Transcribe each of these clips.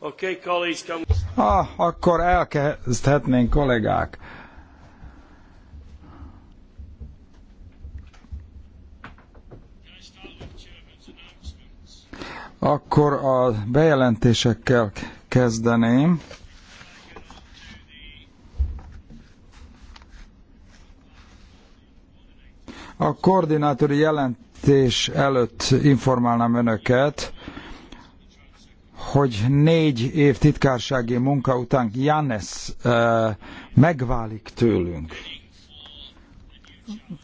Okay, colleagues, come... Ah, akkor elkezdhetnénk, kollégák. Akkor a bejelentésekkel kezdeném. A koordinátori jelentés előtt informálnám önöket, hogy négy év titkársági munka után uh, megválik tőlünk.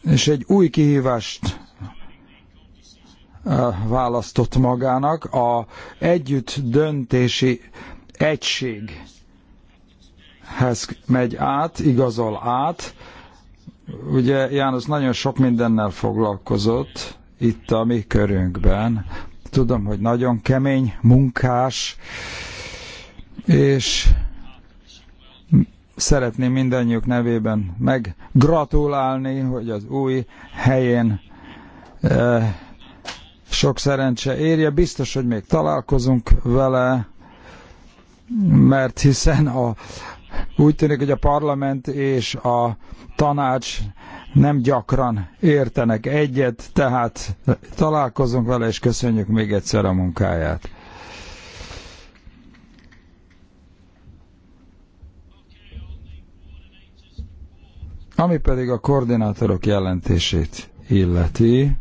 És egy új kihívást választott magának, a együtt döntési egységhez megy át, igazol át. Ugye János nagyon sok mindennel foglalkozott itt a mi körünkben, Tudom, hogy nagyon kemény, munkás, és szeretném mindannyiuk nevében meggratulálni, hogy az új helyén eh, sok szerencse érje. Biztos, hogy még találkozunk vele, mert hiszen a, úgy tűnik, hogy a parlament és a tanács nem gyakran értenek egyet, tehát találkozunk vele, és köszönjük még egyszer a munkáját. Ami pedig a koordinátorok jelentését illeti,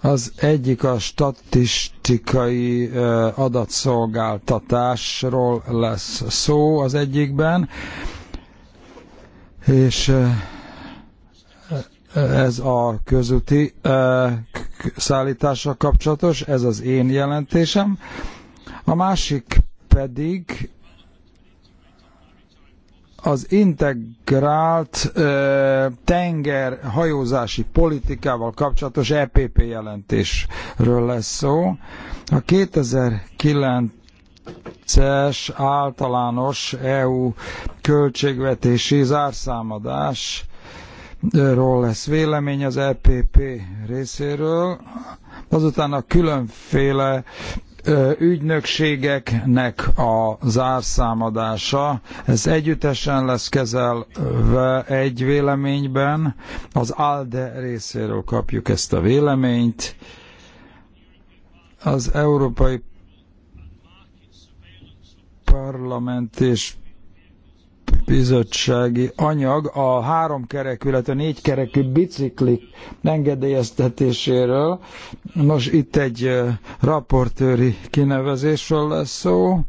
Az egyik a statisztikai adatszolgáltatásról lesz szó az egyikben, és eh, ez a közúti eh, szállítással kapcsolatos, ez az én jelentésem. A másik pedig az integrált eh, tenger hajózási politikával kapcsolatos EPP jelentésről lesz szó. A 2009 2009-es általános EU költségvetési zárszámadásról lesz vélemény az EPP részéről. Azután a különféle ügynökségeknek a zárszámadása. Ez együttesen lesz kezelve egy véleményben. Az ALDE részéről kapjuk ezt a véleményt. Az Európai parlament és bizottsági anyag a háromkerekű, illetve négykerekű biciklik engedélyeztetéséről. Nos, itt egy raportőri kinevezésről lesz szó,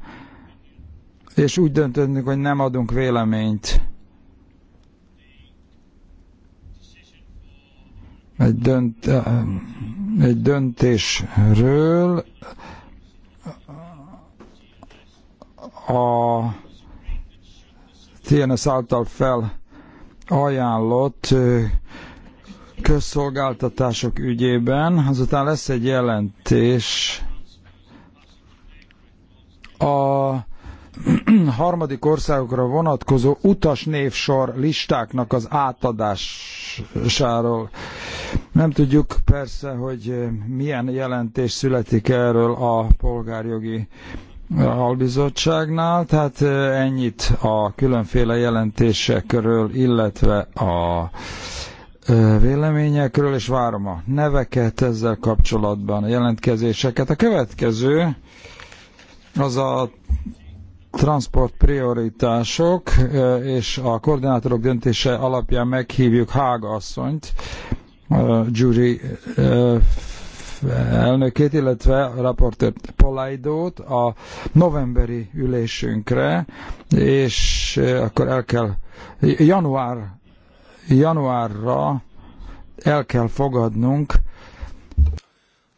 és úgy döntöttünk, hogy nem adunk véleményt. Egy, dönt, egy döntésről a TNS által fel ajánlott közszolgáltatások ügyében, azután lesz egy jelentés a harmadik országokra vonatkozó utas névsor listáknak az átadásáról. Nem tudjuk persze, hogy milyen jelentés születik erről a polgárjogi a albizottságnál, tehát ennyit a különféle jelentésekről, illetve a véleményekről, és várom a neveket ezzel kapcsolatban, a jelentkezéseket. A következő az a transport prioritások, és a koordinátorok döntése alapján meghívjuk Hága asszonyt, Gyuri elnökét, illetve a raportőr Polaidót a novemberi ülésünkre, és eh, akkor el kell január, januárra el kell fogadnunk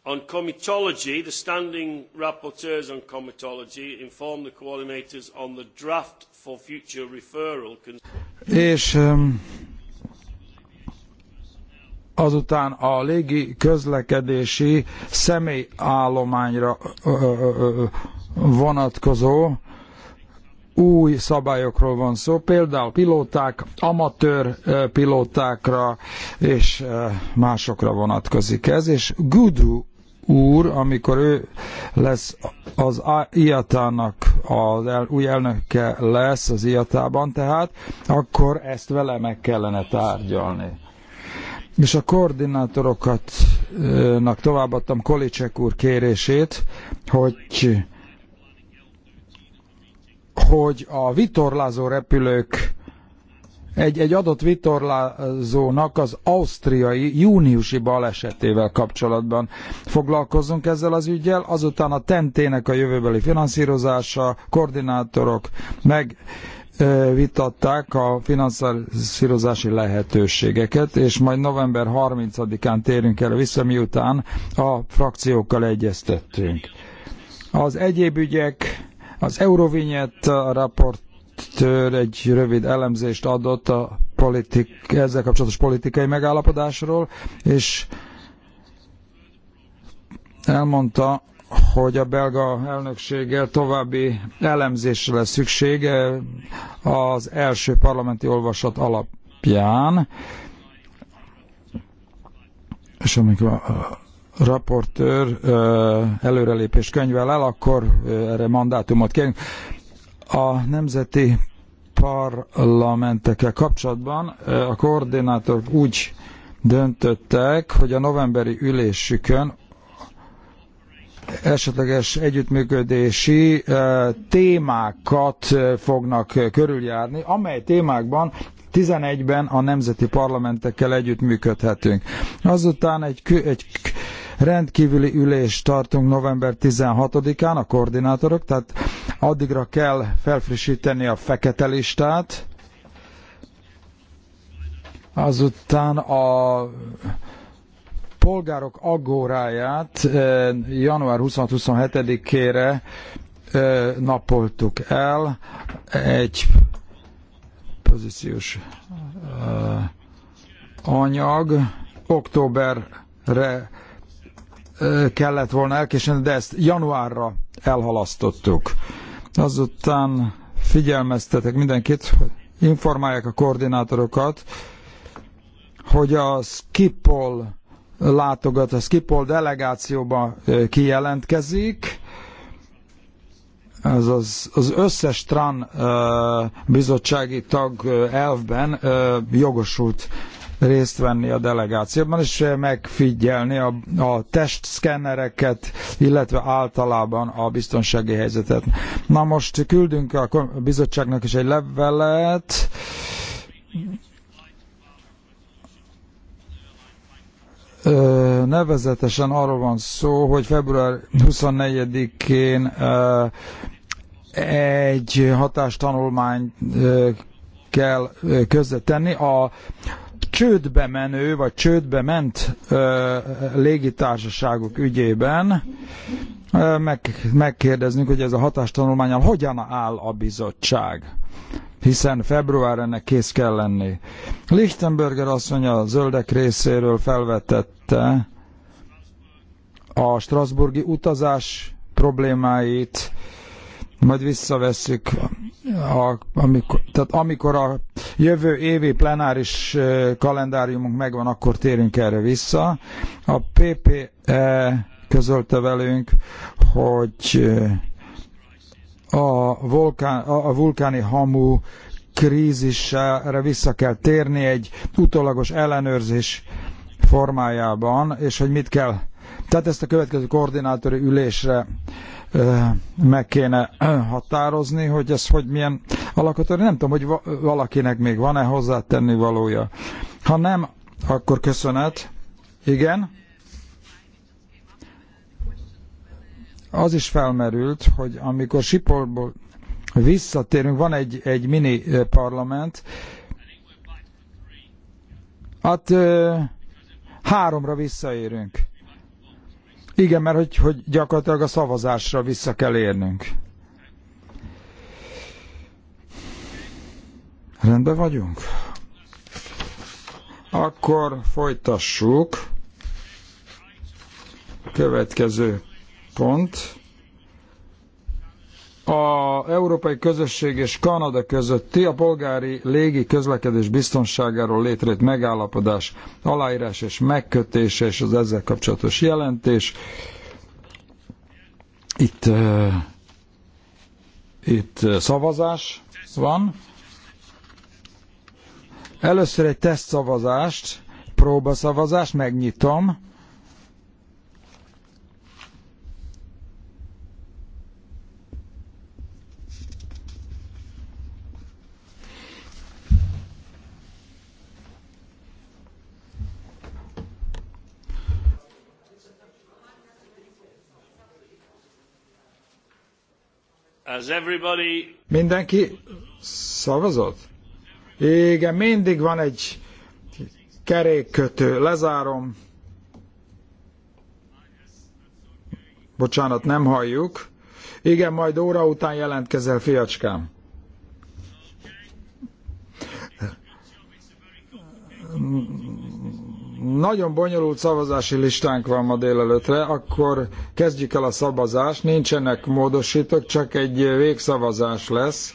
On comitology, the standing rapporteurs on comitology inform the coordinators on the draft for future referral. És um, azután a légi közlekedési személyállományra vonatkozó új szabályokról van szó, például pilóták, amatőr pilótákra és másokra vonatkozik ez, és Gudru úr, amikor ő lesz az IATA-nak az el, új elnöke lesz az IATA-ban, tehát akkor ezt vele meg kellene tárgyalni és a koordinátoroknak továbbadtam Kolicek úr kérését, hogy hogy a vitorlázó repülők egy, egy adott vitorlázónak az ausztriai júniusi balesetével kapcsolatban foglalkozunk ezzel az ügyel, azután a tentének a jövőbeli finanszírozása, koordinátorok meg vitatták a finanszírozási lehetőségeket, és majd november 30-án térünk el vissza, miután a frakciókkal egyeztettünk. Az egyéb ügyek, az Eurovinyet raportőr egy rövid elemzést adott a politik, ezzel kapcsolatos politikai megállapodásról, és elmondta, hogy a belga elnökséggel további elemzésre lesz szükség eh, az első parlamenti olvasat alapján. És amikor a raportőr eh, előrelépés könyvel el, akkor eh, erre mandátumot kérünk. A nemzeti parlamentekkel kapcsolatban a koordinátor úgy döntöttek, hogy a novemberi ülésükön esetleges együttműködési témákat fognak körüljárni, amely témákban 11-ben a nemzeti parlamentekkel együttműködhetünk. Azután egy, egy rendkívüli ülést tartunk november 16-án a koordinátorok, tehát addigra kell felfrissíteni a fekete listát. Azután a polgárok aggóráját eh, január 26-27-ére eh, napoltuk el egy pozíciós eh, anyag. Októberre kellett volna elkésni, de ezt januárra elhalasztottuk. Azután figyelmeztetek mindenkit, informálják a koordinátorokat, hogy a Skipol látogat, a Skipol delegációba kijelentkezik, az, az, az összes TRAN bizottsági tag elvben jogosult részt venni a delegációban, és megfigyelni a, a testszkennereket, illetve általában a biztonsági helyzetet. Na most küldünk a bizottságnak is egy levelet, Nevezetesen arról van szó, hogy február 24-én egy hatástanulmány kell közzetenni. A csődbe menő, vagy csődbe ment légitársaságok ügyében ö, meg, megkérdeznünk, hogy ez a hatástanulmányal hogyan áll a bizottság hiszen február ennek kész kell lenni. Lichtenberger asszony a zöldek részéről felvetette a Strasburgi utazás problémáit, majd visszavesszük, a, amikor, tehát amikor a jövő évi plenáris kalendáriumunk megvan, akkor térünk erre vissza. A PPE közölte velünk, hogy a, vulkán, a vulkáni hamu krízisre vissza kell térni egy utólagos ellenőrzés formájában, és hogy mit kell. Tehát ezt a következő koordinátori ülésre meg kéne határozni, hogy ez hogy milyen alakotó. Nem tudom, hogy valakinek még van-e hozzátenni valója. Ha nem, akkor köszönet. Igen. az is felmerült, hogy amikor Sipolból visszatérünk, van egy, egy mini parlament, hát háromra visszaérünk. Igen, mert hogy, hogy gyakorlatilag a szavazásra vissza kell érnünk. Rendben vagyunk? Akkor folytassuk. Következő pont a Európai Közösség és Kanada közötti a polgári légi közlekedés biztonságáról létrejött megállapodás aláírás és megkötése és az ezzel kapcsolatos jelentés. Itt, uh, itt szavazás van. Először egy tesztszavazást, próbaszavazást megnyitom. Mindenki szavazott? Igen, mindig van egy kerékkötő. Lezárom. Bocsánat, nem halljuk. Igen, majd óra után jelentkezel, fiacskám. Nagyon bonyolult szavazási listánk van ma délelőtre, akkor kezdjük el a szavazást. Nincsenek módosítók, csak egy végszavazás lesz.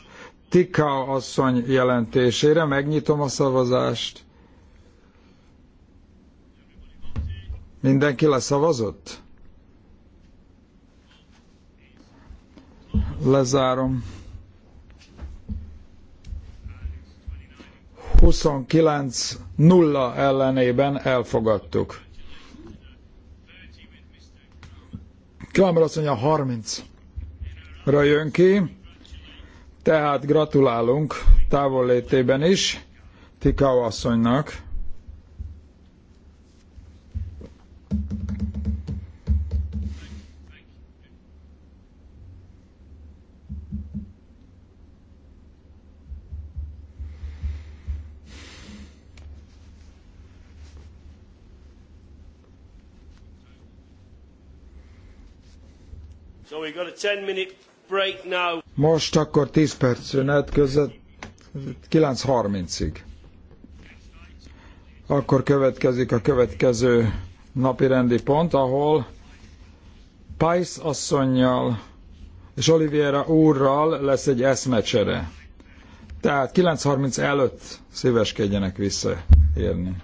Tika asszony jelentésére megnyitom a szavazást. Mindenki leszavazott? Lezárom. 29-0 ellenében elfogadtuk. Kramer azt mondja 30-ra jön ki, tehát gratulálunk távollétében is Tikau asszonynak. So we've got a 10 minute break now. Most akkor 10 perc szünet között 9.30-ig. Akkor következik a következő napi rendi pont, ahol Pais asszonynal és Oliviera úrral lesz egy eszmecsere. Tehát 9.30 előtt szíveskedjenek visszaérni.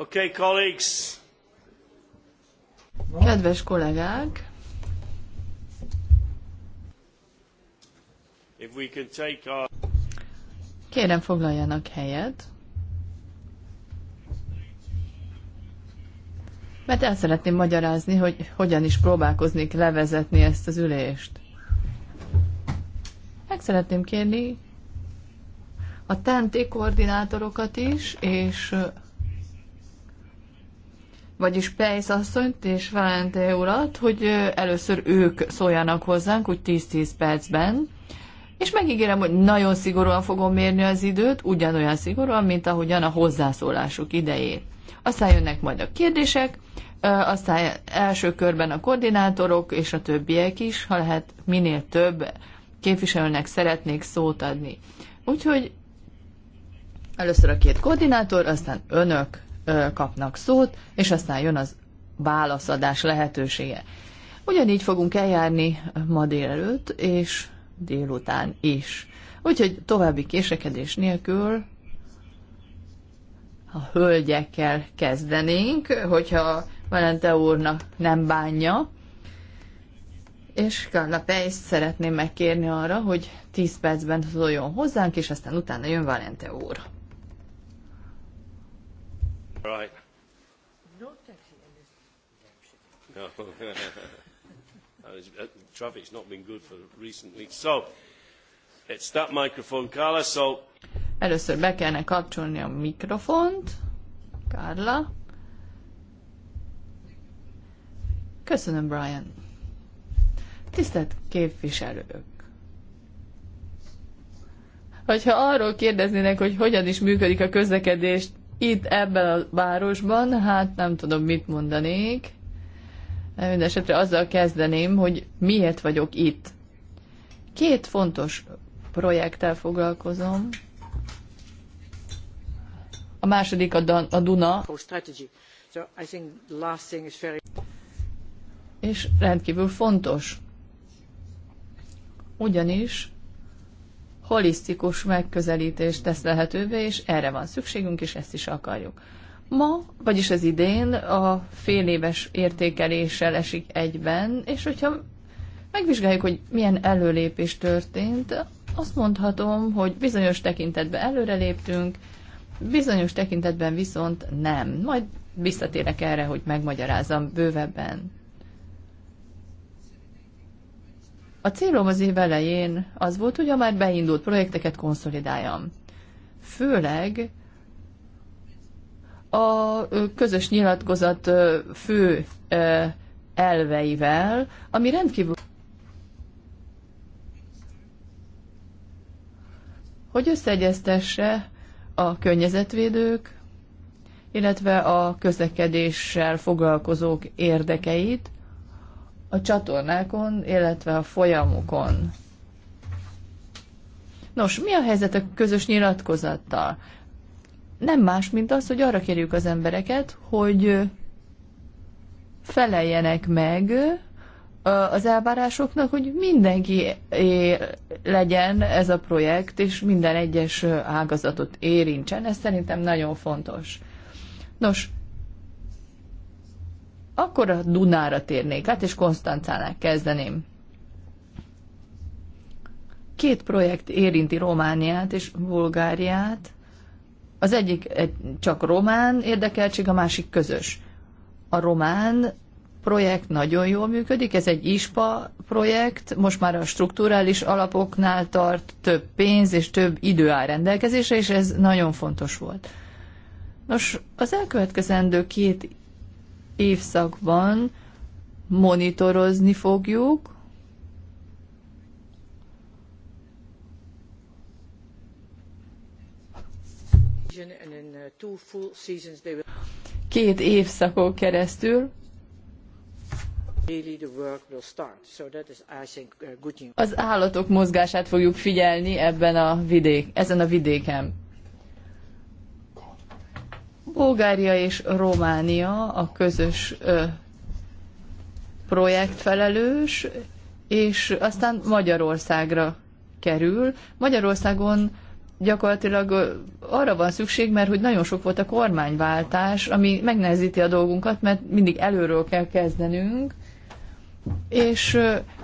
Okay, colleagues. Kedves kollégák! If we can take our... Kérem foglaljanak helyet, mert el szeretném magyarázni, hogy hogyan is próbálkoznék levezetni ezt az ülést. Meg szeretném kérni a TNT e e koordinátorokat is, és vagyis Pejsz asszonyt és Valente urat, hogy először ők szóljanak hozzánk, úgy 10-10 percben, és megígérem, hogy nagyon szigorúan fogom mérni az időt, ugyanolyan szigorúan, mint ahogyan a hozzászólásuk idejét. Aztán jönnek majd a kérdések, aztán első körben a koordinátorok és a többiek is, ha lehet minél több képviselőnek szeretnék szót adni. Úgyhogy először a két koordinátor, aztán önök kapnak szót, és aztán jön az válaszadás lehetősége. Ugyanígy fogunk eljárni ma délelőtt és délután is. Úgyhogy további késekedés nélkül a hölgyekkel kezdenénk, hogyha Valente úrnak nem bánja. És Karla Pejs szeretném megkérni arra, hogy 10 percben szóljon hozzánk, és aztán utána jön Valente úr. Right. Not actually in this no. Uh, traffic's not been good for recent weeks. So, it's that microphone, Carla, so... Először be kellene kapcsolni a mikrofont. Carla. Köszönöm, Brian. Tisztelt képviselők! Hogyha arról kérdeznének, hogy hogyan is működik a közlekedést itt ebben a városban, hát nem tudom, mit mondanék. Mindenesetre azzal kezdeném, hogy miért vagyok itt. Két fontos projekttel foglalkozom. A második a, Dan- a Duna. És rendkívül fontos. Ugyanis holisztikus megközelítést tesz lehetővé, és erre van szükségünk, és ezt is akarjuk. Ma, vagyis az idén a fél éves értékeléssel esik egyben, és hogyha megvizsgáljuk, hogy milyen előlépés történt, azt mondhatom, hogy bizonyos tekintetben előreléptünk, bizonyos tekintetben viszont nem. Majd visszatérek erre, hogy megmagyarázzam bővebben. A célom az év elején az volt, hogy a már beindult projekteket konszolidáljam. Főleg a közös nyilatkozat fő elveivel, ami rendkívül hogy összeegyeztesse a környezetvédők, illetve a közlekedéssel foglalkozók érdekeit, a csatornákon, illetve a folyamokon. Nos, mi a helyzet a közös nyilatkozattal? Nem más, mint az, hogy arra kérjük az embereket, hogy feleljenek meg az elvárásoknak, hogy mindenki legyen ez a projekt, és minden egyes ágazatot érintsen. Ez szerintem nagyon fontos. Nos, akkor a Dunára térnék át, és Konstancánál kezdeném. Két projekt érinti Romániát és Bulgáriát. Az egyik csak román érdekeltség, a másik közös. A román projekt nagyon jól működik, ez egy ISPA projekt, most már a strukturális alapoknál tart több pénz és több idő áll rendelkezésre, és ez nagyon fontos volt. Nos, az elkövetkezendő két évszakban monitorozni fogjuk, két évszakon keresztül. Az állatok mozgását fogjuk figyelni ebben a vidék, ezen a vidéken. Bulgária és Románia a közös projektfelelős, és aztán Magyarországra kerül. Magyarországon gyakorlatilag arra van szükség, mert hogy nagyon sok volt a kormányváltás, ami megnehezíti a dolgunkat, mert mindig előről kell kezdenünk, és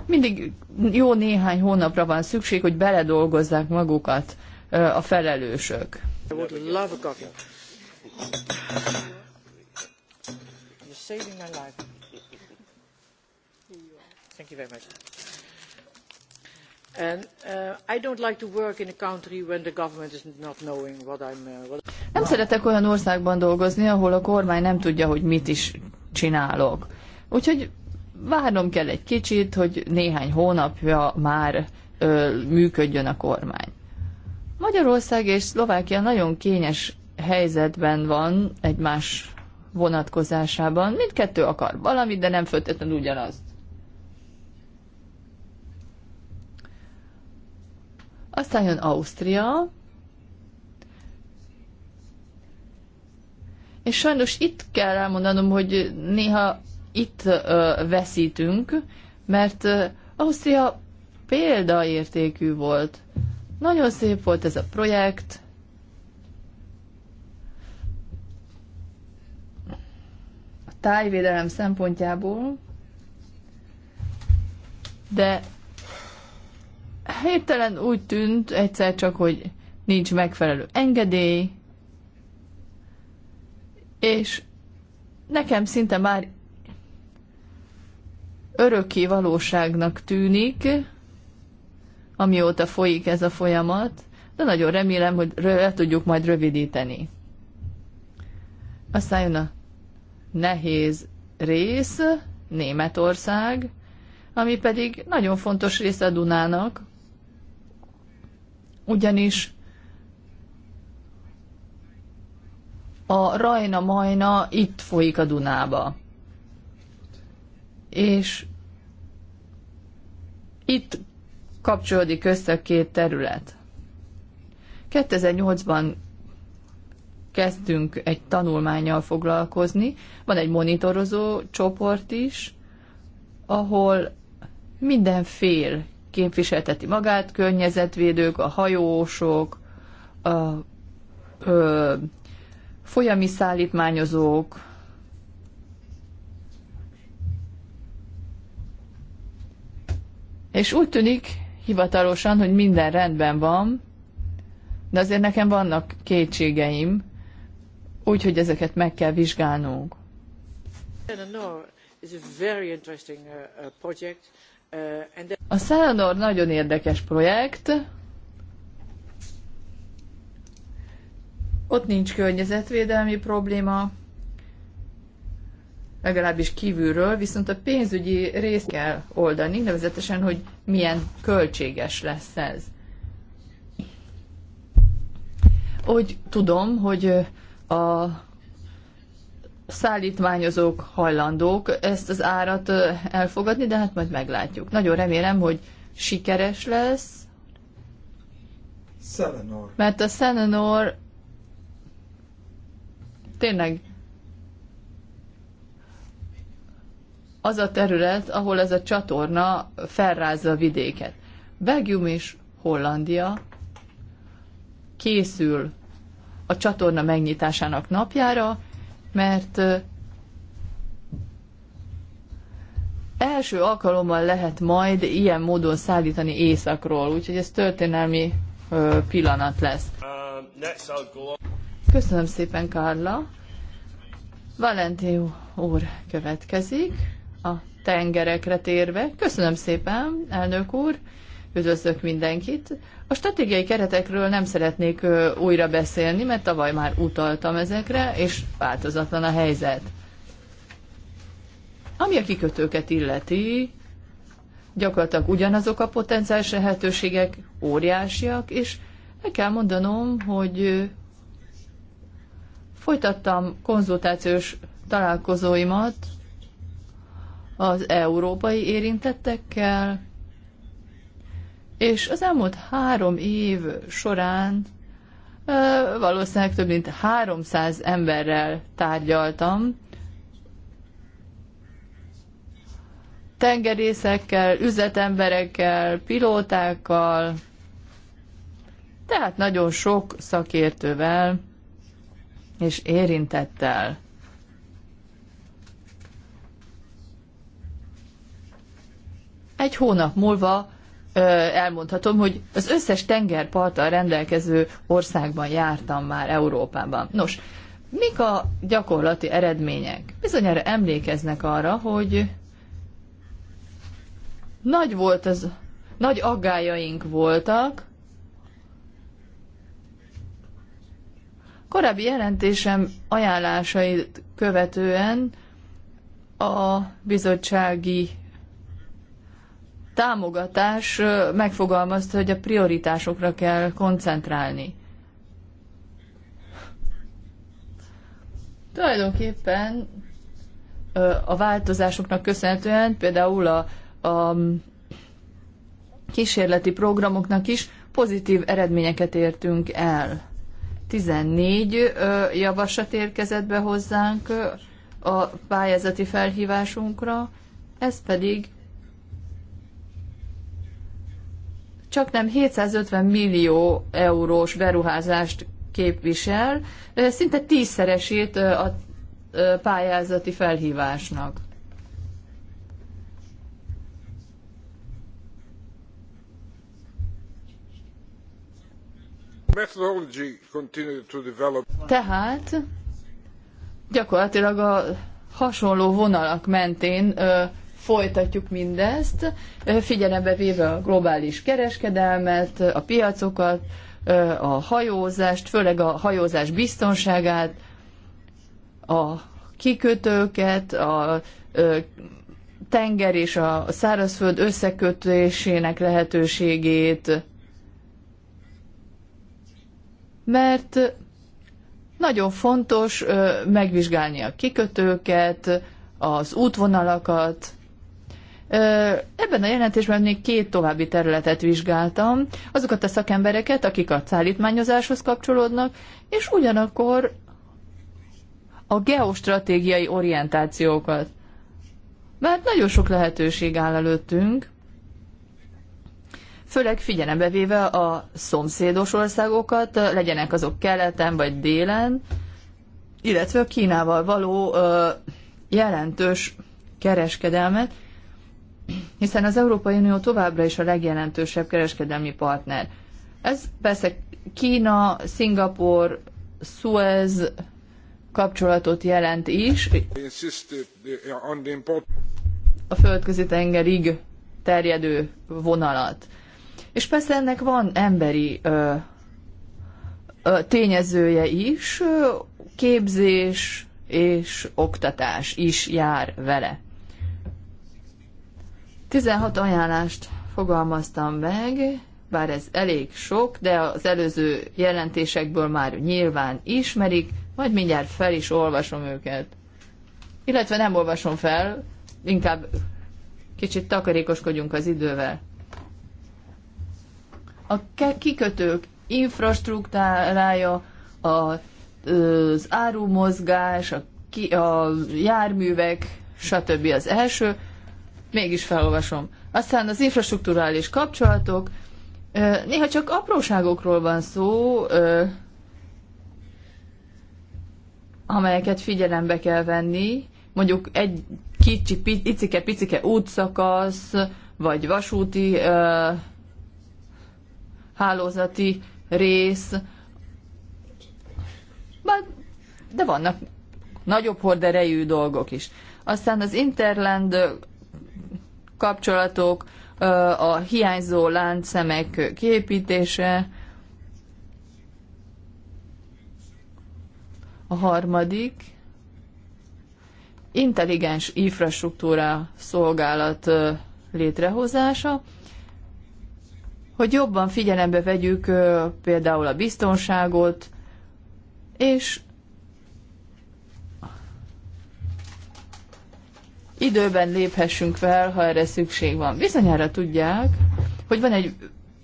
mindig jó néhány hónapra van szükség, hogy beledolgozzák magukat a felelősök. You're saving my life. Thank you very much. And uh, I don't like to work in a country when the government is not knowing what I'm. Uh, what nem szeretek olyan országban dolgozni, ahol a kormány nem tudja, hogy mit is csinálok. Úgyhogy várnom kell egy kicsit, hogy néhány hónapja már ö, működjön a kormány. Magyarország és Szlovákia nagyon kényes helyzetben van egymás vonatkozásában. Mindkettő akar valamit, de nem föltétlenül ugyanazt. Aztán jön Ausztria, és sajnos itt kell elmondanom, hogy néha itt ö, veszítünk, mert ö, Ausztria példaértékű volt. Nagyon szép volt ez a projekt, tájvédelem szempontjából, de hirtelen úgy tűnt egyszer csak, hogy nincs megfelelő engedély, és nekem szinte már örökké valóságnak tűnik, amióta folyik ez a folyamat, de nagyon remélem, hogy le tudjuk majd rövidíteni. Aztán jön a nehéz rész, Németország, ami pedig nagyon fontos része a Dunának, ugyanis a Rajna-Majna itt folyik a Dunába. És itt kapcsolódik össze a két terület. 2008-ban kezdtünk egy tanulmányjal foglalkozni. Van egy monitorozó csoport is, ahol minden fél képviselteti magát, környezetvédők, a hajósok, a ö, folyami szállítmányozók, És úgy tűnik hivatalosan, hogy minden rendben van, de azért nekem vannak kétségeim, Úgyhogy ezeket meg kell vizsgálnunk. A Szelenor nagyon érdekes projekt. Ott nincs környezetvédelmi probléma, legalábbis kívülről, viszont a pénzügyi részt kell oldani, nevezetesen, hogy milyen költséges lesz ez. Úgy tudom, hogy a szállítmányozók hajlandók ezt az árat elfogadni, de hát majd meglátjuk. Nagyon remélem, hogy sikeres lesz. Szelenor. Mert a Szelenor tényleg az a terület, ahol ez a csatorna felrázza a vidéket. Belgium és Hollandia készül a csatorna megnyitásának napjára, mert első alkalommal lehet majd ilyen módon szállítani északról, úgyhogy ez történelmi pillanat lesz. Köszönöm szépen, Karla. Valentin úr következik, a tengerekre térve. Köszönöm szépen, elnök úr. Üdvözlök mindenkit. A stratégiai keretekről nem szeretnék újra beszélni, mert tavaly már utaltam ezekre, és változatlan a helyzet. Ami a kikötőket illeti, gyakorlatilag ugyanazok a potenciális lehetőségek óriásiak, és meg kell mondanom, hogy folytattam konzultációs találkozóimat az európai érintettekkel, és az elmúlt három év során valószínűleg több mint 300 emberrel tárgyaltam, tengerészekkel, üzletemberekkel, pilótákkal, tehát nagyon sok szakértővel és érintettel. Egy hónap múlva elmondhatom, hogy az összes tengerparttal rendelkező országban jártam már Európában. Nos, mik a gyakorlati eredmények? Bizonyára emlékeznek arra, hogy nagy volt az, nagy aggájaink voltak, Korábbi jelentésem ajánlásait követően a bizottsági támogatás megfogalmazta, hogy a prioritásokra kell koncentrálni. Tulajdonképpen a változásoknak köszönhetően, például a, a kísérleti programoknak is pozitív eredményeket értünk el. 14 javaslat érkezett be hozzánk a pályázati felhívásunkra, ez pedig csak nem 750 millió eurós beruházást képvisel, szinte tízszeresét a pályázati felhívásnak. Tehát gyakorlatilag a hasonló vonalak mentén folytatjuk mindezt, figyelembe véve a globális kereskedelmet, a piacokat, a hajózást, főleg a hajózás biztonságát, a kikötőket, a tenger és a szárazföld összekötésének lehetőségét, mert nagyon fontos megvizsgálni a kikötőket, az útvonalakat, Ebben a jelentésben még két további területet vizsgáltam, azokat a szakembereket, akik a szállítmányozáshoz kapcsolódnak, és ugyanakkor a geostratégiai orientációkat. Mert nagyon sok lehetőség áll előttünk, főleg figyelembe véve a szomszédos országokat, legyenek azok keleten vagy délen, illetve a Kínával való ö, jelentős kereskedelmet, hiszen az Európai Unió továbbra is a legjelentősebb kereskedelmi partner. Ez persze Kína, Szingapur, Suez kapcsolatot jelent is. A földközi tengerig terjedő vonalat. És persze ennek van emberi ö, ö, tényezője is, képzés és oktatás is jár vele. 16 ajánlást fogalmaztam meg, bár ez elég sok, de az előző jelentésekből már nyilván ismerik, majd mindjárt fel is olvasom őket. Illetve nem olvasom fel, inkább kicsit takarékoskodjunk az idővel. A kikötők infrastruktúrája, az árumozgás, a, ki, a járművek, stb. az első, mégis felolvasom. Aztán az infrastruktúrális kapcsolatok, néha csak apróságokról van szó, amelyeket figyelembe kell venni, mondjuk egy kicsi, icike-picike útszakasz, vagy vasúti hálózati rész, de vannak nagyobb horderejű dolgok is. Aztán az Interland kapcsolatok, a hiányzó láncszemek kiépítése, a harmadik intelligens infrastruktúra szolgálat létrehozása, hogy jobban figyelembe vegyük például a biztonságot, és időben léphessünk fel, ha erre szükség van. Bizonyára tudják, hogy van egy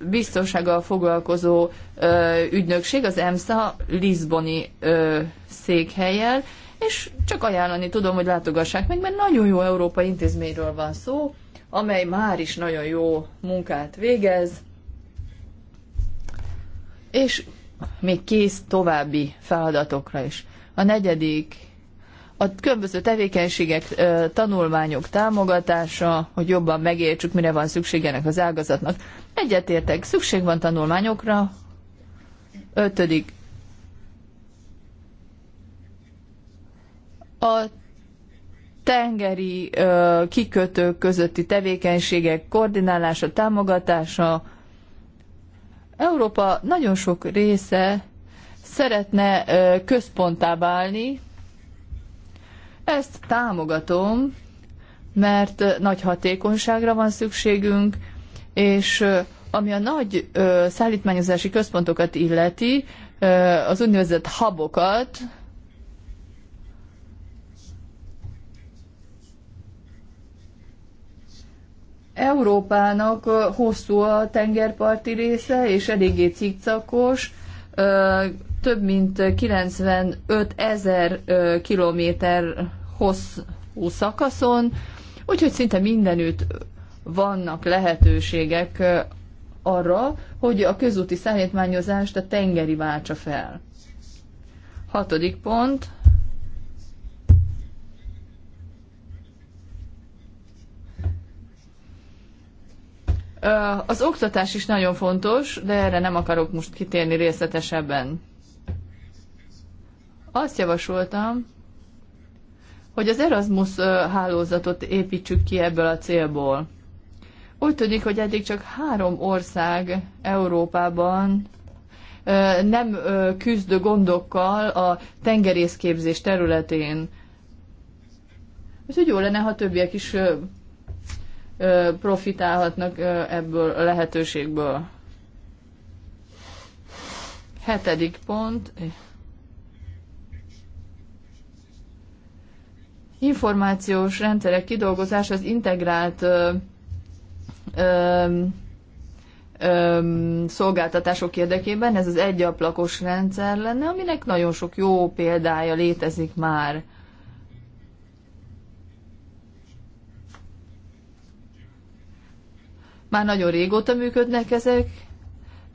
biztonsággal foglalkozó ö, ügynökség, az EMSZA Lisboni ö, székhelyel, és csak ajánlani tudom, hogy látogassák meg, mert nagyon jó európai intézményről van szó, amely már is nagyon jó munkát végez, és még kész további feladatokra is. A negyedik a különböző tevékenységek, tanulmányok támogatása, hogy jobban megértsük, mire van ennek az ágazatnak. Egyetértek, szükség van tanulmányokra. Ötödik. A tengeri kikötők közötti tevékenységek koordinálása, támogatása. Európa nagyon sok része szeretne központtá válni, ezt támogatom, mert nagy hatékonyságra van szükségünk, és ami a nagy ö, szállítmányozási központokat illeti, ö, az úgynevezett habokat, Európának hosszú a tengerparti része, és eléggé cikcakos, több mint 95 ezer kilométer hosszú szakaszon, úgyhogy szinte mindenütt vannak lehetőségek arra, hogy a közúti szállítmányozást a tengeri váltsa fel. Hatodik pont. Az oktatás is nagyon fontos, de erre nem akarok most kitérni részletesebben. Azt javasoltam, hogy az Erasmus hálózatot építsük ki ebből a célból. Úgy tűnik, hogy eddig csak három ország Európában nem küzdő gondokkal a tengerészképzés területén. Úgyhogy jó lenne, ha többiek is profitálhatnak ebből a lehetőségből. Hetedik pont. információs rendszerek kidolgozás az integrált ö, ö, ö, szolgáltatások érdekében, ez az egyablakos rendszer lenne, aminek nagyon sok jó példája létezik már. Már nagyon régóta működnek ezek,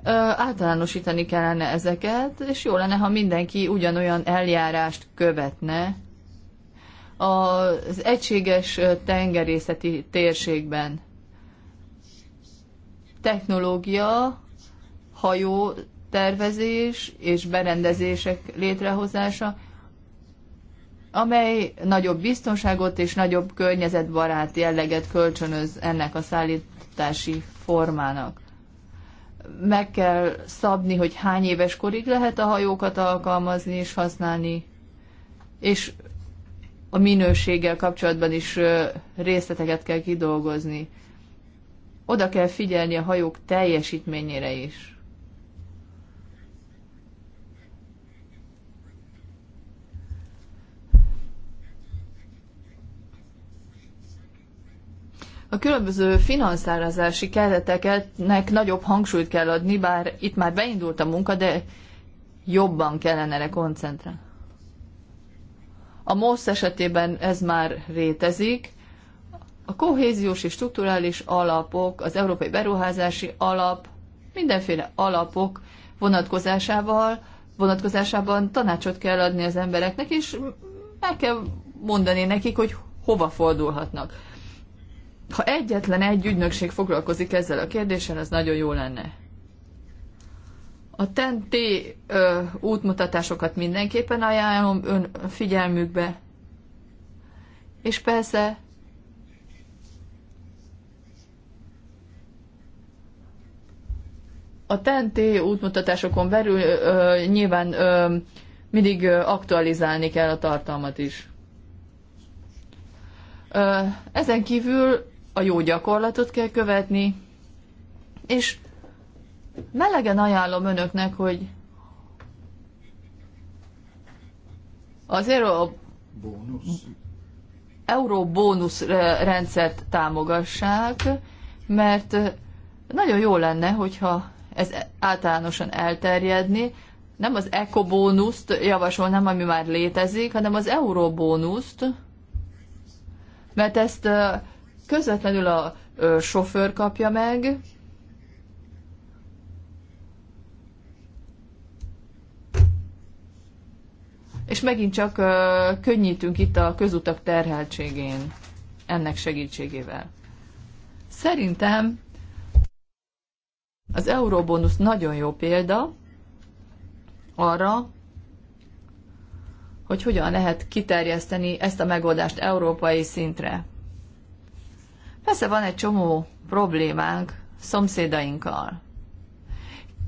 ö, általánosítani kellene ezeket, és jó lenne, ha mindenki ugyanolyan eljárást követne, az egységes tengerészeti térségben. Technológia, hajó tervezés és berendezések létrehozása, amely nagyobb biztonságot és nagyobb környezetbarát jelleget kölcsönöz ennek a szállítási formának. Meg kell szabni, hogy hány éves korig lehet a hajókat alkalmazni és használni, és a minőséggel kapcsolatban is részleteket kell kidolgozni. Oda kell figyelni a hajók teljesítményére is. A különböző finanszározási kereteknek nagyobb hangsúlyt kell adni, bár itt már beindult a munka, de jobban kellene koncentrálni. A MOSZ esetében ez már rétezik. A kohéziós és strukturális alapok, az Európai Beruházási Alap, mindenféle alapok vonatkozásával, vonatkozásában tanácsot kell adni az embereknek, és meg kell mondani nekik, hogy hova fordulhatnak. Ha egyetlen egy ügynökség foglalkozik ezzel a kérdéssel, az nagyon jó lenne. A TNT ö, útmutatásokat mindenképpen ajánlom ön figyelmükbe. És persze a TNT útmutatásokon belül ö, nyilván ö, mindig ö, aktualizálni kell a tartalmat is. Ö, ezen kívül a jó gyakorlatot kell követni, és melegen ajánlom önöknek, hogy az Euro bónusz. Euró bónusz rendszert támogassák, mert nagyon jó lenne, hogyha ez általánosan elterjedni, nem az ekobónuszt javasolnám, ami már létezik, hanem az euróbónuszt, mert ezt közvetlenül a sofőr kapja meg, és megint csak könnyítünk itt a közutak terheltségén ennek segítségével. Szerintem az euróbónusz nagyon jó példa arra, hogy hogyan lehet kiterjeszteni ezt a megoldást európai szintre. Persze van egy csomó problémánk szomszédainkkal.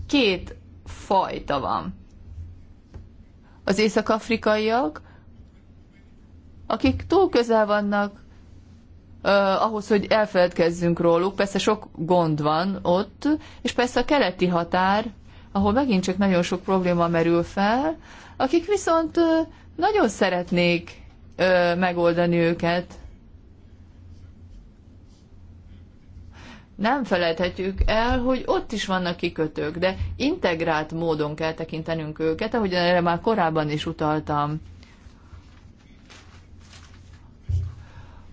Két fajta van az észak-afrikaiak, akik túl közel vannak uh, ahhoz, hogy elfeledkezzünk róluk. Persze sok gond van ott, és persze a keleti határ, ahol megint csak nagyon sok probléma merül fel, akik viszont uh, nagyon szeretnék uh, megoldani őket. nem felejthetjük el, hogy ott is vannak kikötők, de integrált módon kell tekintenünk őket, ahogy erre már korábban is utaltam.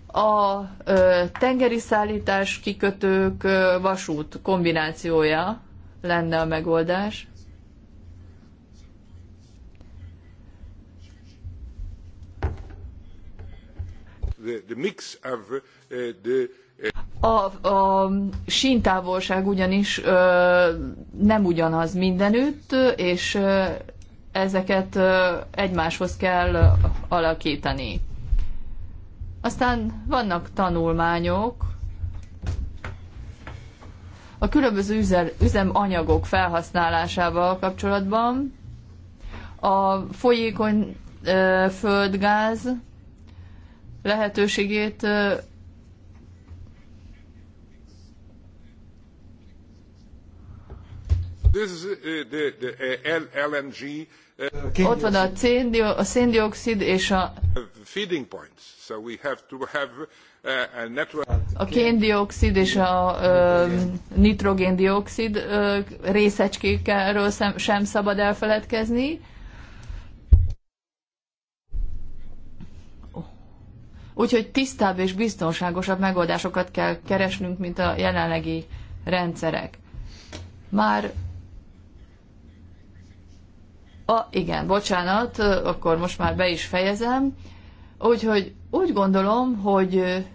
A ö, tengeri szállítás kikötők ö, vasút kombinációja lenne a megoldás. The, the mix of uh, the a, a síntávolság ugyanis ö, nem ugyanaz mindenütt, és ö, ezeket ö, egymáshoz kell alakítani. Aztán vannak tanulmányok, a különböző üzemanyagok felhasználásával kapcsolatban, a folyékony földgáz lehetőségét Uh, uh, uh, Ott van a, széndiokszid és a... Feeding points. So we have to have a network... A és a ö, um, nitrogéndiokszid részecskékről sem, sem szabad elfeledkezni. Úgyhogy tisztább és biztonságosabb megoldásokat kell keresnünk, mint a jelenlegi rendszerek. Már a, igen, bocsánat, akkor most már be is fejezem. Úgyhogy úgy gondolom, hogy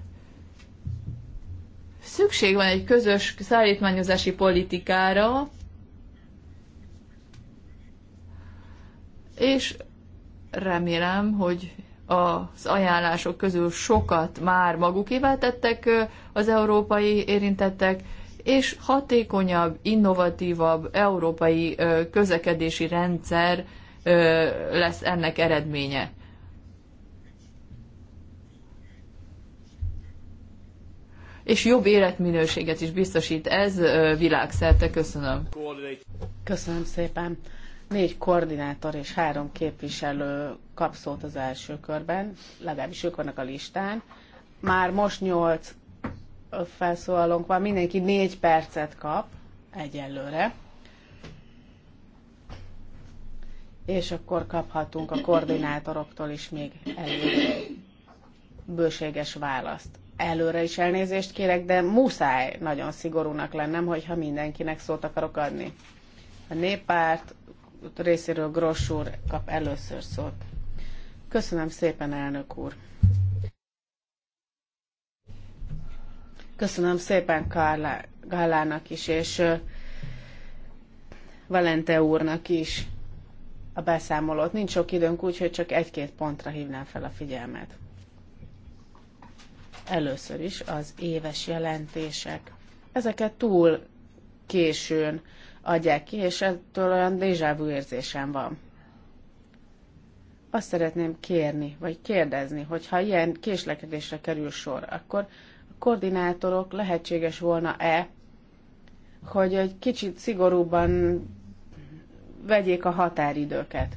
szükség van egy közös szállítmányozási politikára, és remélem, hogy az ajánlások közül sokat már magukévá tettek az európai érintettek, és hatékonyabb, innovatívabb európai közlekedési rendszer lesz ennek eredménye. és jobb életminőséget is biztosít ez világszerte. Köszönöm. Köszönöm szépen. Négy koordinátor és három képviselő kap szót az első körben, legalábbis ők vannak a listán. Már most nyolc felszólalónk van, mindenki négy percet kap egyelőre. És akkor kaphatunk a koordinátoroktól is még elég bőséges választ. Előre is elnézést kérek, de muszáj nagyon szigorúnak lennem, hogyha mindenkinek szót akarok adni. A néppárt részéről Gross úr kap először szót. Köszönöm szépen, elnök úr! Köszönöm szépen Karla, Gallának is, és Valente úrnak is a beszámolót. Nincs sok időnk, úgyhogy csak egy-két pontra hívnám fel a figyelmet. Először is az éves jelentések. Ezeket túl későn adják ki, és ettől olyan déjà vu érzésem van. Azt szeretném kérni, vagy kérdezni, hogy ha ilyen késlekedésre kerül sor, akkor koordinátorok lehetséges volna-e, hogy egy kicsit szigorúban vegyék a határidőket.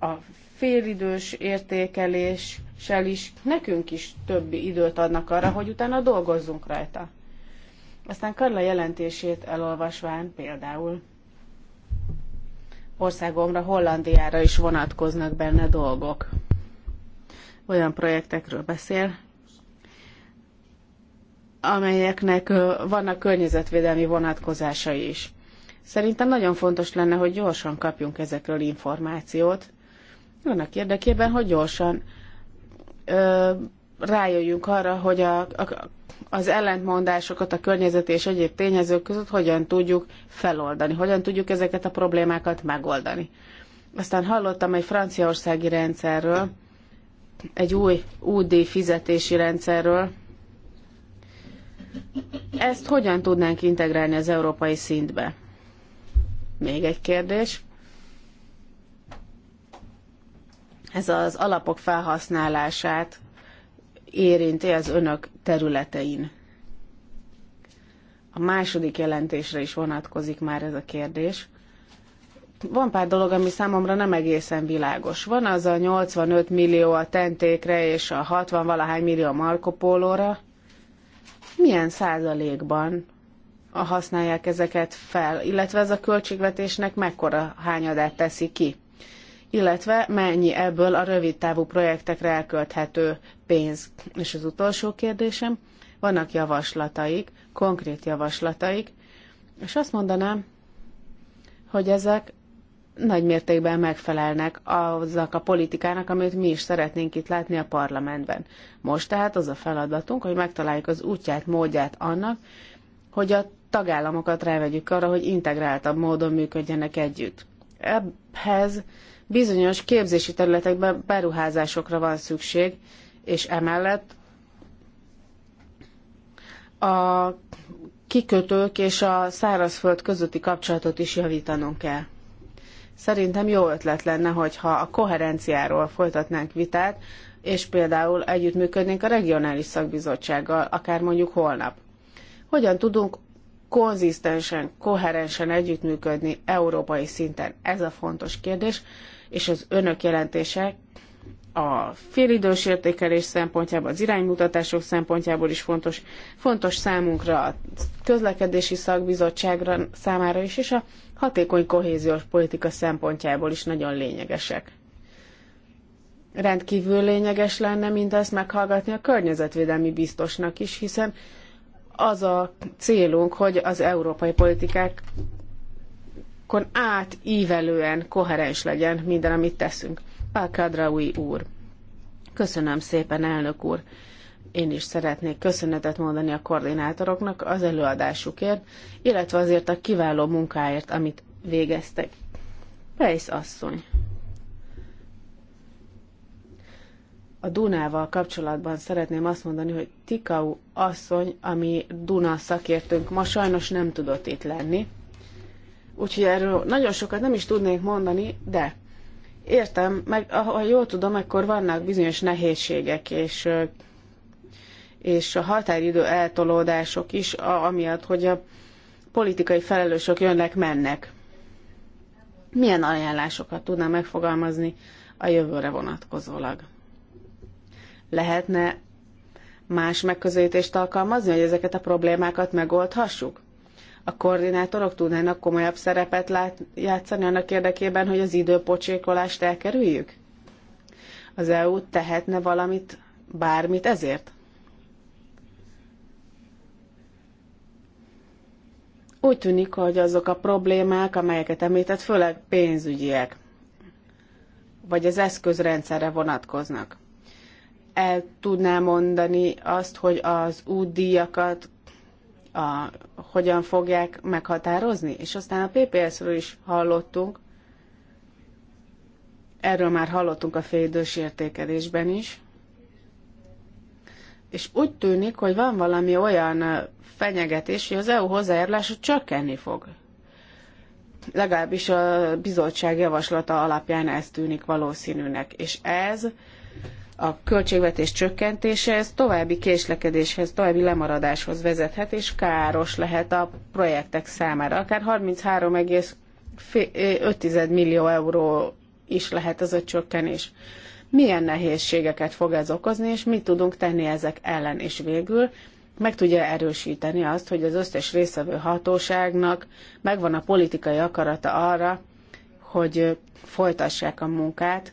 A félidős értékeléssel is nekünk is többi időt adnak arra, hogy utána dolgozzunk rajta. Aztán Karla jelentését elolvasván például országomra, Hollandiára is vonatkoznak benne dolgok. Olyan projektekről beszél, amelyeknek vannak környezetvédelmi vonatkozásai is. Szerintem nagyon fontos lenne, hogy gyorsan kapjunk ezekről információt, annak érdekében, hogy gyorsan ö, rájöjjünk arra, hogy a, a, az ellentmondásokat a környezet és egyéb tényezők között hogyan tudjuk feloldani, hogyan tudjuk ezeket a problémákat megoldani. Aztán hallottam egy franciaországi rendszerről, egy új UD fizetési rendszerről, ezt hogyan tudnánk integrálni az európai szintbe? Még egy kérdés. Ez az alapok felhasználását érinti az önök területein. A második jelentésre is vonatkozik már ez a kérdés. Van pár dolog, ami számomra nem egészen világos. Van az a 85 millió a tentékre és a 60 valahány millió a Marco milyen százalékban használják ezeket fel, illetve ez a költségvetésnek mekkora hányadát teszi ki, illetve mennyi ebből a rövid távú projektekre elkölthető pénz. És az utolsó kérdésem, vannak javaslataik, konkrét javaslataik, és azt mondanám, hogy ezek nagy mértékben megfelelnek azzak a politikának, amit mi is szeretnénk itt látni a parlamentben. Most tehát az a feladatunk, hogy megtaláljuk az útját, módját annak, hogy a tagállamokat rávegyük arra, hogy integráltabb módon működjenek együtt. Ebbhez bizonyos képzési területekben beruházásokra van szükség, és emellett a kikötők és a szárazföld közötti kapcsolatot is javítanunk kell. Szerintem jó ötlet lenne, hogyha a koherenciáról folytatnánk vitát, és például együttműködnénk a regionális szakbizottsággal, akár mondjuk holnap. Hogyan tudunk konzisztensen, koherensen együttműködni európai szinten? Ez a fontos kérdés, és az önök jelentése a félidős értékelés szempontjából, az iránymutatások szempontjából is fontos, fontos számunkra, a közlekedési szakbizottságra számára is, és a hatékony kohéziós politika szempontjából is nagyon lényegesek. Rendkívül lényeges lenne mindezt meghallgatni a környezetvédelmi biztosnak is, hiszen az a célunk, hogy az európai politikák átívelően koherens legyen minden, amit teszünk. Alkadraui úr. Köszönöm szépen, elnök úr. Én is szeretnék köszönetet mondani a koordinátoroknak az előadásukért, illetve azért a kiváló munkáért, amit végeztek. Pejsz asszony. a Dunával kapcsolatban szeretném azt mondani, hogy Tikau asszony, ami Duna szakértünk, ma sajnos nem tudott itt lenni. Úgyhogy erről nagyon sokat nem is tudnék mondani, de Értem, meg ha jól tudom, akkor vannak bizonyos nehézségek, és, és a határidő eltolódások is, amiatt, hogy a politikai felelősök jönnek-mennek. Milyen ajánlásokat tudná megfogalmazni a jövőre vonatkozólag? Lehetne más megközelítést alkalmazni, hogy ezeket a problémákat megoldhassuk? a koordinátorok tudnának komolyabb szerepet lát, játszani annak érdekében, hogy az időpocsékolást elkerüljük? Az EU tehetne valamit, bármit ezért? Úgy tűnik, hogy azok a problémák, amelyeket említett, főleg pénzügyiek, vagy az eszközrendszerre vonatkoznak. El tudná mondani azt, hogy az útdíjakat a, hogyan fogják meghatározni. És aztán a PPS-ről is hallottunk, erről már hallottunk a félidős értékelésben is, és úgy tűnik, hogy van valami olyan fenyegetés, hogy az EU hozzájárulása csökkenni fog. Legalábbis a bizottság javaslata alapján ez tűnik valószínűnek. És ez a költségvetés csökkentése, ez további késlekedéshez, további lemaradáshoz vezethet, és káros lehet a projektek számára. Akár 33,5 millió euró is lehet ez a csökkenés. Milyen nehézségeket fog ez okozni, és mit tudunk tenni ezek ellen, és végül meg tudja erősíteni azt, hogy az összes részvevő hatóságnak megvan a politikai akarata arra, hogy folytassák a munkát,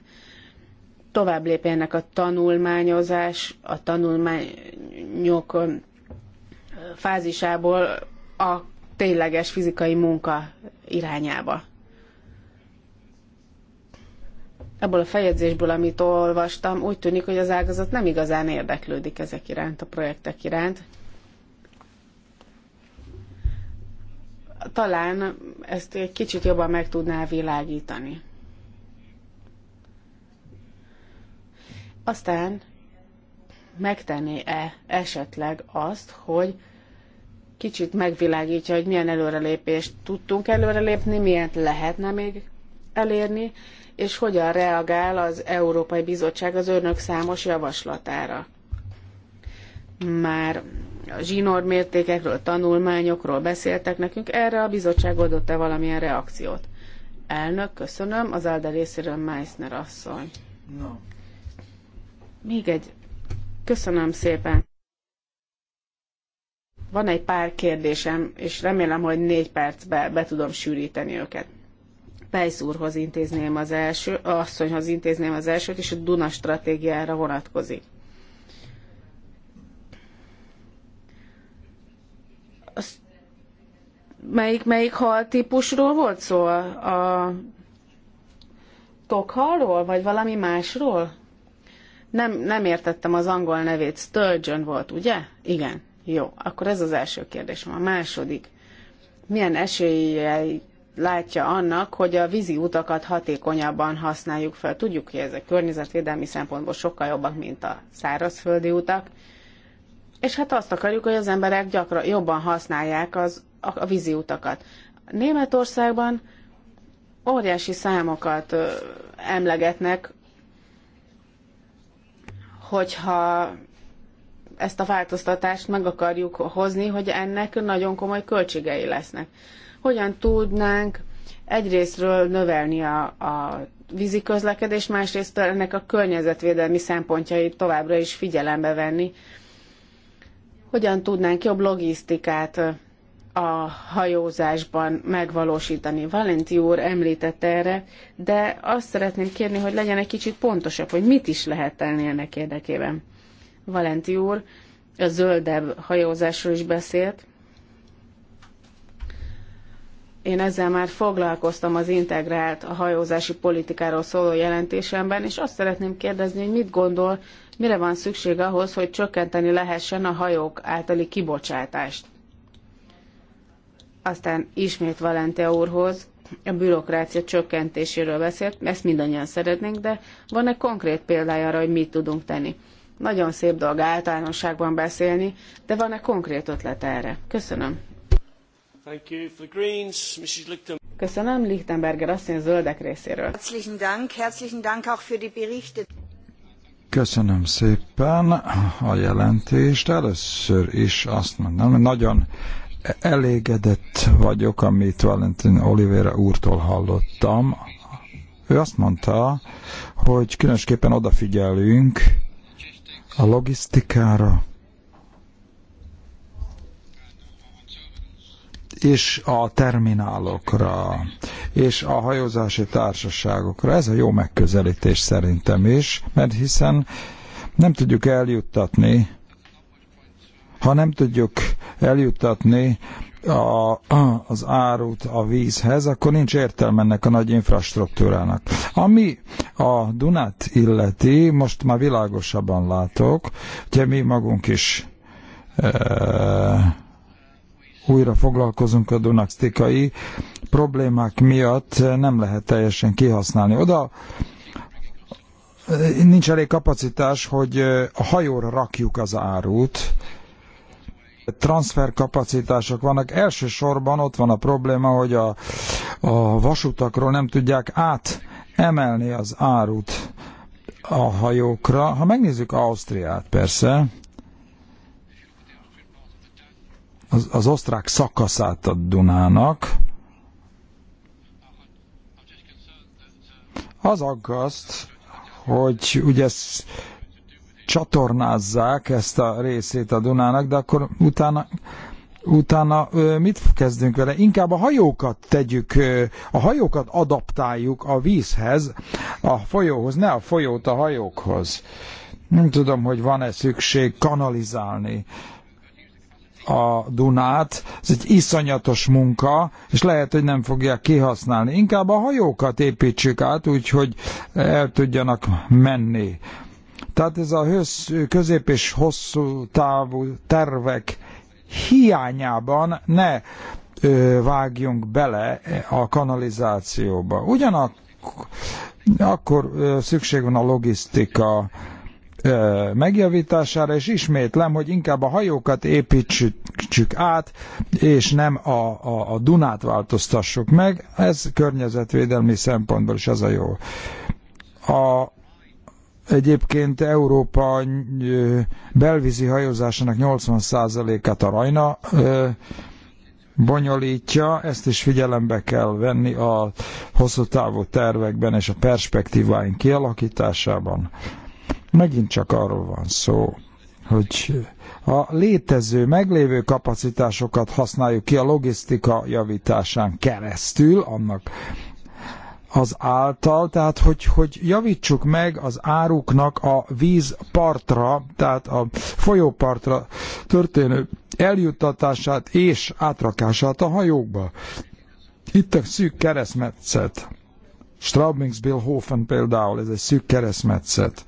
tovább lépjenek a tanulmányozás, a tanulmányok fázisából a tényleges fizikai munka irányába. Ebből a fejegyzésből, amit olvastam, úgy tűnik, hogy az ágazat nem igazán érdeklődik ezek iránt, a projektek iránt. Talán ezt egy kicsit jobban meg tudná világítani. Aztán megtenné-e esetleg azt, hogy kicsit megvilágítja, hogy milyen előrelépést tudtunk előrelépni, milyet lehetne még elérni, és hogyan reagál az Európai Bizottság az önök számos javaslatára. Már a mértékekről, tanulmányokról beszéltek nekünk, erre a bizottság adott-e valamilyen reakciót? Elnök, köszönöm, az Alda részéről Meissner asszony. No. Még egy. Köszönöm szépen. Van egy pár kérdésem, és remélem, hogy négy percbe be tudom sűríteni őket. Pejsz úrhoz intézném az első, asszonyhoz intézném az elsőt, és a Duna stratégiára vonatkozik. Azt, melyik, melyik hal típusról volt szó? A tokhalról, vagy valami másról? Nem, nem értettem az angol nevét. Sturgeon volt, ugye? Igen. Jó, akkor ez az első kérdésem. A második. Milyen eséllyel látja annak, hogy a vízi utakat hatékonyabban használjuk fel? Tudjuk, hogy ezek környezetvédelmi szempontból sokkal jobbak, mint a szárazföldi utak. És hát azt akarjuk, hogy az emberek gyakran jobban használják az, a, a vízi utakat. Németországban óriási számokat ö, emlegetnek hogyha ezt a változtatást meg akarjuk hozni, hogy ennek nagyon komoly költségei lesznek. Hogyan tudnánk egyrésztről növelni a, a vízi közlekedést, másrészt ennek a környezetvédelmi szempontjait továbbra is figyelembe venni. Hogyan tudnánk jobb logisztikát a hajózásban megvalósítani. Valenti úr említette erre, de azt szeretném kérni, hogy legyen egy kicsit pontosabb, hogy mit is lehet tenni ennek érdekében. Valenti úr a zöldebb hajózásról is beszélt. Én ezzel már foglalkoztam az integrált a hajózási politikáról szóló jelentésemben, és azt szeretném kérdezni, hogy mit gondol, mire van szükség ahhoz, hogy csökkenteni lehessen a hajók általi kibocsátást aztán ismét Valente úrhoz a bürokrácia csökkentéséről beszélt, ezt mindannyian szeretnénk, de van egy konkrét példája arra, hogy mit tudunk tenni? Nagyon szép dolog általánosságban beszélni, de van-e konkrét ötlet erre? Köszönöm. Thank you for the Greens, Mrs. Lichten. Köszönöm Lichtenberger asszony a zöldek részéről. Herzlichen Dank, herzlichen Dank auch für die Berichte. Köszönöm szépen a jelentést. Először is azt mondom, hogy nagyon elégedett vagyok, amit Valentin Oliveira úrtól hallottam. Ő azt mondta, hogy különösképpen odafigyelünk a logisztikára, és a terminálokra, és a hajózási társaságokra. Ez a jó megközelítés szerintem is, mert hiszen nem tudjuk eljuttatni ha nem tudjuk eljuttatni a, az árut a vízhez, akkor nincs értelme ennek a nagy infrastruktúrának. Ami a Dunát illeti, most már világosabban látok, ugye mi magunk is e, újra foglalkozunk a dunaksztikai problémák miatt nem lehet teljesen kihasználni. Oda e, nincs elég kapacitás, hogy e, a hajóra rakjuk az árut, transferkapacitások vannak. Elsősorban ott van a probléma, hogy a, a vasutakról nem tudják átemelni az árut a hajókra. Ha megnézzük Ausztriát, persze, az, az osztrák szakaszát a Dunának, az aggaszt, hogy ugye csatornázzák ezt a részét a Dunának, de akkor utána utána mit kezdünk vele? Inkább a hajókat tegyük, a hajókat adaptáljuk a vízhez, a folyóhoz, ne a folyót a hajókhoz. Nem tudom, hogy van-e szükség kanalizálni a Dunát. Ez egy iszonyatos munka, és lehet, hogy nem fogják kihasználni. Inkább a hajókat építsük át, úgyhogy el tudjanak menni tehát ez a höz, közép és hosszú távú tervek hiányában ne vágjunk bele a kanalizációba. Ugyanakkor akkor szükség van a logisztika megjavítására, és ismétlem, hogy inkább a hajókat építsük át, és nem a, a, a Dunát változtassuk meg. Ez környezetvédelmi szempontból is az a jó. A Egyébként Európa belvízi hajózásának 80%-át a Rajna bonyolítja, ezt is figyelembe kell venni a hosszú távú tervekben és a perspektíváink kialakításában. Megint csak arról van szó, hogy a létező, meglévő kapacitásokat használjuk ki a logisztika javításán keresztül, annak az által, tehát hogy, hogy javítsuk meg az áruknak a vízpartra, tehát a folyópartra történő eljuttatását és átrakását a hajókba. Itt a szűk keresztmetszet. Straubingsbill-Hofen például, ez egy szűk keresztmetszet.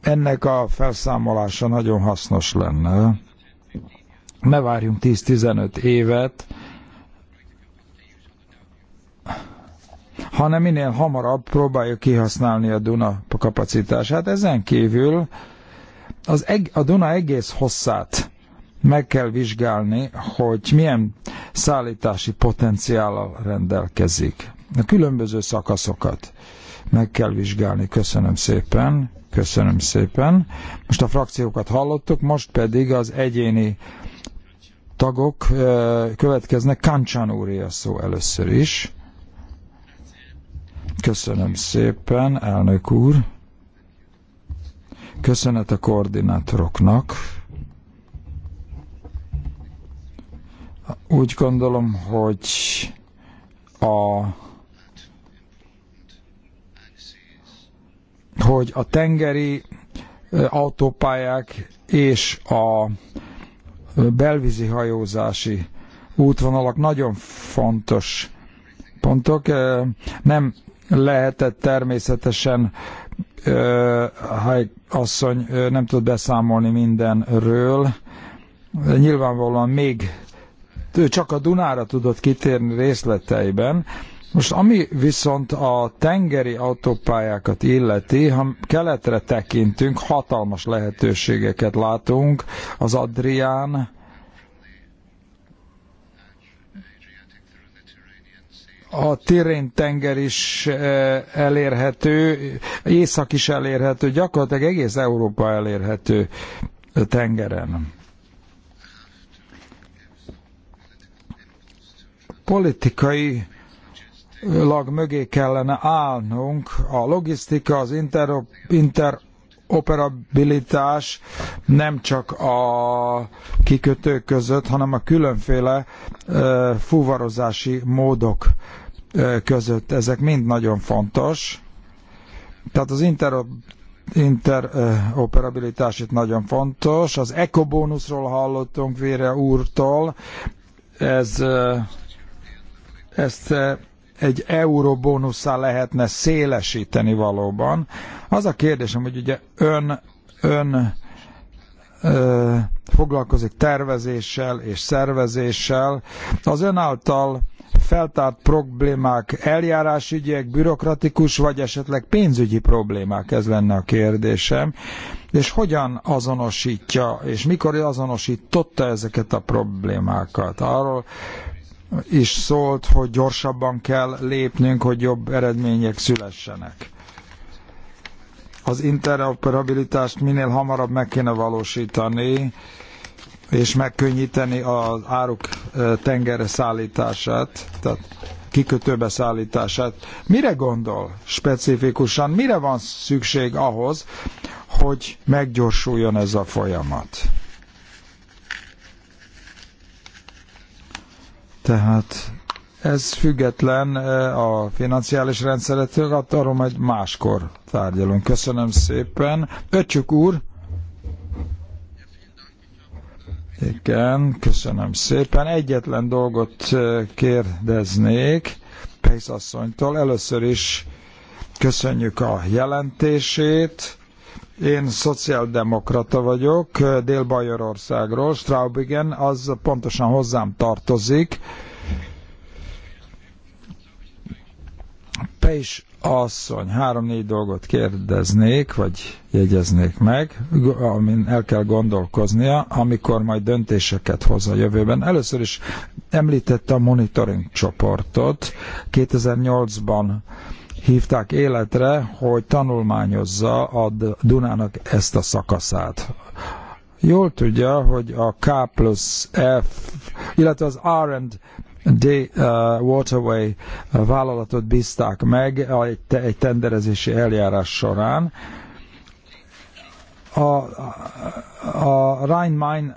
Ennek a felszámolása nagyon hasznos lenne. Ne várjunk 10-15 évet, hanem minél hamarabb próbáljuk kihasználni a Duna kapacitását. Ezen kívül az eg- a Duna egész hosszát meg kell vizsgálni, hogy milyen szállítási potenciállal rendelkezik. A különböző szakaszokat meg kell vizsgálni. Köszönöm szépen. Köszönöm szépen. Most a frakciókat hallottuk, most pedig az egyéni tagok eh, következnek. Kancsán úr szó először is. Köszönöm szépen, elnök úr. Köszönet a koordinátoroknak. Úgy gondolom, hogy a hogy a tengeri autópályák és a belvízi hajózási útvonalak nagyon fontos pontok. Nem lehetett természetesen Hajk asszony nem tud beszámolni mindenről. Nyilvánvalóan még ő csak a Dunára tudott kitérni részleteiben. Most ami viszont a tengeri autópályákat illeti, ha keletre tekintünk, hatalmas lehetőségeket látunk az Adrián, a Tirén tenger is e, elérhető, Észak is elérhető, gyakorlatilag egész Európa elérhető tengeren. Politikai lag mögé kellene állnunk, a logisztika, az interop, inter interoperabilitás nem csak a kikötők között, hanem a különféle fuvarozási módok között. Ezek mind nagyon fontos. Tehát az interoperabilitás interoperabilitás itt nagyon fontos. Az ekobónuszról hallottunk Vére úrtól. Ez, ezt egy euróbónusszá lehetne szélesíteni valóban. Az a kérdésem, hogy ugye ön, ön ö, foglalkozik tervezéssel és szervezéssel. Az ön által feltárt problémák eljárásügyiek, bürokratikus vagy esetleg pénzügyi problémák, ez lenne a kérdésem. És hogyan azonosítja, és mikor azonosította ezeket a problémákat? Arról is szólt, hogy gyorsabban kell lépnünk, hogy jobb eredmények szülessenek. Az interoperabilitást minél hamarabb meg kéne valósítani, és megkönnyíteni az áruk tengerre szállítását, tehát kikötőbe szállítását. Mire gondol specifikusan, mire van szükség ahhoz, hogy meggyorsuljon ez a folyamat? Tehát ez független eh, a financiális rendszeretől, arról majd máskor tárgyalunk. Köszönöm szépen. Öcsük úr! Igen, köszönöm szépen. Egyetlen dolgot eh, kérdeznék Pejsz asszonytól. Először is köszönjük a jelentését én szociáldemokrata vagyok, Dél-Bajorországról, Straubigen, az pontosan hozzám tartozik. Pejs asszony, három-négy dolgot kérdeznék, vagy jegyeznék meg, amin el kell gondolkoznia, amikor majd döntéseket hoz a jövőben. Először is említette a monitoring csoportot. 2008-ban hívták életre, hogy tanulmányozza a Dunának ezt a szakaszát. Jól tudja, hogy a K plusz F, illetve az R&D D uh, Waterway vállalatot bízták meg egy, egy tenderezési eljárás során, a, a Rhein-Main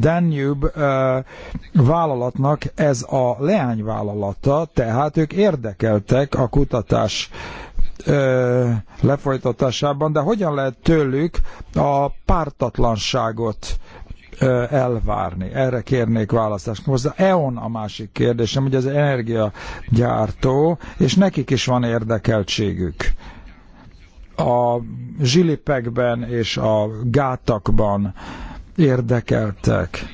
Danube vállalatnak ez a leányvállalata, tehát ők érdekeltek a kutatás lefolytatásában, de hogyan lehet tőlük a pártatlanságot elvárni? Erre kérnék választást. Most az EON a másik kérdésem, hogy az energiagyártó, és nekik is van érdekeltségük a zsilipekben és a gátakban érdekeltek.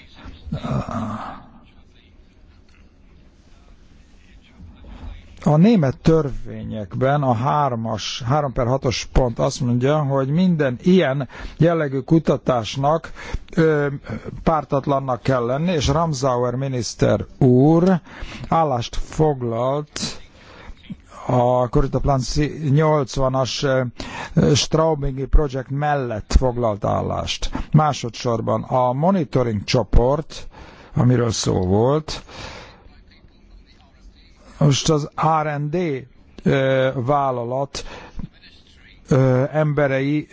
A német törvényekben a 3-as, 3 per 6-os pont azt mondja, hogy minden ilyen jellegű kutatásnak ö, pártatlannak kell lenni, és Ramsauer miniszter úr állást foglalt a Corita Plan 80-as eh, Straubingi Project mellett foglalt állást. Másodszorban a monitoring csoport, amiről szó volt, most az R&D eh, vállalat emberei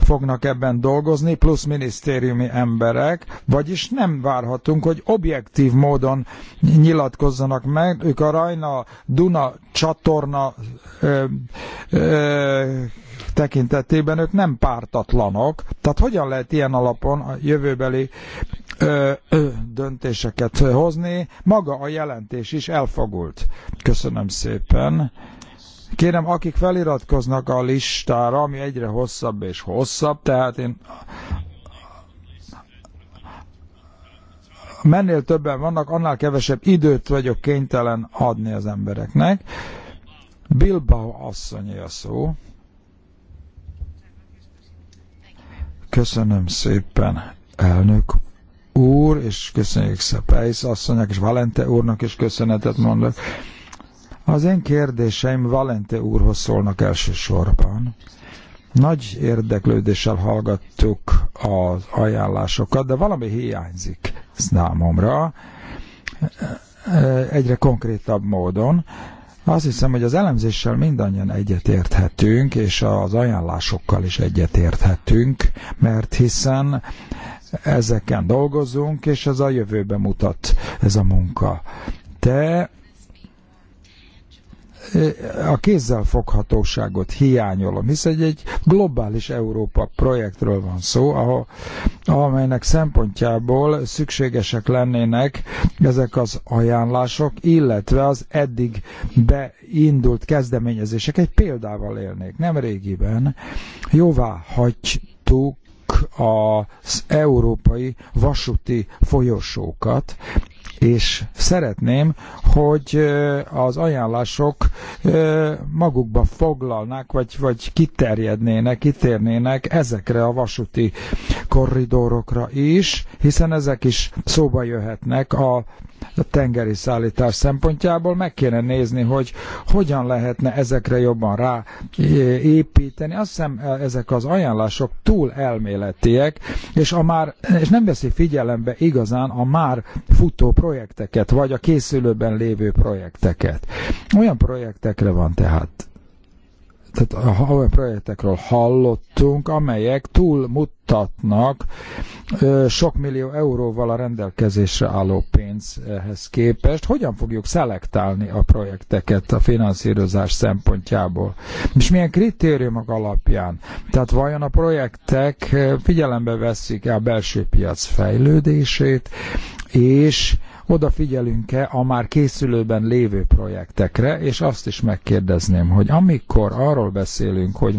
fognak ebben dolgozni, plusz minisztériumi emberek, vagyis nem várhatunk, hogy objektív módon nyilatkozzanak meg. Ők a Rajna-Duna csatorna tekintetében ők nem pártatlanok. Tehát hogyan lehet ilyen alapon a jövőbeli ö, ö, döntéseket hozni? Maga a jelentés is elfogult. Köszönöm szépen. Kérem, akik feliratkoznak a listára, ami egyre hosszabb és hosszabb, tehát én mennél többen vannak, annál kevesebb időt vagyok kénytelen adni az embereknek. Bilbao asszonyé a szó. Köszönöm szépen, elnök úr, és köszönjük Szepejsz asszonynak, és Valente úrnak is köszönetet mondok. Az én kérdéseim Valente úrhoz szólnak elsősorban. Nagy érdeklődéssel hallgattuk az ajánlásokat, de valami hiányzik számomra egyre konkrétabb módon. Azt hiszem, hogy az elemzéssel mindannyian egyetérthetünk, és az ajánlásokkal is egyetérthetünk, mert hiszen ezeken dolgozunk, és ez a jövőbe mutat ez a munka. De a kézzel foghatóságot hiányolom, hisz egy, egy globális Európa projektről van szó, ahol, amelynek szempontjából szükségesek lennének ezek az ajánlások, illetve az eddig beindult kezdeményezések. Egy példával élnék. Nem régiben jóvá hagytuk az európai vasúti folyosókat, és szeretném, hogy az ajánlások magukba foglalnák, vagy, vagy kiterjednének, kitérnének ezekre a vasúti korridorokra is, hiszen ezek is szóba jöhetnek a a tengeri szállítás szempontjából meg kéne nézni, hogy hogyan lehetne ezekre jobban ráépíteni. Azt hiszem e, ezek az ajánlások túl elméletiek, és, a már, és nem veszi figyelembe igazán a már futó projekteket, vagy a készülőben lévő projekteket. Olyan projektekre van tehát tehát olyan projektekről hallottunk, amelyek túlmutatnak sok millió euróval a rendelkezésre álló pénzhez képest. Hogyan fogjuk szelektálni a projekteket a finanszírozás szempontjából? És milyen kritériumok alapján? Tehát vajon a projektek figyelembe veszik-e a belső piac fejlődését, és odafigyelünk-e a már készülőben lévő projektekre, és azt is megkérdezném, hogy amikor arról beszélünk, hogy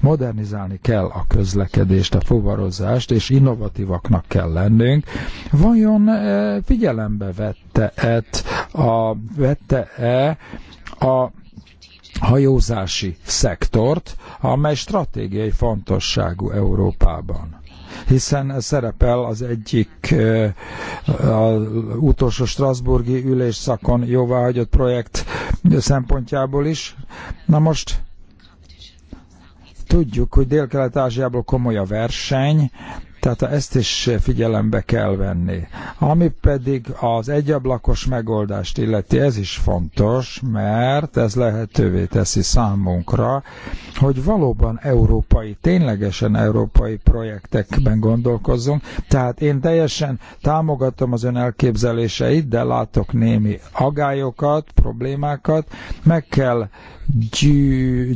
modernizálni kell a közlekedést, a fuvarozást, és innovatívaknak kell lennünk, vajon e, figyelembe vette-e vette -e a hajózási szektort, amely stratégiai fontosságú Európában hiszen ez szerepel az egyik a utolsó Strasburgi ülésszakon jóváhagyott projekt szempontjából is. Na most tudjuk, hogy Dél-Kelet-Ázsiából komoly a verseny, tehát ezt is figyelembe kell venni. Ami pedig az egyablakos megoldást illeti, ez is fontos, mert ez lehetővé teszi számunkra, hogy valóban európai, ténylegesen európai projektekben gondolkozzunk. Tehát én teljesen támogatom az ön elképzeléseit, de látok némi agályokat, problémákat. Meg kell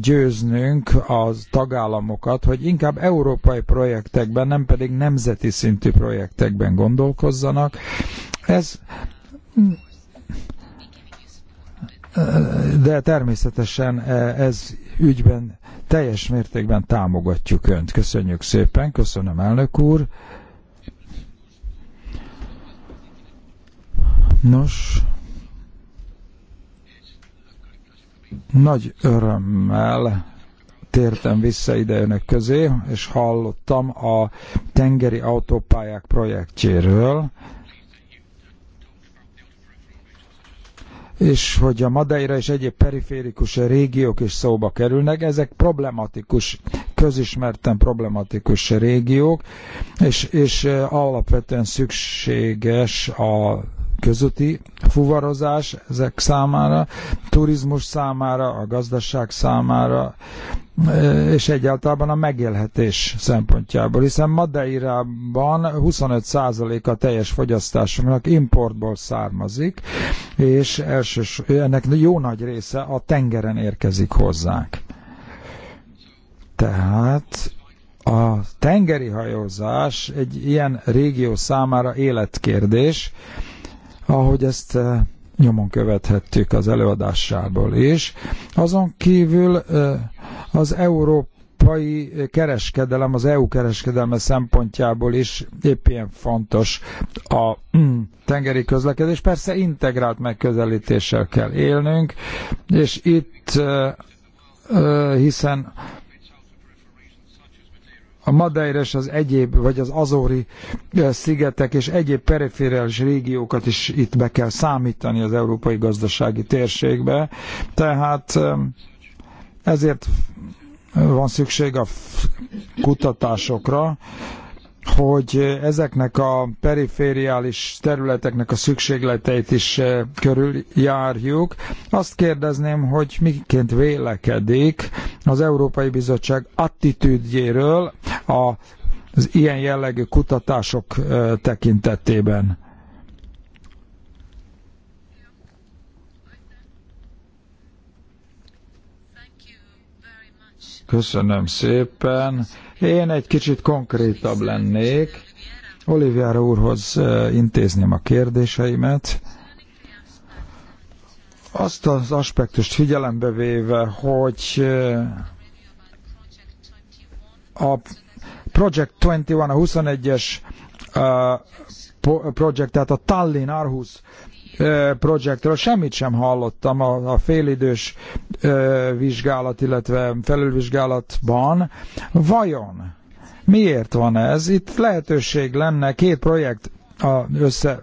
győznünk az tagállamokat, hogy inkább európai projektekben, nem pedig nemzeti szintű projektekben gondolkozzanak. Ez de természetesen e, ez ügyben teljes mértékben támogatjuk Önt. Köszönjük szépen, köszönöm elnök úr. Nos, nagy örömmel tértem vissza ide önök közé, és hallottam a tengeri autópályák projektjéről, és hogy a Madeira és egyéb periférikus régiók is szóba kerülnek, ezek problematikus, közismerten problematikus régiók, és, és eh, alapvetően szükséges a közötti fuvarozás ezek számára, turizmus számára, a gazdaság számára, és egyáltalán a megélhetés szempontjából, hiszen Madeirában 25% a teljes fogyasztásunknak importból származik, és elsős, ennek jó nagy része a tengeren érkezik hozzánk. Tehát a tengeri hajózás egy ilyen régió számára életkérdés, ahogy ezt eh, nyomon követhettük az előadásából is. Azon kívül eh, az európai kereskedelem, az EU kereskedelme szempontjából is épp ilyen fontos a mm, tengeri közlekedés. Persze integrált megközelítéssel kell élnünk, és itt eh, hiszen a Madeira és az egyéb, vagy az Azori szigetek és egyéb perifériális régiókat is itt be kell számítani az európai gazdasági térségbe. Tehát ezért van szükség a kutatásokra, hogy ezeknek a perifériális területeknek a szükségleteit is körüljárjuk. Azt kérdezném, hogy miként vélekedik az Európai Bizottság attitűdjéről a az ilyen jellegű kutatások tekintetében. Köszönöm szépen. Én egy kicsit konkrétabb lennék. Oliviára úrhoz intézném a kérdéseimet. Azt az aspektust figyelembe véve, hogy a Project 21, a 21-es projekt, tehát a Tallinn Arhus projektről semmit sem hallottam a, a félidős vizsgálat, illetve felülvizsgálatban. Vajon miért van ez? Itt lehetőség lenne két projekt a össze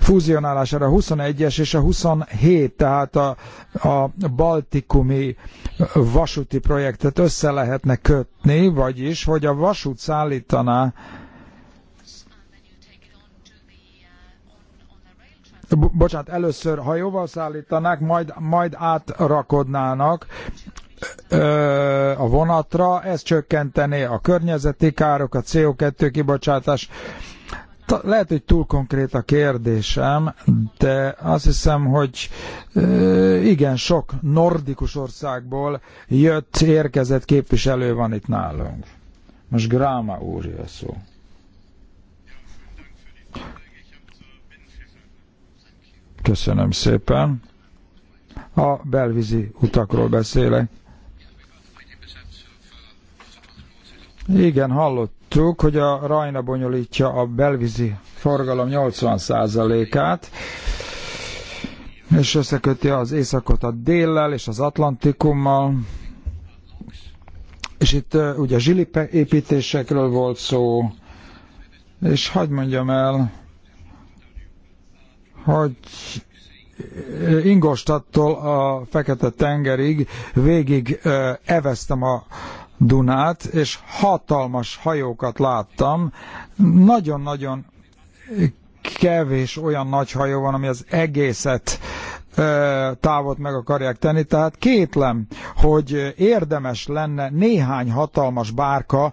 fúzionálására a 21-es és a 27, tehát a, a baltikumi vasúti projektet össze lehetne kötni, vagyis, hogy a vasút szállítaná bocsánat, először hajóval szállítanák, majd, majd átrakodnának ö, a vonatra, ez csökkentené a környezeti károk, a CO2 kibocsátás. Lehet, hogy túl konkrét a kérdésem, de azt hiszem, hogy igen, sok nordikus országból jött, érkezett képviselő van itt nálunk. Most Gráma úr szó. Köszönöm szépen. A belvízi utakról beszélek. Igen, hallottuk, hogy a Rajna bonyolítja a belvízi forgalom 80%-át, és összeköti az északot a déllel és az Atlantikummal. És itt uh, ugye zsilip építésekről volt szó, és hagyd mondjam el, hogy Ingostattól a Fekete-tengerig végig eveztem a Dunát, és hatalmas hajókat láttam. Nagyon-nagyon kevés olyan nagy hajó van, ami az egészet távot meg akarják tenni, tehát kétlem, hogy érdemes lenne néhány hatalmas bárka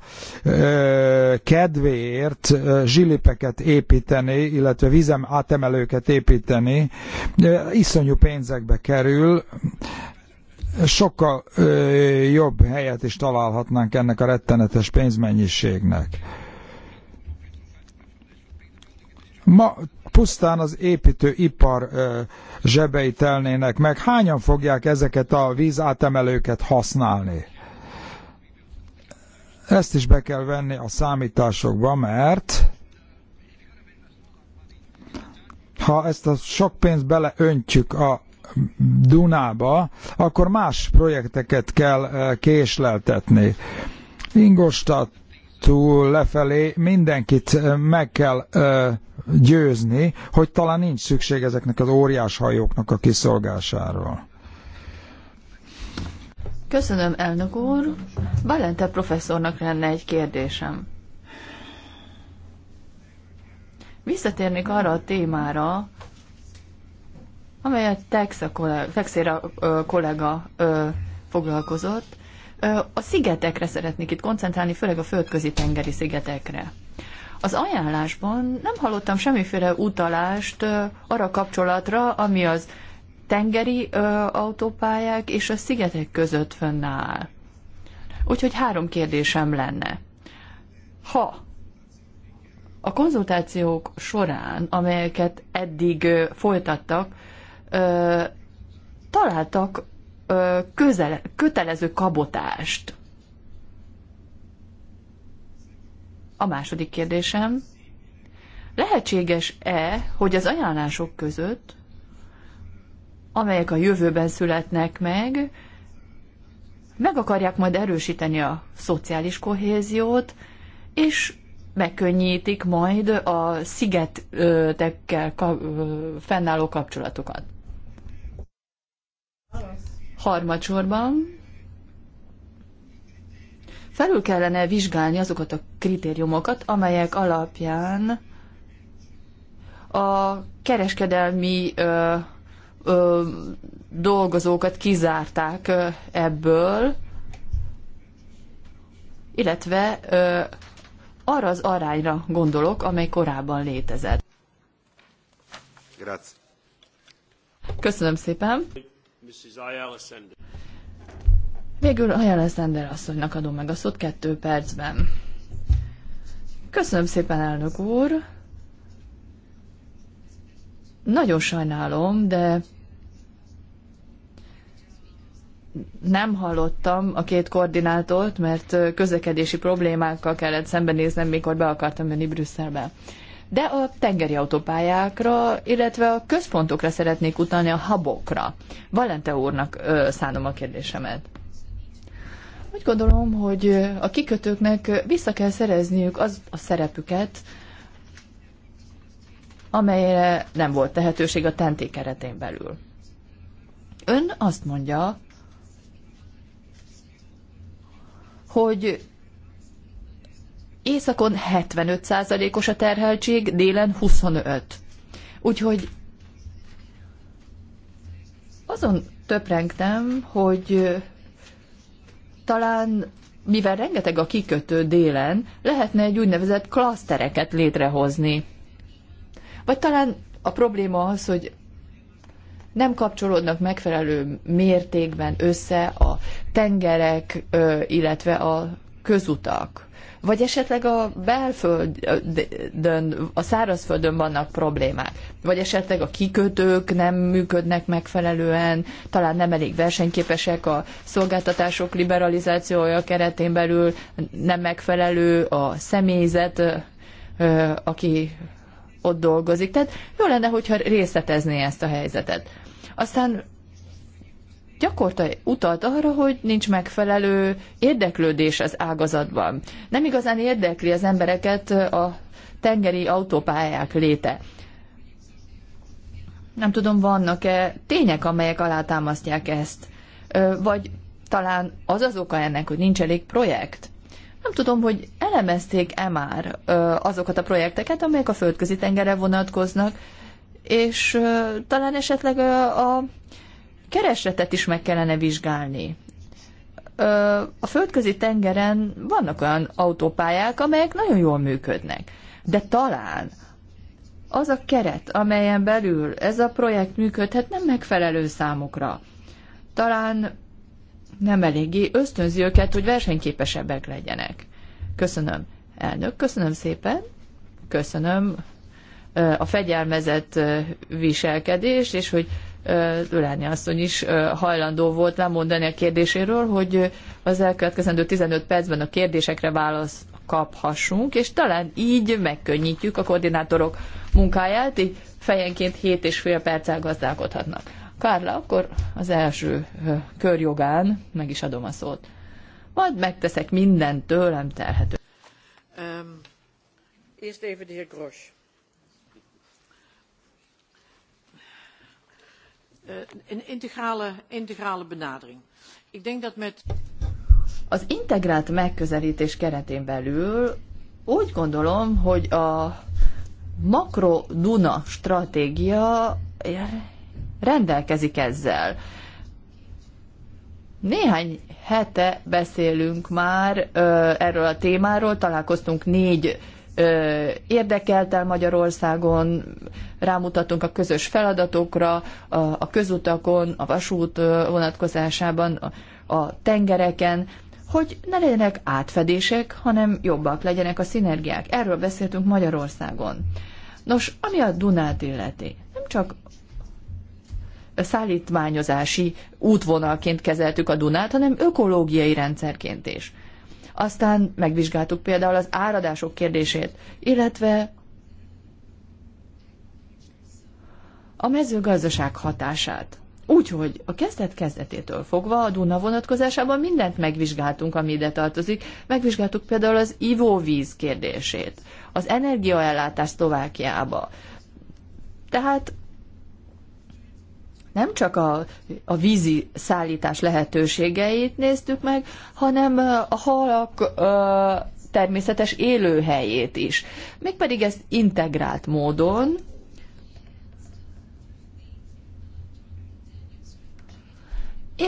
kedvéért zsilipeket építeni, illetve vizem átemelőket építeni. Iszonyú pénzekbe kerül, sokkal jobb helyet is találhatnánk ennek a rettenetes pénzmennyiségnek. Ma pusztán az építőipar zsebei telnének meg, hányan fogják ezeket a vízátemelőket használni? Ezt is be kell venni a számításokba, mert ha ezt a sok pénzt beleöntjük a Dunába, akkor más projekteket kell eh, késleltetni. Ingolstadt túl lefelé mindenkit meg kell ö, győzni, hogy talán nincs szükség ezeknek az óriás hajóknak a kiszolgásáról. Köszönöm, elnök úr. Valente professzornak lenne egy kérdésem. Visszatérnék arra a témára, amelyet Tex a kollega, Texera kollega ö, foglalkozott, a szigetekre szeretnék itt koncentrálni, főleg a földközi tengeri szigetekre. Az ajánlásban nem hallottam semmiféle utalást arra kapcsolatra, ami az tengeri ö, autópályák és a szigetek között fönnáll. Úgyhogy három kérdésem lenne. Ha a konzultációk során, amelyeket eddig ö, folytattak, ö, találtak közel, kötelező kabotást. A második kérdésem, lehetséges-e, hogy az ajánlások között, amelyek a jövőben születnek meg, meg akarják majd erősíteni a szociális kohéziót, és megkönnyítik majd a szigetekkel fennálló kapcsolatokat. Harmadsorban felül kellene vizsgálni azokat a kritériumokat, amelyek alapján a kereskedelmi ö, ö, dolgozókat kizárták ebből, illetve ö, arra az arányra gondolok, amely korábban létezett. Grazie. Köszönöm szépen. Végül Ayala Sender asszonynak adom meg a szót kettő percben. Köszönöm szépen, elnök úr! Nagyon sajnálom, de nem hallottam a két koordinátort, mert közlekedési problémákkal kellett szembenéznem, mikor be akartam menni Brüsszelbe de a tengeri autópályákra, illetve a központokra szeretnék utalni, a habokra. Valente úrnak ö, szánom a kérdésemet. Úgy gondolom, hogy a kikötőknek vissza kell szerezniük az a szerepüket, amelyre nem volt tehetőség a tenté keretén belül. Ön azt mondja, hogy északon 75%-os a terheltség, délen 25. Úgyhogy azon töprengtem, hogy talán mivel rengeteg a kikötő délen, lehetne egy úgynevezett klasztereket létrehozni. Vagy talán a probléma az, hogy nem kapcsolódnak megfelelő mértékben össze a tengerek, illetve a közutak vagy esetleg a belföldön, a szárazföldön vannak problémák, vagy esetleg a kikötők nem működnek megfelelően, talán nem elég versenyképesek a szolgáltatások liberalizációja keretén belül, nem megfelelő a személyzet, aki ott dolgozik. Tehát jó lenne, hogyha részletezné ezt a helyzetet. Aztán gyakorta utalt arra, hogy nincs megfelelő érdeklődés az ágazatban. Nem igazán érdekli az embereket a tengeri autópályák léte. Nem tudom, vannak-e tények, amelyek alátámasztják ezt? Vagy talán az az oka ennek, hogy nincs elég projekt? Nem tudom, hogy elemezték-e már azokat a projekteket, amelyek a földközi tengerre vonatkoznak, és talán esetleg a, a keresletet is meg kellene vizsgálni. A földközi tengeren vannak olyan autópályák, amelyek nagyon jól működnek, de talán az a keret, amelyen belül ez a projekt működhet, nem megfelelő számukra. Talán nem eléggé ösztönzi őket, hogy versenyképesebbek legyenek. Köszönöm, elnök, köszönöm szépen, köszönöm a fegyelmezett viselkedés, és hogy Lölányi asszony is hajlandó volt lemondani a kérdéséről, hogy az elkövetkezendő 15 percben a kérdésekre választ kaphassunk, és talán így megkönnyítjük a koordinátorok munkáját, így fejenként 7 és fél perccel gazdálkodhatnak. Kárla, akkor az első körjogán meg is adom a szót. Majd megteszek mindent tőlem telhető. Um, eerst even Eh, een integrale, integrale benadering. Ik denk dat met... Az integrált megközelítés keretén belül úgy gondolom, hogy a makro-Duna stratégia eh, rendelkezik ezzel. Néhány hete beszélünk már ö, eh, erről a témáról, találkoztunk négy érdekeltel Magyarországon, rámutatunk a közös feladatokra, a közutakon, a vasút vonatkozásában, a tengereken, hogy ne legyenek átfedések, hanem jobbak legyenek a szinergiák. Erről beszéltünk Magyarországon. Nos, ami a Dunát illeti, nem csak szállítmányozási útvonalként kezeltük a Dunát, hanem ökológiai rendszerként is. Aztán megvizsgáltuk például az áradások kérdését, illetve a mezőgazdaság hatását. Úgyhogy a kezdet kezdetétől fogva a Duna vonatkozásában mindent megvizsgáltunk, ami ide tartozik. Megvizsgáltuk például az ivóvíz kérdését, az energiaellátás Szlovákiába. Tehát nem csak a, a vízi szállítás lehetőségeit néztük meg, hanem a halak természetes élőhelyét is. Mégpedig ezt integrált módon,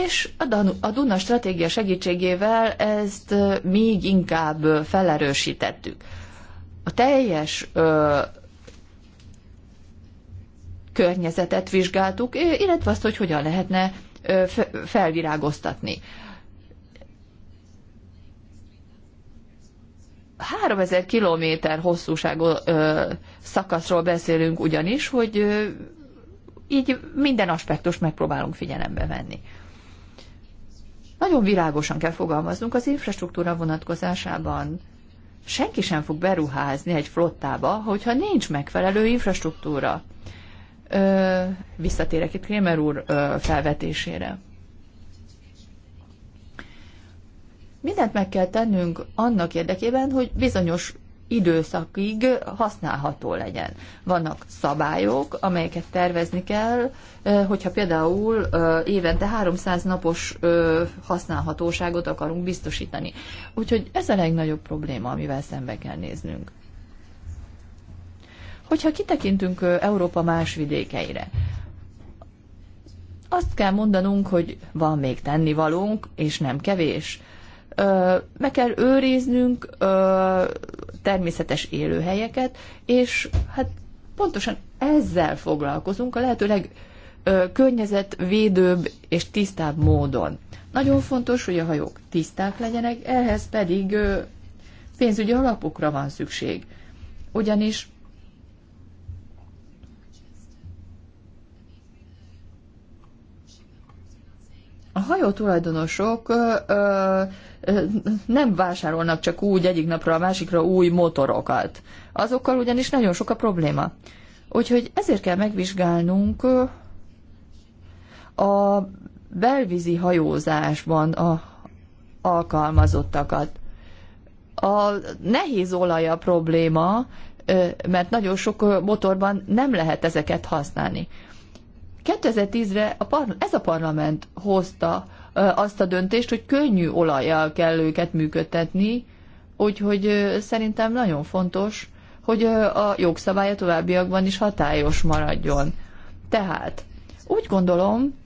És a, Danu, a Duna stratégia segítségével ezt még inkább felerősítettük. A teljes ö, környezetet vizsgáltuk, eh, illetve azt, hogy hogyan lehetne eh, felvirágoztatni. 3000 kilométer hosszúságú eh, szakaszról beszélünk ugyanis, hogy így minden aspektus megpróbálunk figyelembe venni. Nagyon világosan kell fogalmaznunk az infrastruktúra vonatkozásában. Senki sem fog beruházni egy flottába, hogyha nincs megfelelő infrastruktúra. Ö, visszatérek itt Krémer úr ö, felvetésére. Mindent meg kell tennünk annak érdekében, hogy bizonyos időszakig használható legyen. Vannak szabályok, amelyeket tervezni kell, hogyha például évente 300 napos használhatóságot akarunk biztosítani. Úgyhogy ez a legnagyobb probléma, amivel szembe kell néznünk. Hogyha kitekintünk Európa más vidékeire, azt kell mondanunk, hogy van még tennivalónk, és nem kevés. Ö, meg kell őriznünk ö, természetes élőhelyeket, és hát pontosan ezzel foglalkozunk a lehetőleg ö, környezetvédőbb és tisztább módon. Nagyon fontos, hogy a hajók tiszták legyenek, ehhez pedig ö, pénzügyi alapokra van szükség. Ugyanis a hajó tulajdonosok nem vásárolnak csak úgy egyik napra a másikra új motorokat. Azokkal ugyanis nagyon sok a probléma. Úgyhogy ezért kell megvizsgálnunk a belvízi hajózásban a alkalmazottakat. A nehéz olaj a probléma, mert nagyon sok motorban nem lehet ezeket használni. 2010-re a ez a parlament hozta azt a döntést, hogy könnyű olajjal kell őket működtetni, úgyhogy szerintem nagyon fontos, hogy a jogszabály a továbbiakban is hatályos maradjon. Tehát úgy gondolom,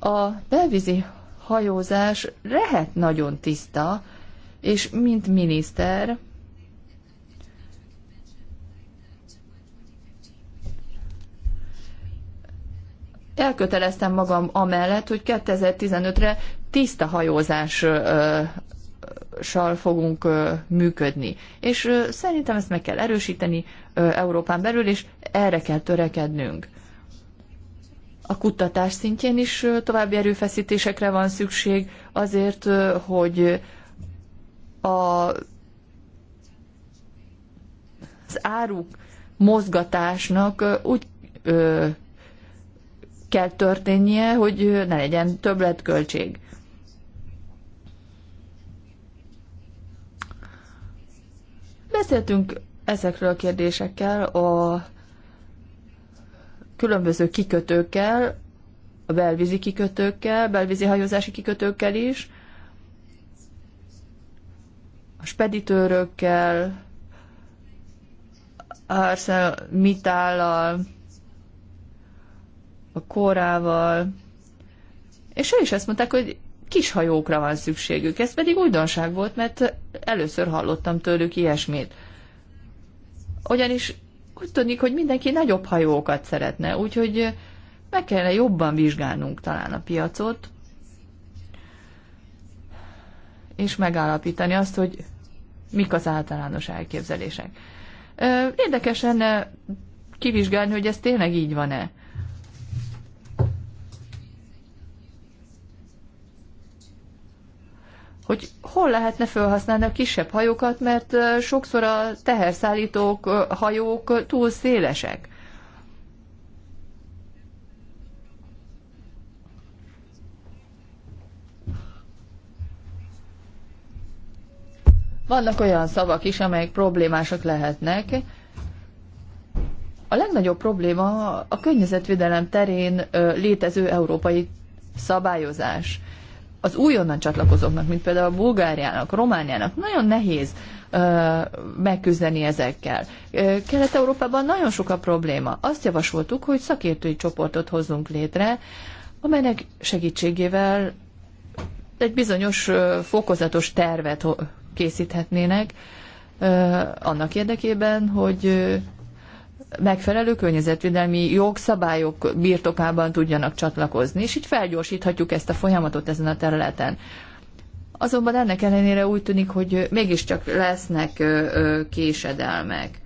a belvízi hajózás lehet nagyon tiszta, és mint miniszter elköteleztem magam amellett, hogy 2015-re tiszta hajózással fogunk működni. És szerintem ezt meg kell erősíteni Európán belül, és erre kell törekednünk. A kutatás szintjén is további erőfeszítésekre van szükség azért, hogy a, az áruk mozgatásnak úgy kell történnie, hogy ne legyen többletköltség. Beszéltünk ezekről a kérdésekkel a különböző kikötőkkel, a belvízi kikötőkkel, belvízi hajózási kikötőkkel is, a speditőrökkel, Arsenal Mitállal, a korával, és ő is azt mondták, hogy kis hajókra van szükségük. Ez pedig újdonság volt, mert először hallottam tőlük ilyesmit. Ugyanis úgy tűnik, hogy mindenki nagyobb hajókat szeretne, úgyhogy meg kellene jobban vizsgálnunk talán a piacot, és megállapítani azt, hogy mik az általános elképzelések. Érdekes lenne kivizsgálni, hogy ez tényleg így van-e. hogy hol lehetne felhasználni a kisebb hajókat, mert sokszor a teherszállítók, hajók túl szélesek. Vannak olyan szavak is, amelyek problémásak lehetnek. A legnagyobb probléma a környezetvédelem terén létező európai szabályozás az újonnan csatlakozóknak, mint például a Bulgáriának, Romániának nagyon nehéz megküzdeni ezekkel. Kelet-Európában nagyon sok a probléma. Azt javasoltuk, hogy szakértői csoportot hozzunk létre, amelynek segítségével egy bizonyos fokozatos tervet készíthetnének annak érdekében, hogy megfelelő környezetvédelmi jogszabályok birtokában tudjanak csatlakozni, és így felgyorsíthatjuk ezt a folyamatot ezen a területen. Azonban ennek ellenére úgy tűnik, hogy mégiscsak lesznek késedelmek.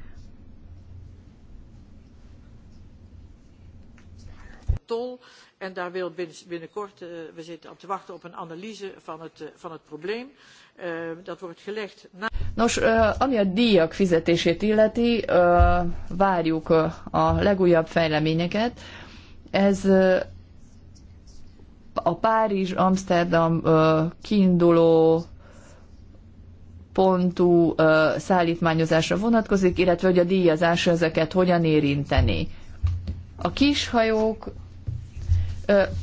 Tol, en daar wil binnenkort, eh, we zitten te wachten op een analyse van het eh, probleem. Eh, dat wordt gelegd. Na... Nos, eh, ami a díjak fizetését illeti, eh, várjuk a legújabb fejleményeket. Ez a Párizs-Amsterdam kiinduló pontú szállítmányozásra vonatkozik, illetve hogy a díjazás ezeket hogyan érinteni. A kishajók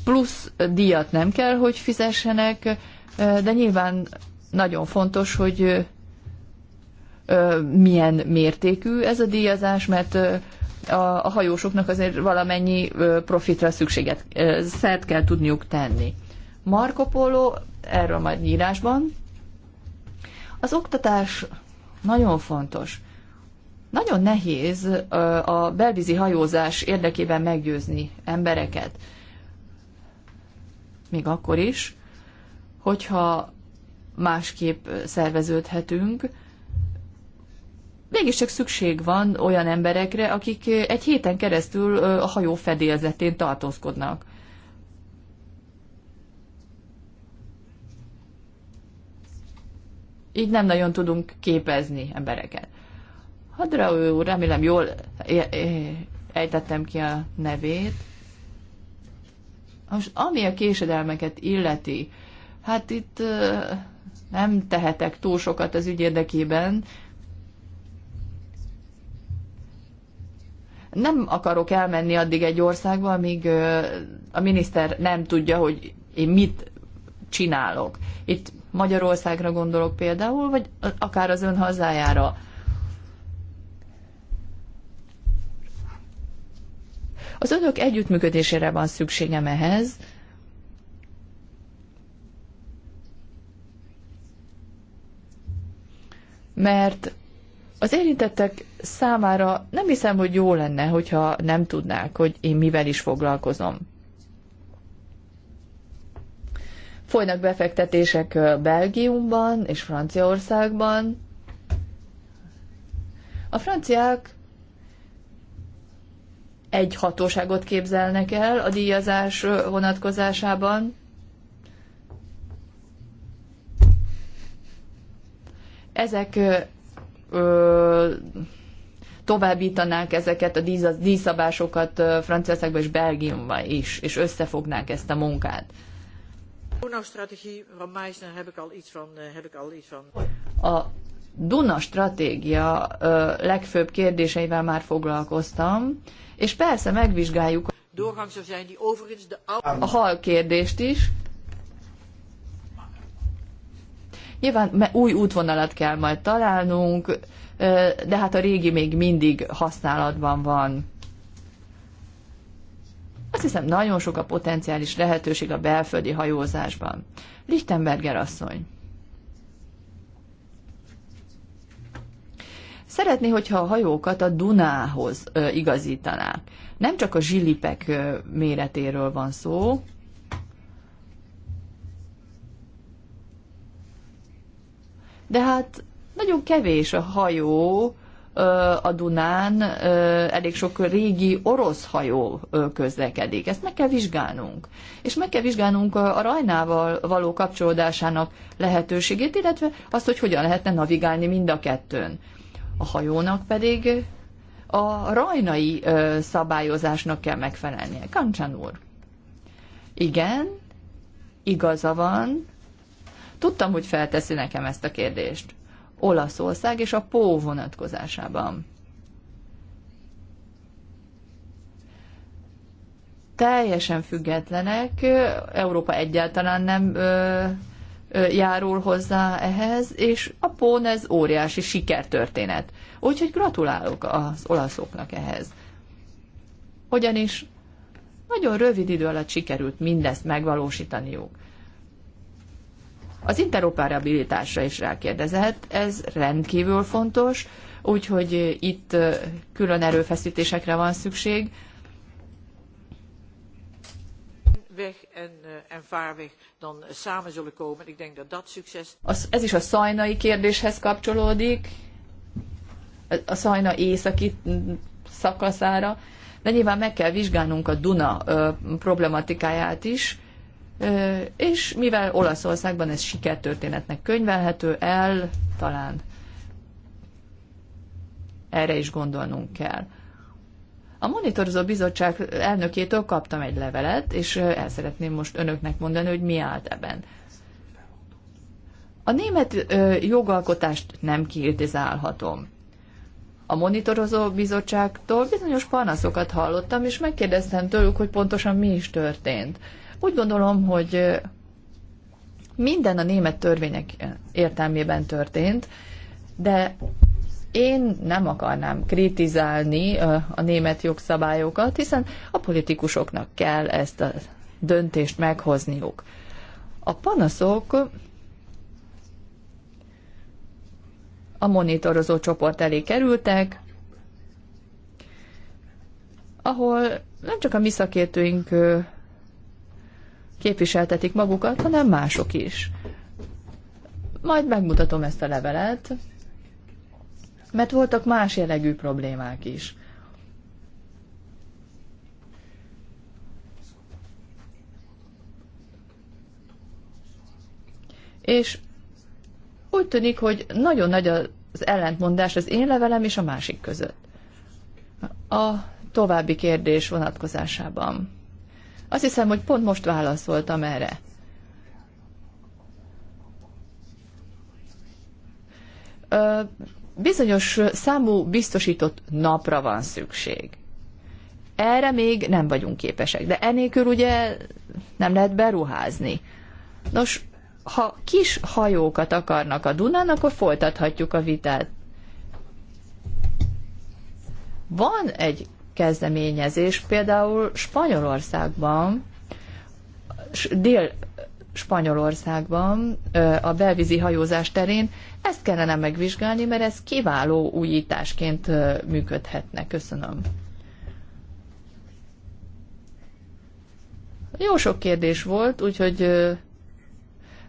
plusz díjat nem kell, hogy fizessenek, de nyilván nagyon fontos, hogy milyen mértékű ez a díjazás, mert a hajósoknak azért valamennyi profitra szükséget szert kell tudniuk tenni. Marco Polo, erről majd nyírásban. Az oktatás nagyon fontos. Nagyon nehéz a belvízi hajózás érdekében meggyőzni embereket. Még akkor is, hogyha másképp szerveződhetünk. Mégiscsak szükség van olyan emberekre, akik egy héten keresztül a hajó fedélzetén tartózkodnak. Így nem nagyon tudunk képezni embereket. Hadra úr, remélem jól ejtettem ki a nevét. Most ami a késedelmeket illeti, hát itt nem tehetek túl sokat az ügy érdekében. Nem akarok elmenni addig egy országba, amíg a miniszter nem tudja, hogy én mit csinálok. Itt Magyarországra gondolok például, vagy akár az ön hazájára. Az önök együttműködésére van szükségem ehhez, mert az érintettek számára nem hiszem, hogy jó lenne, hogyha nem tudnák, hogy én mivel is foglalkozom. Folynak befektetések Belgiumban és Franciaországban. A franciák egy hatóságot képzelnek el a díjazás vonatkozásában, ezek ö, továbbítanák ezeket a díszabásokat Franciaországban és Belgiumban is, és összefognák ezt a munkát. Eh, a Duna stratégia legfőbb kérdéseivel már foglalkoztam, és persze megvizsgáljuk a hal kérdést is, Nyilván új útvonalat kell majd találnunk, de hát a régi még mindig használatban van. Azt hiszem, nagyon sok a potenciális lehetőség a belföldi hajózásban. Lichtenberger asszony. Szeretné, hogyha a hajókat a Dunához igazítanák. Nem csak a zsilipek méretéről van szó, de hát nagyon kevés a hajó a Dunán, elég sok régi orosz hajó közlekedik. Ezt meg kell vizsgálnunk. És meg kell vizsgálnunk a Rajnával való kapcsolódásának lehetőségét, illetve azt, hogy hogyan lehetne navigálni mind a kettőn. A hajónak pedig a rajnai szabályozásnak kell megfelelnie. Kancsán úr. Igen, igaza van, Tudtam, hogy felteszi nekem ezt a kérdést. Olaszország és a Pó vonatkozásában. Teljesen függetlenek, Európa egyáltalán nem ö, ö, járul hozzá ehhez, és a Pón ez óriási sikertörténet. Úgyhogy gratulálok az olaszoknak ehhez. Ugyanis nagyon rövid idő alatt sikerült mindezt megvalósítaniuk. Az interoperabilitásra is rákérdezhet, ez rendkívül fontos, úgyhogy itt külön erőfeszítésekre van szükség. weg en eh, Ez is a szajnai kérdéshez kapcsolódik, a szajna északi szakaszára, de nyilván meg kell vizsgálnunk a Duna problematikáját is, és mivel Olaszországban ez sikertörténetnek könyvelhető el, talán erre is gondolnunk kell. A monitorozó bizottság elnökétől kaptam egy levelet, és el szeretném most önöknek mondani, hogy mi állt ebben. A német jogalkotást nem kritizálhatom. A monitorozó bizottságtól bizonyos panaszokat hallottam, és megkérdeztem tőlük, hogy pontosan mi is történt. Úgy gondolom, hogy minden a német törvények értelmében történt, de én nem akarnám kritizálni a német jogszabályokat, hiszen a politikusoknak kell ezt a döntést meghozniuk. A panaszok a monitorozó csoport elé kerültek, ahol nem csak a mi szakértőink képviseltetik magukat, hanem mások is. Majd megmutatom ezt a levelet, mert voltak más jellegű problémák is. És úgy tűnik, hogy nagyon nagy az ellentmondás az én levelem és a másik között. A további kérdés vonatkozásában. Azt hiszem, hogy pont most válaszoltam erre. Bizonyos számú biztosított napra van szükség. Erre még nem vagyunk képesek, de enélkül ugye nem lehet beruházni. Nos, ha kis hajókat akarnak a Dunán, akkor folytathatjuk a vitát. Van egy kezdeményezés. Például Spanyolországban, dél Spanyolországban a belvízi hajózás terén ezt kellene megvizsgálni, mert ez kiváló újításként működhetne. Köszönöm. Jó sok kérdés volt, úgyhogy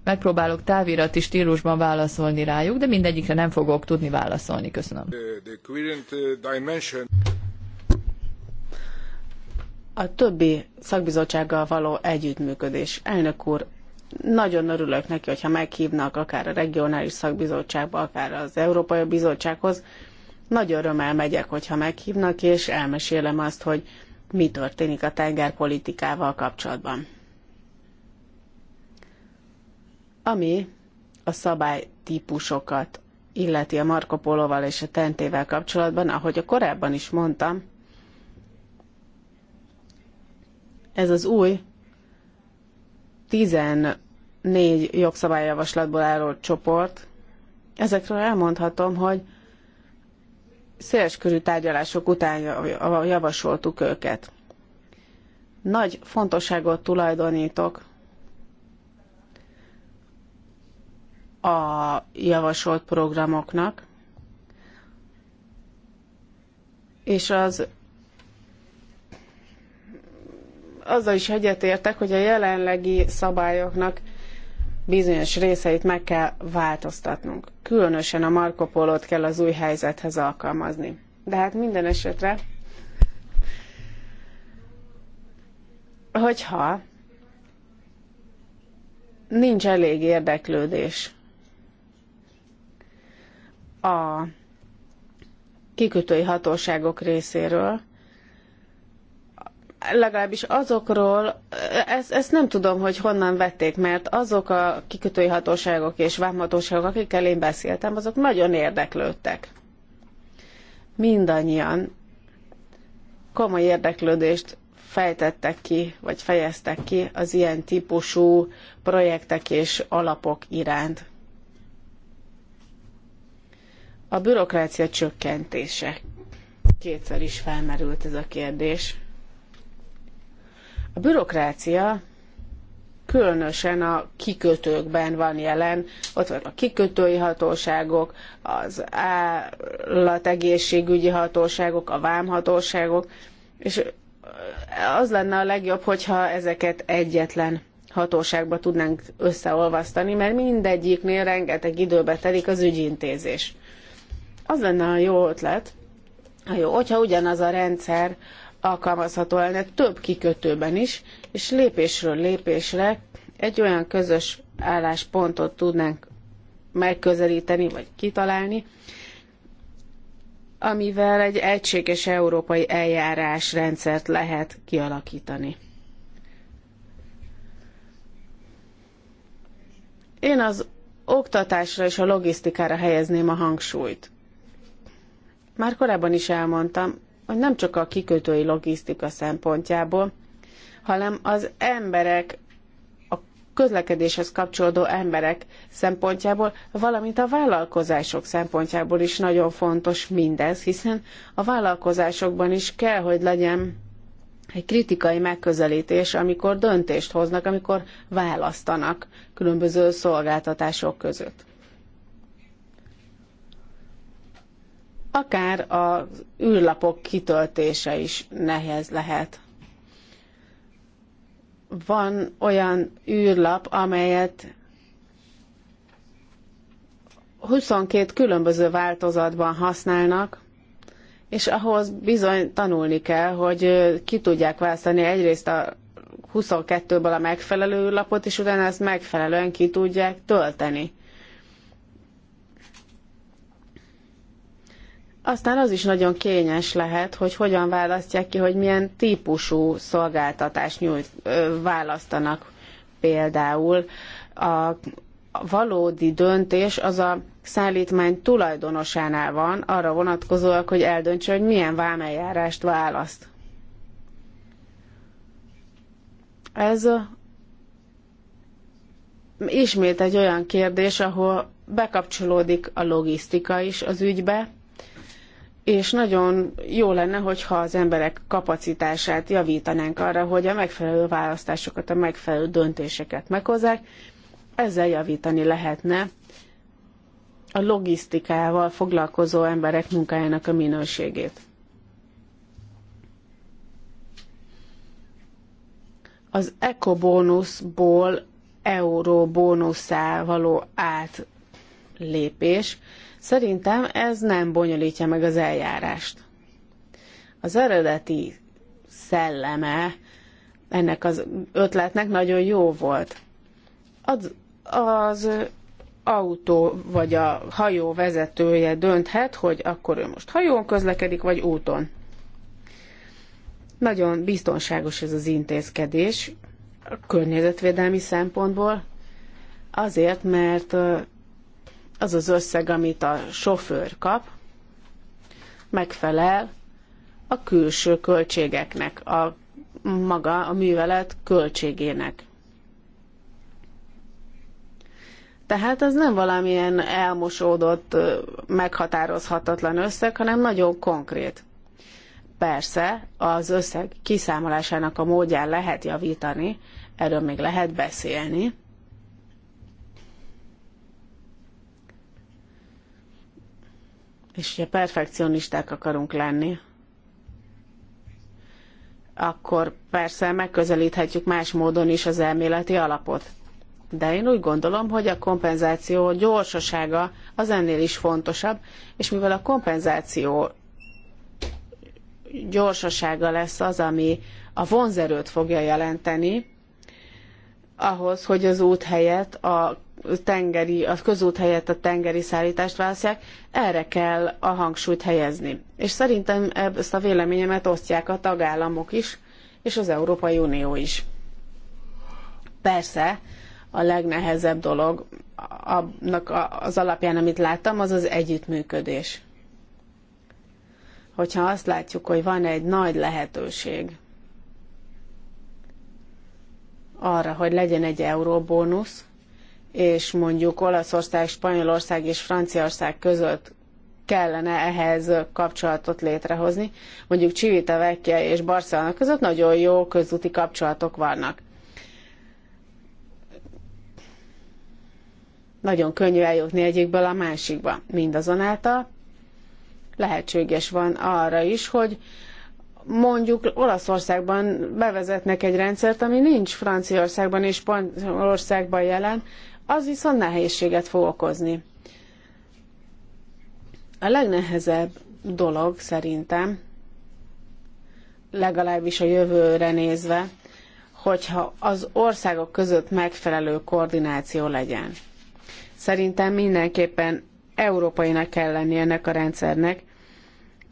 megpróbálok távirati stílusban válaszolni rájuk, de mindegyikre nem fogok tudni válaszolni. Köszönöm. Uh, a többi szakbizottsággal való együttműködés. Elnök úr, nagyon örülök neki, hogyha meghívnak akár a regionális szakbizottságba, akár az Európai Bizottsághoz. Nagy örömmel megyek, hogyha meghívnak, és elmesélem azt, hogy mi történik a tengerpolitikával kapcsolatban. Ami a szabálytípusokat illeti a Marco val és a Tentével kapcsolatban, ahogy a korábban is mondtam, Ez az új 14 jogszabályjavaslatból álló csoport. Ezekről elmondhatom, hogy széleskörű tárgyalások után javasoltuk őket. Nagy fontosságot tulajdonítok a javasolt programoknak, és az azzal is egyetértek, hogy a jelenlegi szabályoknak bizonyos részeit meg kell változtatnunk. Különösen a Marco Polót kell az új helyzethez alkalmazni. De hát minden esetre, hogyha nincs elég érdeklődés a kikötői hatóságok részéről, legalábbis azokról, ezt, ezt nem tudom, hogy honnan vették, mert azok a kikötői hatóságok és vámhatóságok, akikkel én beszéltem, azok nagyon érdeklődtek. Mindannyian komoly érdeklődést fejtettek ki, vagy fejeztek ki az ilyen típusú projektek és alapok iránt. A bürokrácia csökkentése. Kétszer is felmerült ez a kérdés. A bürokrácia különösen a kikötőkben van jelen, ott vannak a kikötői hatóságok, az állategészségügyi hatóságok, a vámhatóságok, és az lenne a legjobb, hogyha ezeket egyetlen hatóságba tudnánk összeolvasztani, mert mindegyiknél rengeteg időbe telik az ügyintézés. Az lenne a jó ötlet, a jó, hogyha ugyanaz a rendszer alkalmazható lenne több kikötőben is, és lépésről lépésre egy olyan közös álláspontot tudnánk megközelíteni, vagy kitalálni, amivel egy egységes európai eljárásrendszert lehet kialakítani. Én az oktatásra és a logisztikára helyezném a hangsúlyt. Már korábban is elmondtam, hogy nem csak a kikötői logisztika szempontjából, hanem az emberek, a közlekedéshez kapcsolódó emberek szempontjából, valamint a vállalkozások szempontjából is nagyon fontos mindez, hiszen a vállalkozásokban is kell, hogy legyen egy kritikai megközelítés, amikor döntést hoznak, amikor választanak különböző szolgáltatások között. akár az űrlapok kitöltése is nehéz lehet. Van olyan űrlap, amelyet 22 különböző változatban használnak, és ahhoz bizony tanulni kell, hogy ki tudják választani egyrészt a 22-ből a megfelelő lapot, és utána ezt megfelelően ki tudják tölteni. Aztán az is nagyon kényes lehet, hogy hogyan választják ki, hogy milyen típusú szolgáltatást nyújt, ö, választanak például. A valódi döntés az a szállítmány tulajdonosánál van, arra vonatkozóak, hogy eldöntse, hogy milyen vámeljárást választ. Ez ismét egy olyan kérdés, ahol bekapcsolódik a logisztika is az ügybe, és nagyon jó lenne, hogyha az emberek kapacitását javítanánk arra, hogy a megfelelő választásokat, a megfelelő döntéseket meghozzák. Ezzel javítani lehetne a logisztikával foglalkozó emberek munkájának a minőségét. Az ekobónuszból euróbónuszá való átlépés Szerintem ez nem bonyolítja meg az eljárást. Az eredeti szelleme ennek az ötletnek nagyon jó volt. Az, az autó vagy a hajó vezetője dönthet, hogy akkor ő most hajón közlekedik, vagy úton. Nagyon biztonságos ez az intézkedés a környezetvédelmi szempontból, azért, mert az az összeg, amit a sofőr kap, megfelel a külső költségeknek, a maga a művelet költségének. Tehát ez nem valamilyen elmosódott, meghatározhatatlan összeg, hanem nagyon konkrét. Persze az összeg kiszámolásának a módján lehet javítani, erről még lehet beszélni, és hogyha perfekcionisták akarunk lenni, akkor persze megközelíthetjük más módon is az elméleti alapot. De én úgy gondolom, hogy a kompenzáció gyorsasága az ennél is fontosabb, és mivel a kompenzáció gyorsasága lesz az, ami a vonzerőt fogja jelenteni, ahhoz, hogy az út helyett a tengeri, a közút helyett a tengeri szállítást választják, erre kell a hangsúlyt helyezni. És szerintem ezt a véleményemet osztják a tagállamok is, és az Európai Unió is. Persze, a legnehezebb dolog annak az alapján, amit láttam, az az együttműködés. Hogyha azt látjuk, hogy van egy nagy lehetőség arra, hogy legyen egy euróbónusz, és mondjuk Olaszország, Spanyolország és Franciaország között kellene ehhez kapcsolatot létrehozni. Mondjuk Csivitevekje és Barcelona között nagyon jó közúti kapcsolatok vannak. Nagyon könnyű eljutni egyikből a másikba. Mindazonáltal lehetséges van arra is, hogy mondjuk Olaszországban bevezetnek egy rendszert, ami nincs Franciaországban és Spanyolországban jelen, az viszont nehézséget fog okozni. A legnehezebb dolog szerintem, legalábbis a jövőre nézve, hogyha az országok között megfelelő koordináció legyen. Szerintem mindenképpen európainak kell lenni ennek a rendszernek,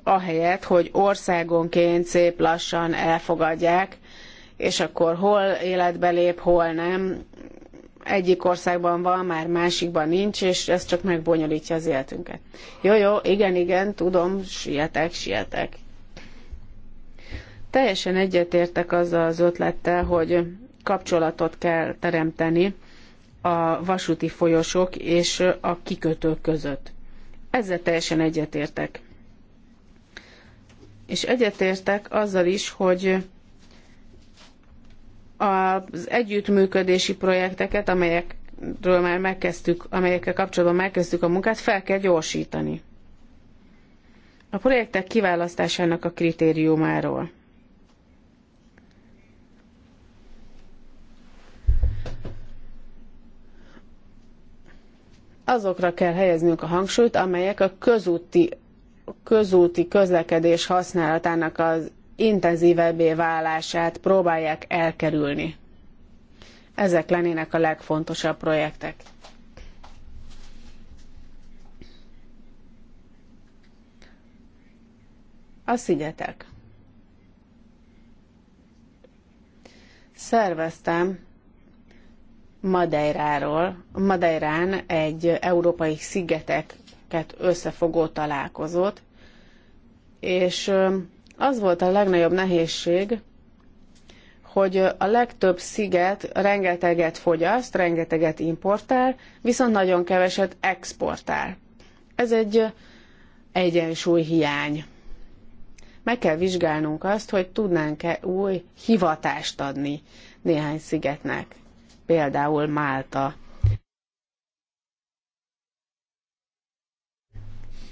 ahelyett, hogy országonként szép lassan elfogadják, és akkor hol életbe lép, hol nem, egyik országban van, már másikban nincs, és ez csak megbonyolítja az életünket. Jó, jó, igen, igen, tudom, sietek, sietek. Teljesen egyetértek azzal az ötlettel, hogy kapcsolatot kell teremteni a vasúti folyosok és a kikötők között. Ezzel teljesen egyetértek. És egyetértek azzal is, hogy az együttműködési projekteket, amelyekről már megkezdtük, amelyekkel kapcsolatban megkezdtük a munkát, fel kell gyorsítani. A projektek kiválasztásának a kritériumáról. azokra kell helyeznünk a hangsúlyt, amelyek a közúti, közúti közlekedés használatának az intenzívebbé válását próbálják elkerülni. Ezek lennének a legfontosabb projektek. A szigetek. Szerveztem Madeiráról, Madeirán egy európai szigeteket összefogó találkozót, és az volt a legnagyobb nehézség, hogy a legtöbb sziget rengeteget fogyaszt, rengeteget importál, viszont nagyon keveset exportál. Ez egy egyensúly hiány. Meg kell vizsgálnunk azt, hogy tudnánk-e új hivatást adni néhány szigetnek, például Málta.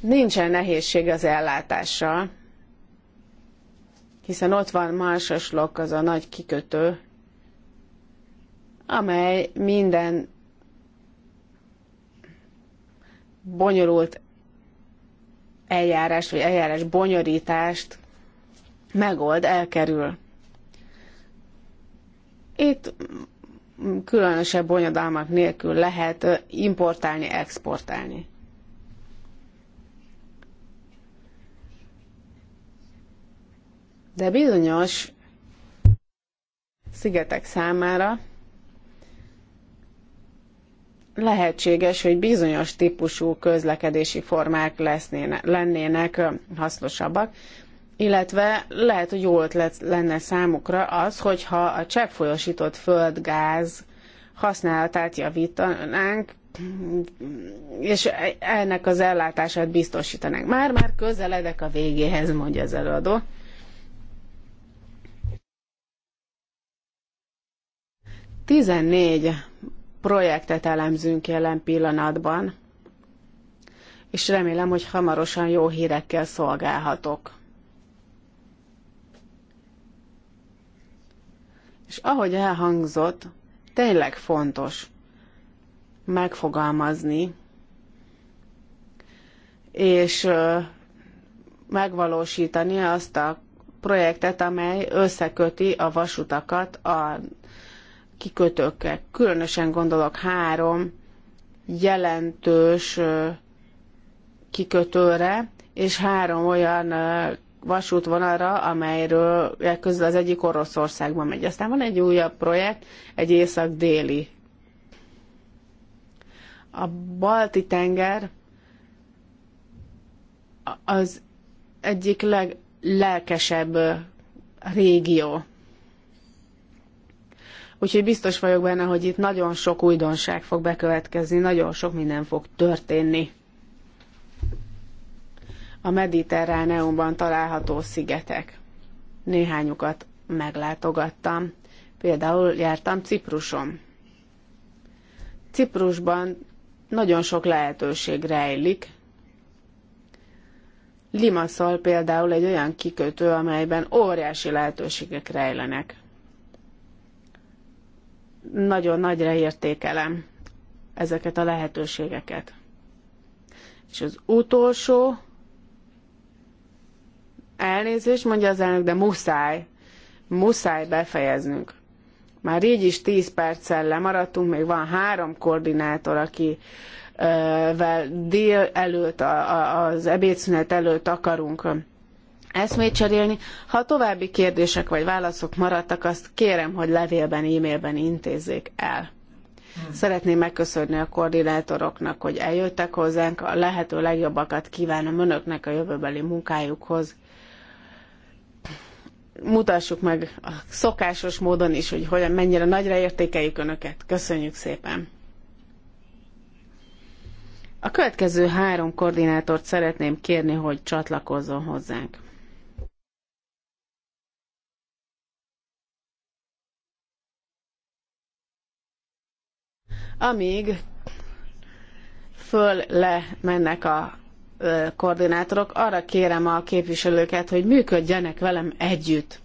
Nincsen nehézség az ellátással, hiszen ott van Marsaslok, az a nagy kikötő, amely minden bonyolult eljárás vagy eljárás bonyolítást megold, elkerül. Itt különösebb bonyodalmak nélkül lehet importálni, exportálni. de bizonyos szigetek számára lehetséges, hogy bizonyos típusú közlekedési formák lesznének, lennének hasznosabbak, illetve lehet, hogy jó ötlet lenne számukra az, hogyha a cseppfolyósított földgáz használatát javítanánk, és ennek az ellátását biztosítanánk. Már-már közeledek a végéhez, mondja az előadó. 14 projektet elemzünk jelen pillanatban, és remélem, hogy hamarosan jó hírekkel szolgálhatok. És ahogy elhangzott, tényleg fontos megfogalmazni, és megvalósítani azt a projektet, amely összeköti a vasutakat a kikötőkkel. Különösen gondolok három jelentős kikötőre, és három olyan vasútvonalra, amelyről közül az egyik Oroszországban megy. Aztán van egy újabb projekt, egy észak-déli. A Balti tenger az egyik leglelkesebb régió. Úgyhogy biztos vagyok benne, hogy itt nagyon sok újdonság fog bekövetkezni, nagyon sok minden fog történni. A Mediterráneumban található szigetek. Néhányukat meglátogattam. Például jártam Cipruson. Ciprusban nagyon sok lehetőség rejlik. Limassol például egy olyan kikötő, amelyben óriási lehetőségek rejlenek nagyon nagyra értékelem ezeket a lehetőségeket. És az utolsó elnézést mondja az elnök, de muszáj, muszáj befejeznünk. Már így is 10 perccel lemaradtunk, még van három koordinátor, aki vel dél előtt, az ebédszünet előtt akarunk eszmét cserélni. Ha további kérdések vagy válaszok maradtak, azt kérem, hogy levélben, e-mailben intézzék el. Hmm. Szeretném megköszönni a koordinátoroknak, hogy eljöttek hozzánk, a lehető legjobbakat kívánom önöknek a jövőbeli munkájukhoz. Mutassuk meg a szokásos módon is, hogy hogyan, mennyire nagyra értékeljük önöket. Köszönjük szépen! A következő három koordinátort szeretném kérni, hogy csatlakozzon hozzánk. amíg föl le mennek a koordinátorok, arra kérem a képviselőket, hogy működjenek velem együtt.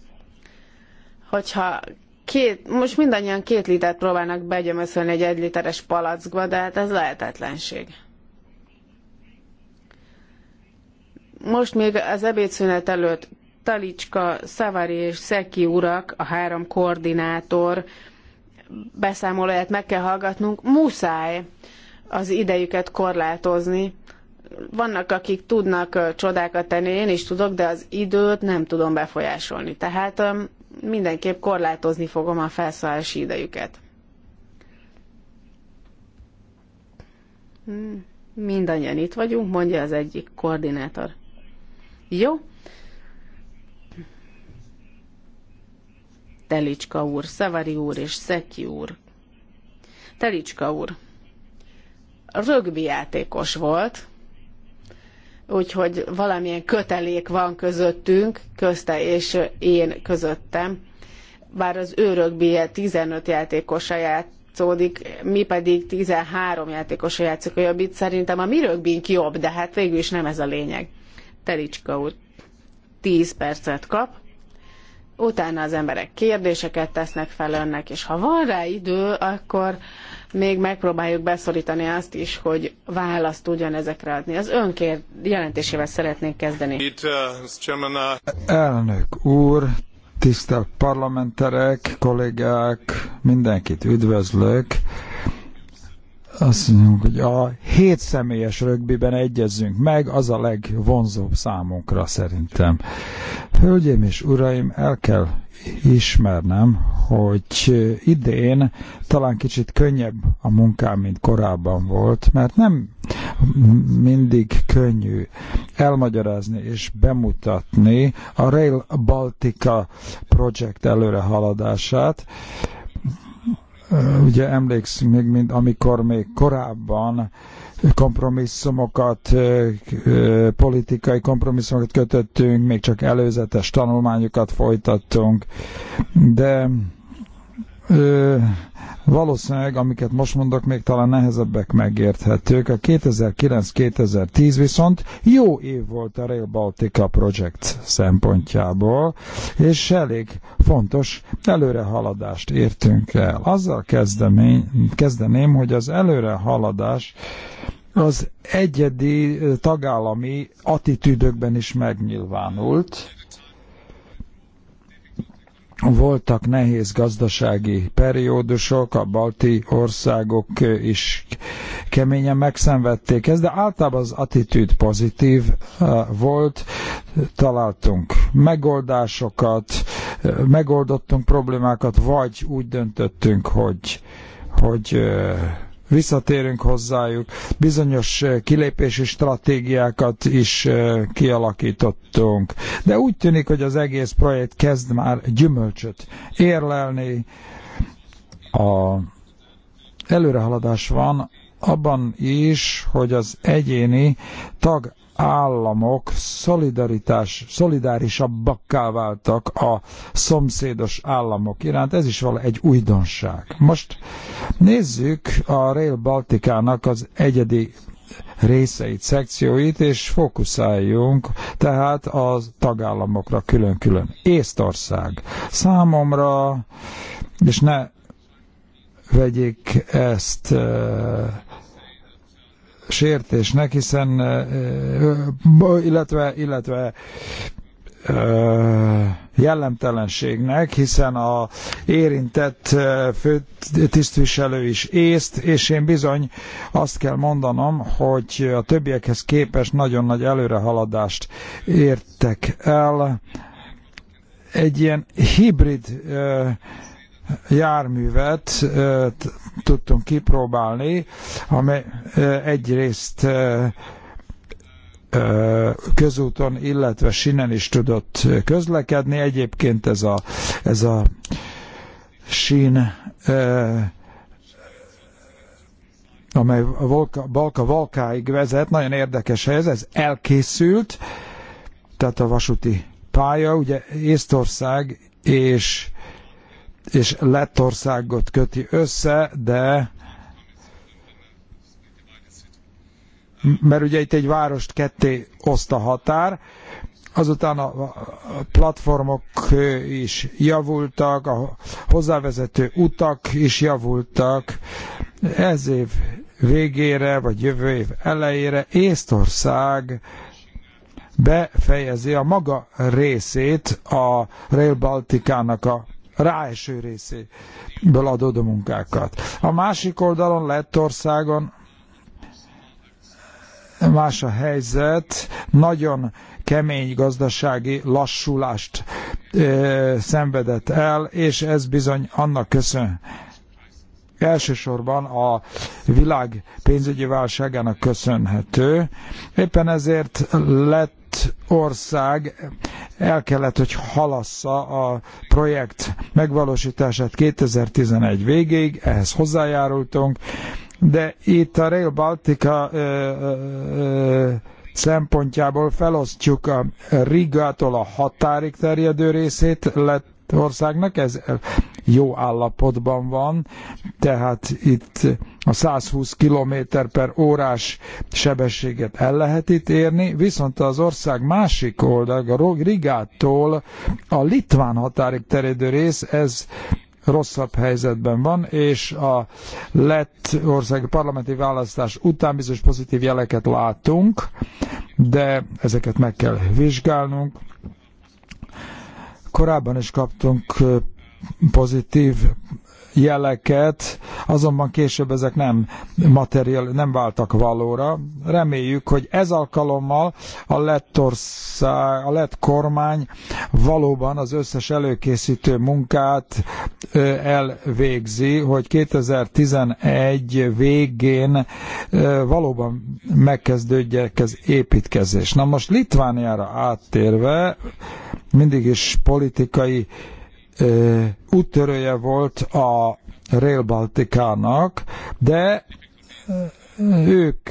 Hogyha két, most mindannyian két litert próbálnak begyömöszölni egy egy literes palackba, de hát ez lehetetlenség. Most még az ebédszünet előtt Talicska, Szavari és Szeki urak, a három koordinátor, beszámolóját meg kell hallgatnunk, muszáj az idejüket korlátozni. Vannak, akik tudnak csodákat tenni, én is tudok, de az időt nem tudom befolyásolni. Tehát mindenképp korlátozni fogom a felszállási idejüket. Hmm, mindannyian itt vagyunk, mondja az egyik koordinátor. Jó, Telicska úr, Szavari úr és Szeki úr. Telicska úr rögbi játékos volt, úgyhogy valamilyen kötelék van közöttünk, közte és én közöttem. Bár az ő rögbije 15 játékosa játszódik, mi pedig 13 játékosa játszik a jobbit. Szerintem a mi rögbink jobb, de hát végül is nem ez a lényeg. Telicska úr 10 percet kap, utána az emberek kérdéseket tesznek fel önnek, és ha van rá idő, akkor még megpróbáljuk beszorítani azt is, hogy választ tudjon ezekre adni. Az önkér jelentésével szeretnénk kezdeni. Itt, uh, uh, Elnök úr, tisztelt parlamenterek, kollégák, mindenkit üdvözlök azt mondjuk, hogy a hét személyes rögbiben egyezzünk meg, az a legvonzóbb számunkra szerintem. Hölgyeim és uraim, el kell ismernem, hogy idén talán kicsit könnyebb a munkám, mint korábban volt, mert nem mindig könnyű elmagyarázni és bemutatni a Rail Baltica projekt előrehaladását, ugye emlékszünk még, mint amikor még korábban kompromisszumokat, politikai kompromisszumokat kötöttünk, még csak előzetes tanulmányokat folytattunk, de Ö, valószínűleg, amiket most mondok, még talán nehezebbek megérthetők. A 2009-2010 viszont jó év volt a Rail Baltica Project szempontjából, és elég fontos előrehaladást értünk el. Azzal kezdeném, hogy az előrehaladás az egyedi tagállami attitűdökben is megnyilvánult, voltak nehéz gazdasági periódusok, a balti országok is keményen megszenvedték ezt, de általában az attitűd pozitív eh, volt, találtunk megoldásokat, eh, megoldottunk problémákat, vagy úgy döntöttünk, hogy hogy eh, visszatérünk hozzájuk. Bizonyos eh, kilépési stratégiákat is eh, kialakítottunk. De úgy tűnik, hogy az egész projekt kezd már gyümölcsöt érlelni. A előrehaladás van abban is, hogy az egyéni tag államok szolidaritás, szolidárisabbakká váltak a szomszédos államok iránt. Ez is vala egy újdonság. Most nézzük a Rail Baltikának az egyedi részeit, szekcióit, és fókuszáljunk tehát a tagállamokra külön-külön. Észtország. Számomra, és ne vegyék ezt uh, sértésnek, hiszen illetve, illetve jellemtelenségnek, hiszen a érintett fő tisztviselő is észt, és én bizony azt kell mondanom, hogy a többiekhez képest nagyon nagy előrehaladást értek el. Egy ilyen hibrid járművet tudtunk kipróbálni, amely egyrészt közúton, illetve sinen is tudott közlekedni. Egyébként ez a, ez a sín amely Balka Valkáig vezet, nagyon érdekes ez, ez elkészült, tehát a vasúti pálya, ugye Észtország és és Lettországot köti össze, de mert ugye itt egy várost ketté oszt a határ, azután a platformok is javultak, a hozzávezető utak is javultak. Ez év végére, vagy jövő év elejére Észtország befejezi a maga részét a Rail Baltikának a ráeső részéből adódó munkákat. A másik oldalon Lettországon más a helyzet, nagyon kemény gazdasági lassulást ö, szenvedett el, és ez bizony annak köszön, elsősorban a világ pénzügyi válságának köszönhető. Éppen ezért lett ország el kellett, hogy halassza a projekt megvalósítását 2011 végéig, ehhez hozzájárultunk, de itt a Rail Baltica ö, ö, szempontjából felosztjuk a Rigától a határig terjedő részét, lett országnak, ez jó állapotban van, tehát itt a 120 km per órás sebességet el lehet itt érni, viszont az ország másik oldal, a Rigától a litván határig terjedő rész, ez rosszabb helyzetben van, és a lett ország parlamenti választás után bizonyos pozitív jeleket látunk, de ezeket meg kell vizsgálnunk, Korábban is kaptunk pozitív jeleket, azonban később ezek nem, materiál, nem váltak valóra. Reméljük, hogy ez alkalommal a lett, ország, a lett kormány valóban az összes előkészítő munkát elvégzi, hogy 2011 végén valóban megkezdődjek az építkezés. Na most Litvániára áttérve mindig is politikai úttörője volt a Rail Balticának, de ők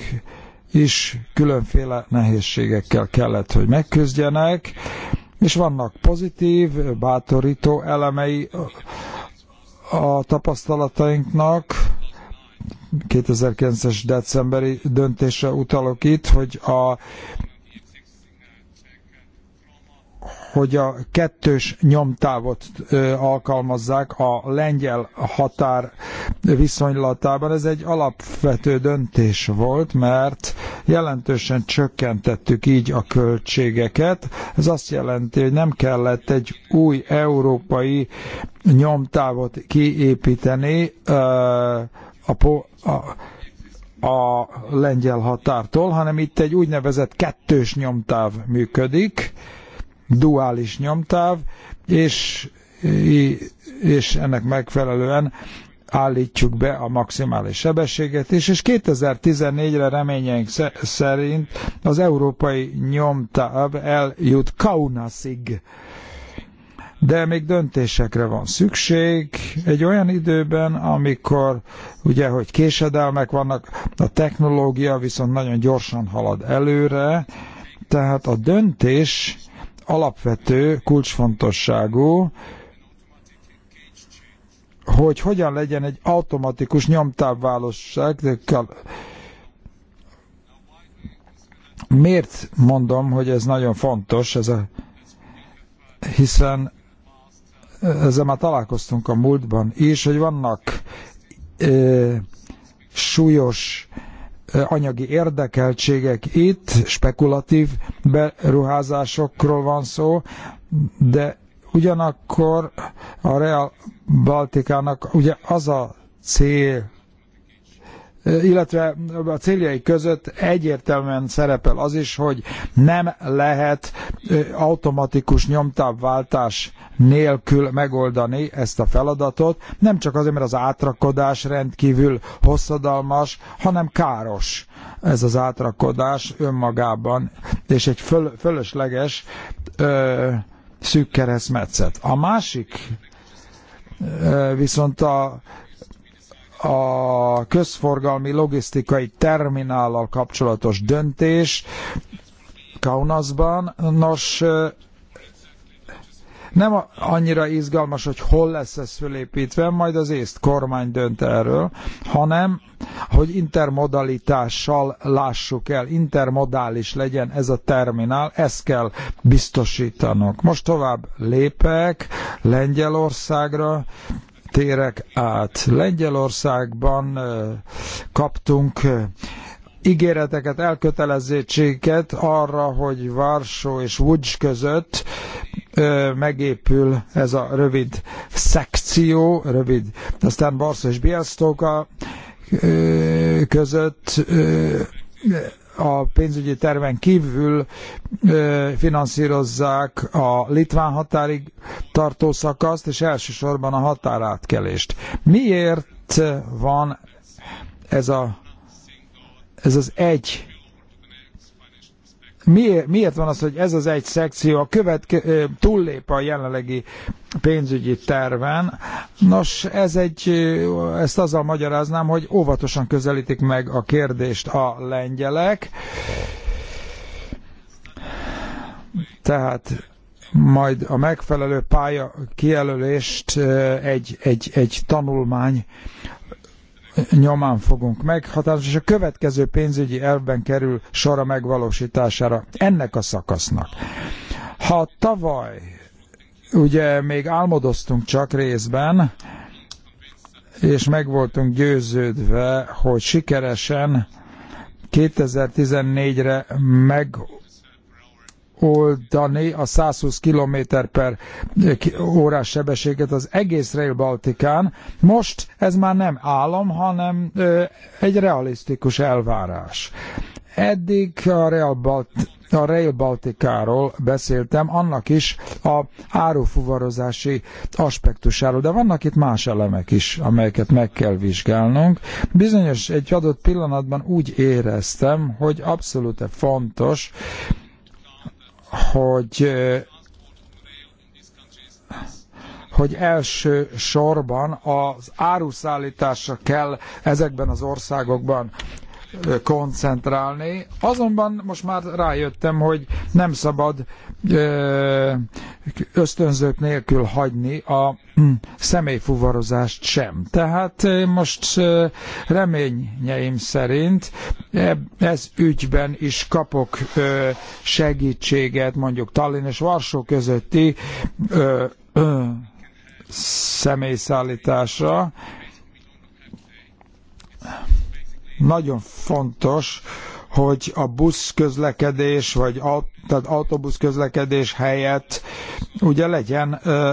is különféle nehézségekkel kellett, hogy megküzdjenek, és vannak pozitív, bátorító elemei a tapasztalatainknak. 2009-es decemberi döntésre utalok itt, hogy a hogy a kettős nyomtávot alkalmazzák a lengyel határ viszonylatában. Ez egy alapvető döntés volt, mert jelentősen csökkentettük így a költségeket. Ez azt jelenti, hogy nem kellett egy új európai nyomtávot kiépíteni a, po- a a lengyel határtól, hanem itt egy úgynevezett kettős nyomtáv működik, duális nyomtáv, és, és ennek megfelelően állítjuk be a maximális sebességet is, és 2014-re reményeink szerint az európai nyomtáv eljut Kaunasig. De még döntésekre van szükség egy olyan időben, amikor ugye, hogy késedelmek vannak, a technológia viszont nagyon gyorsan halad előre, tehát a döntés alapvető, kulcsfontosságú, hogy hogyan legyen egy automatikus nyomtávválosság. Miért mondom, hogy ez nagyon fontos, ez a, hiszen ezzel már találkoztunk a múltban is, hogy vannak e, súlyos e, anyagi érdekeltségek itt, spekulatív beruházásokról van szó, de ugyanakkor a Real Baltikának ugye az a cél, illetve a céljai között egyértelműen szerepel az is, hogy nem lehet automatikus nyomtávváltás nélkül megoldani ezt a feladatot, nem csak azért, mert az átrakodás rendkívül hosszadalmas, hanem káros ez az átrakodás önmagában, és egy föl, fölösleges ö, szűk keresztmetszet. A másik viszont a a közforgalmi logisztikai terminállal kapcsolatos döntés Kaunasban. Nos, nem annyira izgalmas, hogy hol lesz ez fölépítve, majd az észt kormány dönt erről, hanem hogy intermodalitással lássuk el, intermodális legyen ez a terminál, ezt kell biztosítanunk. Most tovább lépek Lengyelországra, térek át. Lengyelországban kaptunk ígéreteket, elkötelezettséget arra, hogy Varsó és Vucs között megépül ez a rövid szekció, rövid, aztán Varsó és Bielsztóka között a pénzügyi terven kívül finanszírozzák a litván határig tartó szakaszt, és elsősorban a határátkelést. Miért van ez, a, ez az egy miért, miért van az, hogy ez az egy szekció a követke, túllép a jelenlegi pénzügyi terven? Nos, ez egy, ezt azzal magyaráznám, hogy óvatosan közelítik meg a kérdést a lengyelek. Tehát majd a megfelelő pálya kijelölést egy, egy, egy tanulmány nyomán fogunk meghatározni, és a következő pénzügyi elvben kerül sor a megvalósítására ennek a szakasznak. Ha tavaly ugye még álmodoztunk csak részben, és meg voltunk győződve, hogy sikeresen 2014-re meg oldani a 120 km per eh, órás sebességet az egész Rail Baltikán. Most ez már nem állam, hanem eh, egy realisztikus elvárás. Eddig a Rail, Balt, a Rail Baltikáról beszéltem, annak is a árufuvarozási aspektusáról, de vannak itt más elemek is, amelyeket meg kell vizsgálnunk. Bizonyos egy adott pillanatban úgy éreztem, hogy abszolút fontos, hogy hogy első sorban az áruszállításra kell ezekben az országokban koncentrálni. Azonban most már rájöttem, hogy nem szabad ösztönzők nélkül hagyni a Hmm, személyfuvarozást sem. Tehát eh, most eh, reményeim szerint ez ügyben is kapok eh, segítséget mondjuk Tallinn és Varsó közötti személyszállításra. Nagyon fontos, hogy a busz közlekedés, vagy tehát autóbusz közlekedés helyett ugye legyen ö,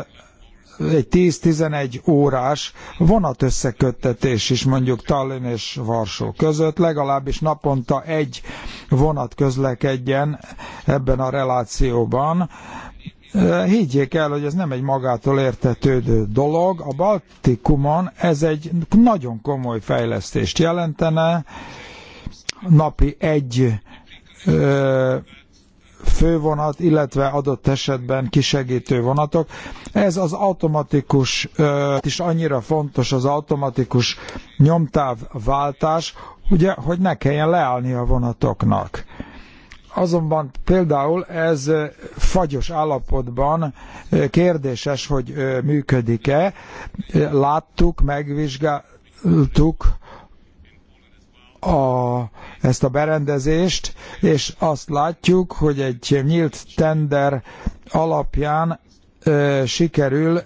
egy 10-11 órás vonatösszeköttetés is mondjuk Tallinn és Varsó között, legalábbis naponta egy vonat közlekedjen ebben a relációban. Higgyék el, hogy ez nem egy magától értetődő dolog. A Baltikumon ez egy nagyon komoly fejlesztést jelentene. Napi egy ö, fővonat, illetve adott esetben kisegítő vonatok. Ez az automatikus, is annyira fontos az automatikus nyomtávváltás, ugye, hogy ne kelljen leállni a vonatoknak. Azonban például ez fagyos állapotban kérdéses, hogy működik-e. Láttuk, megvizsgáltuk, a, ezt a berendezést, és azt látjuk, hogy egy nyílt tender alapján ö, sikerül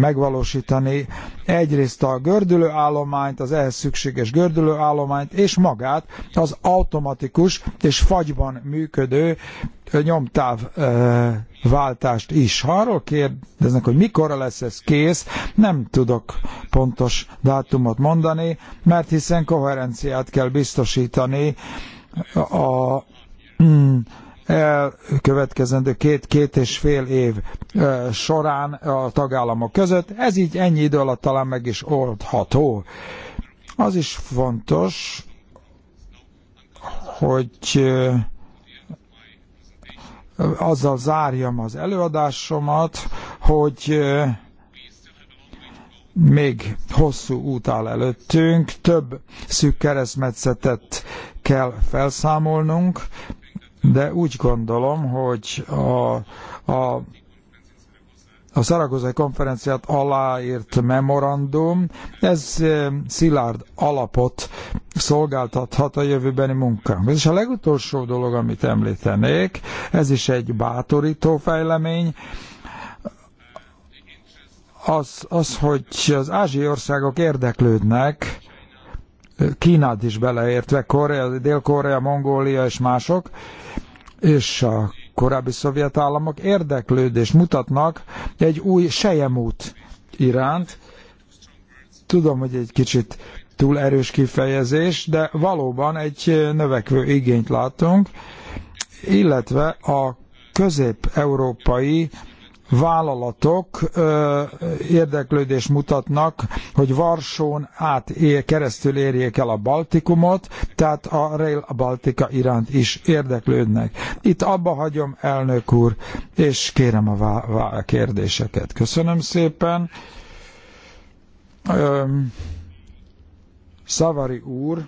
megvalósítani egyrészt a gördülőállományt, az ehhez szükséges gördülőállományt, és magát az automatikus és fagyban működő nyomtávváltást is. Ha arról kérdeznek, hogy mikor lesz ez kész, nem tudok pontos dátumot mondani, mert hiszen koherenciát kell biztosítani a mm, elkövetkezendő két-két és fél év során a tagállamok között. Ez így ennyi idő alatt talán meg is oldható. Az is fontos, hogy azzal zárjam az előadásomat, hogy még hosszú út áll előttünk, több szűk keresztmetszetet kell felszámolnunk, de úgy gondolom, hogy a, a a Szaragozai konferenciát aláírt memorandum, ez eh, szilárd alapot szolgáltathat a jövőbeni Ez És a legutolsó dolog, amit említenék, ez is egy bátorító fejlemény, az, az hogy az ázsiai országok érdeklődnek Kínát is beleértve, Korea, Dél-Korea, Mongólia és mások, és a korábbi szovjet államok érdeklődést mutatnak egy új sejemút iránt. Tudom, hogy egy kicsit túl erős kifejezés, de valóban egy növekvő igényt látunk, illetve a közép-európai vállalatok ö, érdeklődést mutatnak, hogy Varsón át él, keresztül érjék el a Baltikumot, tehát a Rail Baltica iránt is érdeklődnek. Itt abba hagyom, elnök úr, és kérem a, vá- a kérdéseket. Köszönöm szépen. Ö, Szavari úr.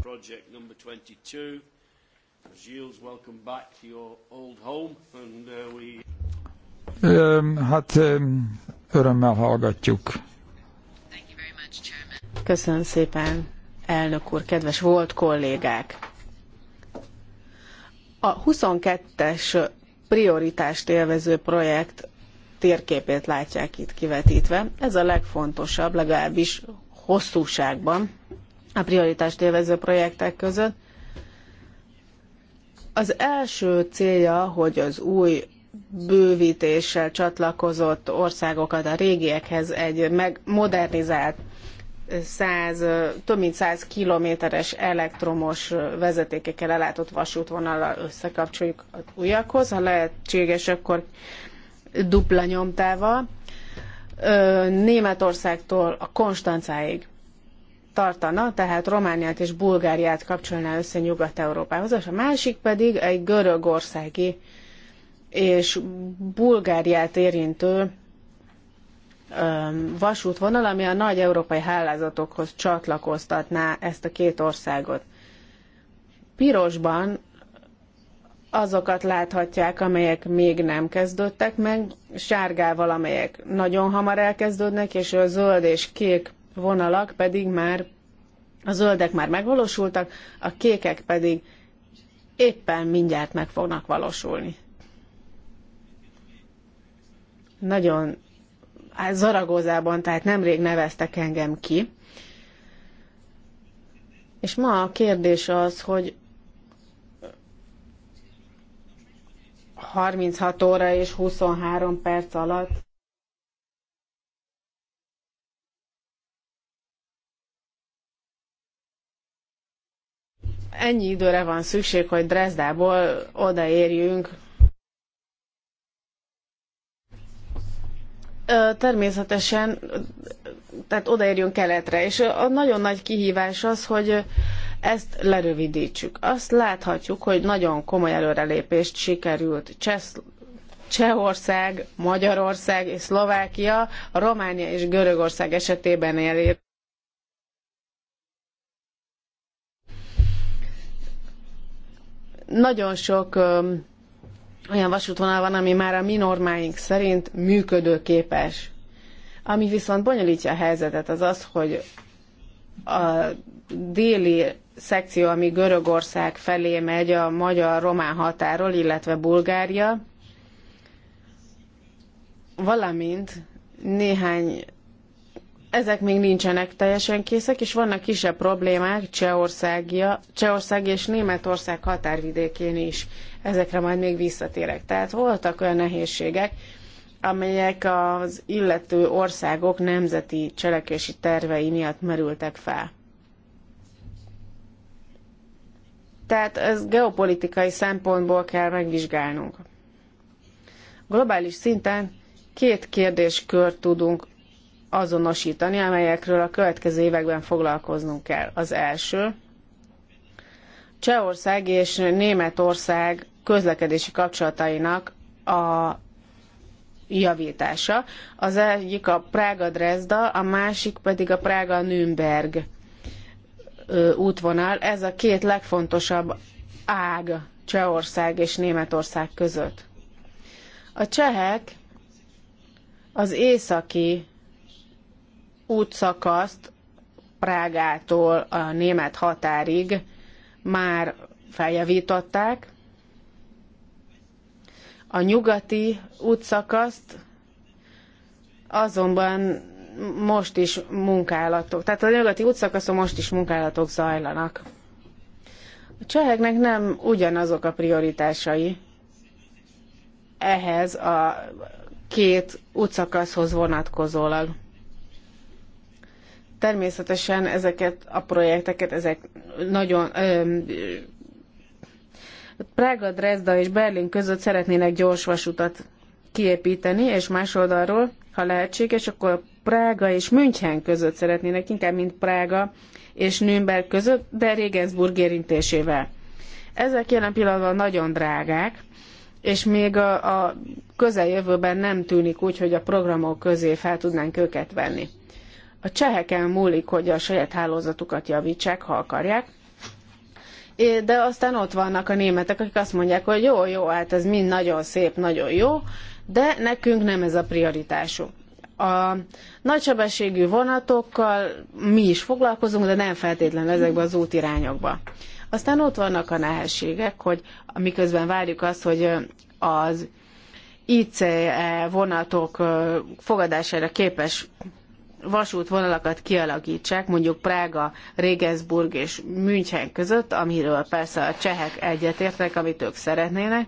Project number 22. Gilles, welcome back to your old home, and uh, we... hát örömmel hallgatjuk. Köszönöm szépen, elnök úr, kedves volt kollégák! A 22-es prioritást élvező projekt térképét látják itt kivetítve. Ez a legfontosabb, legalábbis hosszúságban a prioritást élvező projektek között. Az első célja, hogy az új bővítéssel csatlakozott országokat a régiekhez egy meg modernizált 100, több mint 100 kilométeres elektromos vezetékekkel ellátott vasútvonallal összekapcsoljuk az újakhoz, ha lehetséges, akkor dupla nyomtával. Németországtól a Konstancáig tartana, tehát Romániát és Bulgáriát kapcsolná össze Nyugat-Európához, és a másik pedig egy görögországi és Bulgáriát érintő vasútvonal, ami a nagy európai hálózatokhoz csatlakoztatná ezt a két országot. Pirosban azokat láthatják, amelyek még nem kezdődtek meg, sárgával, amelyek nagyon hamar elkezdődnek, és a zöld és kék vonalak pedig már, a zöldek már megvalósultak, a kékek pedig éppen mindjárt meg fognak valósulni. Nagyon hát Zaragozában, tehát nemrég neveztek engem ki. És ma a kérdés az, hogy 36 óra és 23 perc alatt ennyi időre van szükség, hogy Dresdából odaérjünk. Természetesen, tehát odaérjünk keletre, és a nagyon nagy kihívás az, hogy ezt lerövidítsük. Azt láthatjuk, hogy nagyon komoly előrelépést sikerült Csesz Csehország, Magyarország és Szlovákia, Románia és Görögország esetében elérni Nagyon sok olyan vasútvonal van, ami már a mi normáink szerint működőképes. Ami viszont bonyolítja a helyzetet, az az, hogy a déli szekció, ami Görögország felé megy a magyar-román határól, illetve Bulgária, valamint néhány ezek még nincsenek teljesen készek, és vannak kisebb problémák Csehországia, Csehország és Németország határvidékén is. Ezekre majd még visszatérek. Tehát voltak olyan nehézségek, amelyek az illető országok nemzeti cselekvési tervei miatt merültek fel. Tehát ez geopolitikai szempontból kell megvizsgálnunk. Globális szinten két kérdéskört tudunk azonosítani, amelyekről a következő években foglalkoznunk kell. Az első, Csehország és Németország közlekedési kapcsolatainak a javítása. Az egyik a Prága-Dresda, a másik pedig a Prága-Nürnberg útvonal. Ez a két legfontosabb ág Csehország és Németország között. A csehek az északi útszakaszt Prágától a német határig már feljavították. A nyugati útszakaszt azonban most is munkálatok, tehát a nyugati útszakaszon most is munkálatok zajlanak. A cseheknek nem ugyanazok a prioritásai ehhez a két útszakaszhoz vonatkozólag. Természetesen ezeket a projekteket, ezek nagyon ö, Prága, Dresda és Berlin között szeretnének gyors vasutat kiépíteni, és más oldalról, ha lehetséges, akkor Prága és München között szeretnének, inkább mint Prága és Nürnberg között, de Regensburg érintésével. Ezek jelen pillanatban nagyon drágák, és még a, a közeljövőben nem tűnik úgy, hogy a programok közé fel tudnánk őket venni. A cseheken múlik, hogy a saját hálózatukat javítsák, ha akarják. De aztán ott vannak a németek, akik azt mondják, hogy jó, jó, hát ez mind nagyon szép, nagyon jó, de nekünk nem ez a prioritásunk a nagysebességű vonatokkal mi is foglalkozunk, de nem feltétlenül ezekbe az útirányokba. Aztán ott vannak a nehézségek, hogy miközben várjuk azt, hogy az ICE vonatok fogadására képes vasútvonalakat kialakítsák, mondjuk Prága, Regensburg és München között, amiről persze a csehek egyetértek, amit ők szeretnének.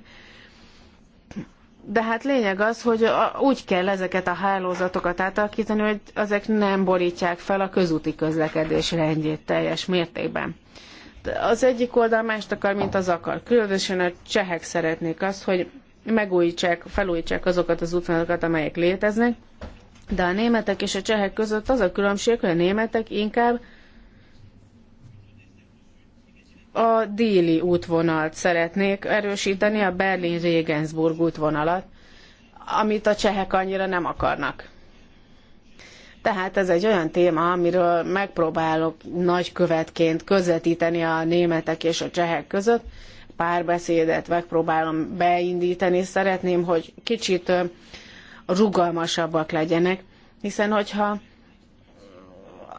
De hát lényeg az, hogy úgy kell ezeket a hálózatokat átalakítani, hogy ezek nem borítják fel a közúti közlekedés rendjét teljes mértékben. Az egyik oldal mást akar, mint az akar. Különösen a csehek szeretnék azt, hogy megújítsák, felújítsák azokat az útvonalakat, amelyek léteznek, de a németek és a csehek között az a különbség, hogy a németek inkább a déli útvonalt szeretnék erősíteni, a Berlin-Regensburg útvonalat, amit a csehek annyira nem akarnak. Tehát ez egy olyan téma, amiről megpróbálok nagykövetként közvetíteni a németek és a csehek között. Párbeszédet megpróbálom beindítani. Szeretném, hogy kicsit rugalmasabbak legyenek, hiszen hogyha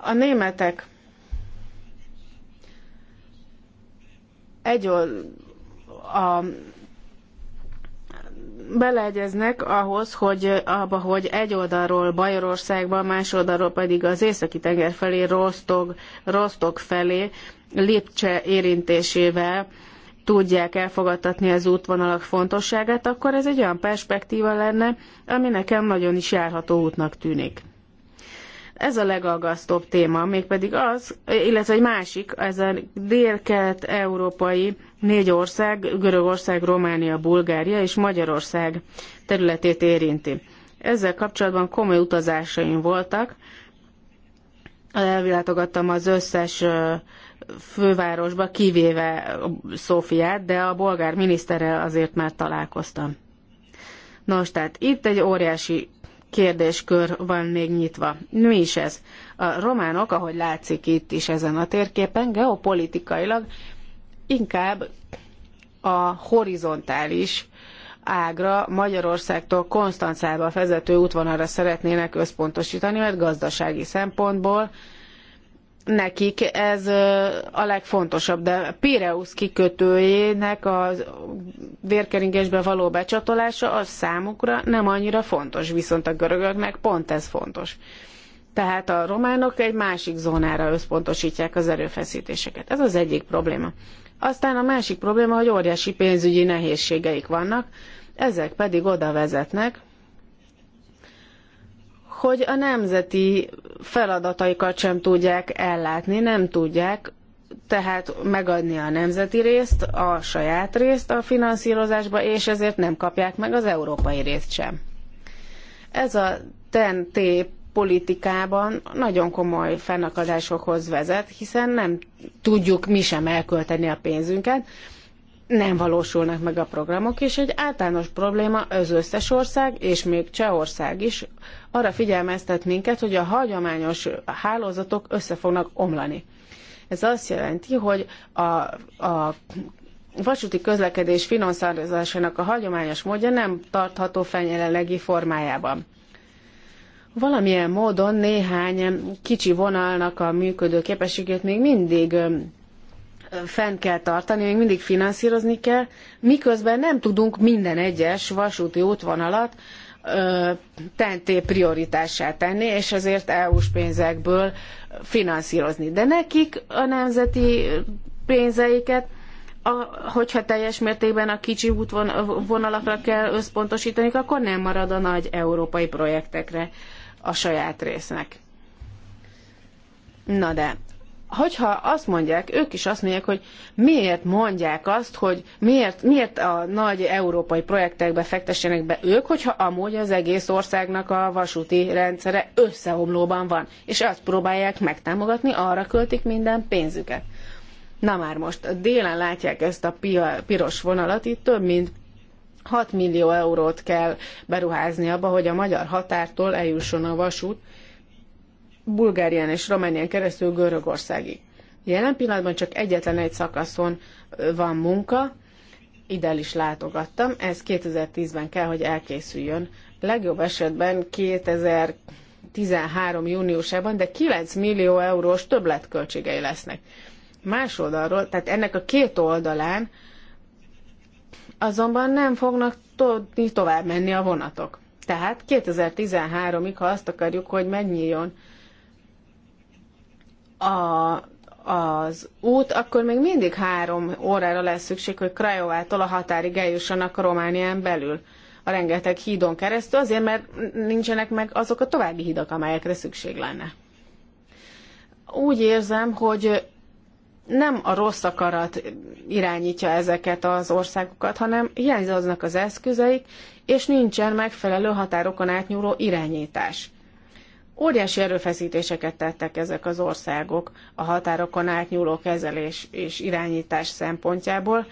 a németek egy a, beleegyeznek ahhoz, hogy abba, hogy egy oldalról Bajorországba, más oldalról pedig az északi tenger felé, Rostog, Rostog felé, Lipcse érintésével tudják elfogadtatni az útvonalak fontosságát, akkor ez egy olyan perspektíva lenne, ami nekem nagyon is járható útnak tűnik. Ez a legaggasztóbb téma, mégpedig az, illetve egy másik, ez a dél-kelet-európai négy ország, Görögország, Románia, Bulgária és Magyarország területét érinti. Ezzel kapcsolatban komoly utazásaim voltak, elvilátogattam az összes fővárosba, kivéve Szófiát, de a bolgár miniszterrel azért már találkoztam. Nos, tehát itt egy óriási kérdéskör van még nyitva. Mi is ez? A románok, ahogy látszik itt is ezen a térképen, geopolitikailag inkább a horizontális ágra Magyarországtól Konstancába vezető útvonalra szeretnének összpontosítani, mert gazdasági szempontból nekik ez a legfontosabb, de Pireusz kikötőjének a vérkeringésbe való becsatolása az számukra nem annyira fontos, viszont a görögöknek pont ez fontos. Tehát a románok egy másik zónára összpontosítják az erőfeszítéseket. Ez az egyik probléma. Aztán a másik probléma, hogy óriási pénzügyi nehézségeik vannak, ezek pedig oda vezetnek, hogy a nemzeti feladataikat sem tudják ellátni, nem tudják tehát megadni a nemzeti részt, a saját részt a finanszírozásba, és ezért nem kapják meg az európai részt sem. Ez a TNT politikában nagyon komoly fennakadásokhoz vezet, hiszen nem tudjuk mi sem elkölteni a pénzünket, nem valósulnak meg a programok, és egy általános probléma az összes ország, és még Csehország is arra figyelmeztet minket, hogy a hagyományos hálózatok össze fognak omlani. Ez azt jelenti, hogy a, a vasúti közlekedés finanszírozásának a hagyományos módja nem tartható fenn jelenlegi formájában. Valamilyen módon néhány kicsi vonalnak a működő képességét még mindig fenn kell tartani, még mindig finanszírozni kell, miközben nem tudunk minden egyes vasúti útvonalat tenté prioritássá tenni, és azért EU-s pénzekből finanszírozni. De nekik a nemzeti pénzeiket, a, hogyha teljes mértékben a kicsi útvonalakra kell összpontosítani, akkor nem marad a nagy európai projektekre a saját résznek. Na de, hogyha azt mondják, ők is azt mondják, hogy miért mondják azt, hogy miért, miért a nagy európai projektekbe fektessenek be ők, hogyha amúgy az egész országnak a vasúti rendszere összeomlóban van, és azt próbálják megtámogatni, arra költik minden pénzüket. Na már most, délen látják ezt a piros vonalat, itt több mint 6 millió eurót kell beruházni abba, hogy a magyar határtól eljusson a vasút, Bulgárián és Románián keresztül Görögországig. Jelen pillanatban csak egyetlen egy szakaszon van munka, ide is látogattam, ez 2010-ben kell, hogy elkészüljön. Legjobb esetben 2013. júniusában, de 9 millió eurós többletköltségei lesznek. Más oldalról, tehát ennek a két oldalán azonban nem fognak tudni tovább menni a vonatok. Tehát 2013-ig, ha azt akarjuk, hogy megnyíljon a, az út, akkor még mindig három órára lesz szükség, hogy Krajovától a határig eljussanak a Románián belül a rengeteg hídon keresztül, azért mert nincsenek meg azok a további hidak, amelyekre szükség lenne. Úgy érzem, hogy nem a rossz akarat irányítja ezeket az országokat, hanem hiányoznak az eszközeik, és nincsen megfelelő határokon átnyúló irányítás. Óriási erőfeszítéseket tettek ezek az országok a határokon átnyúló kezelés és irányítás szempontjából,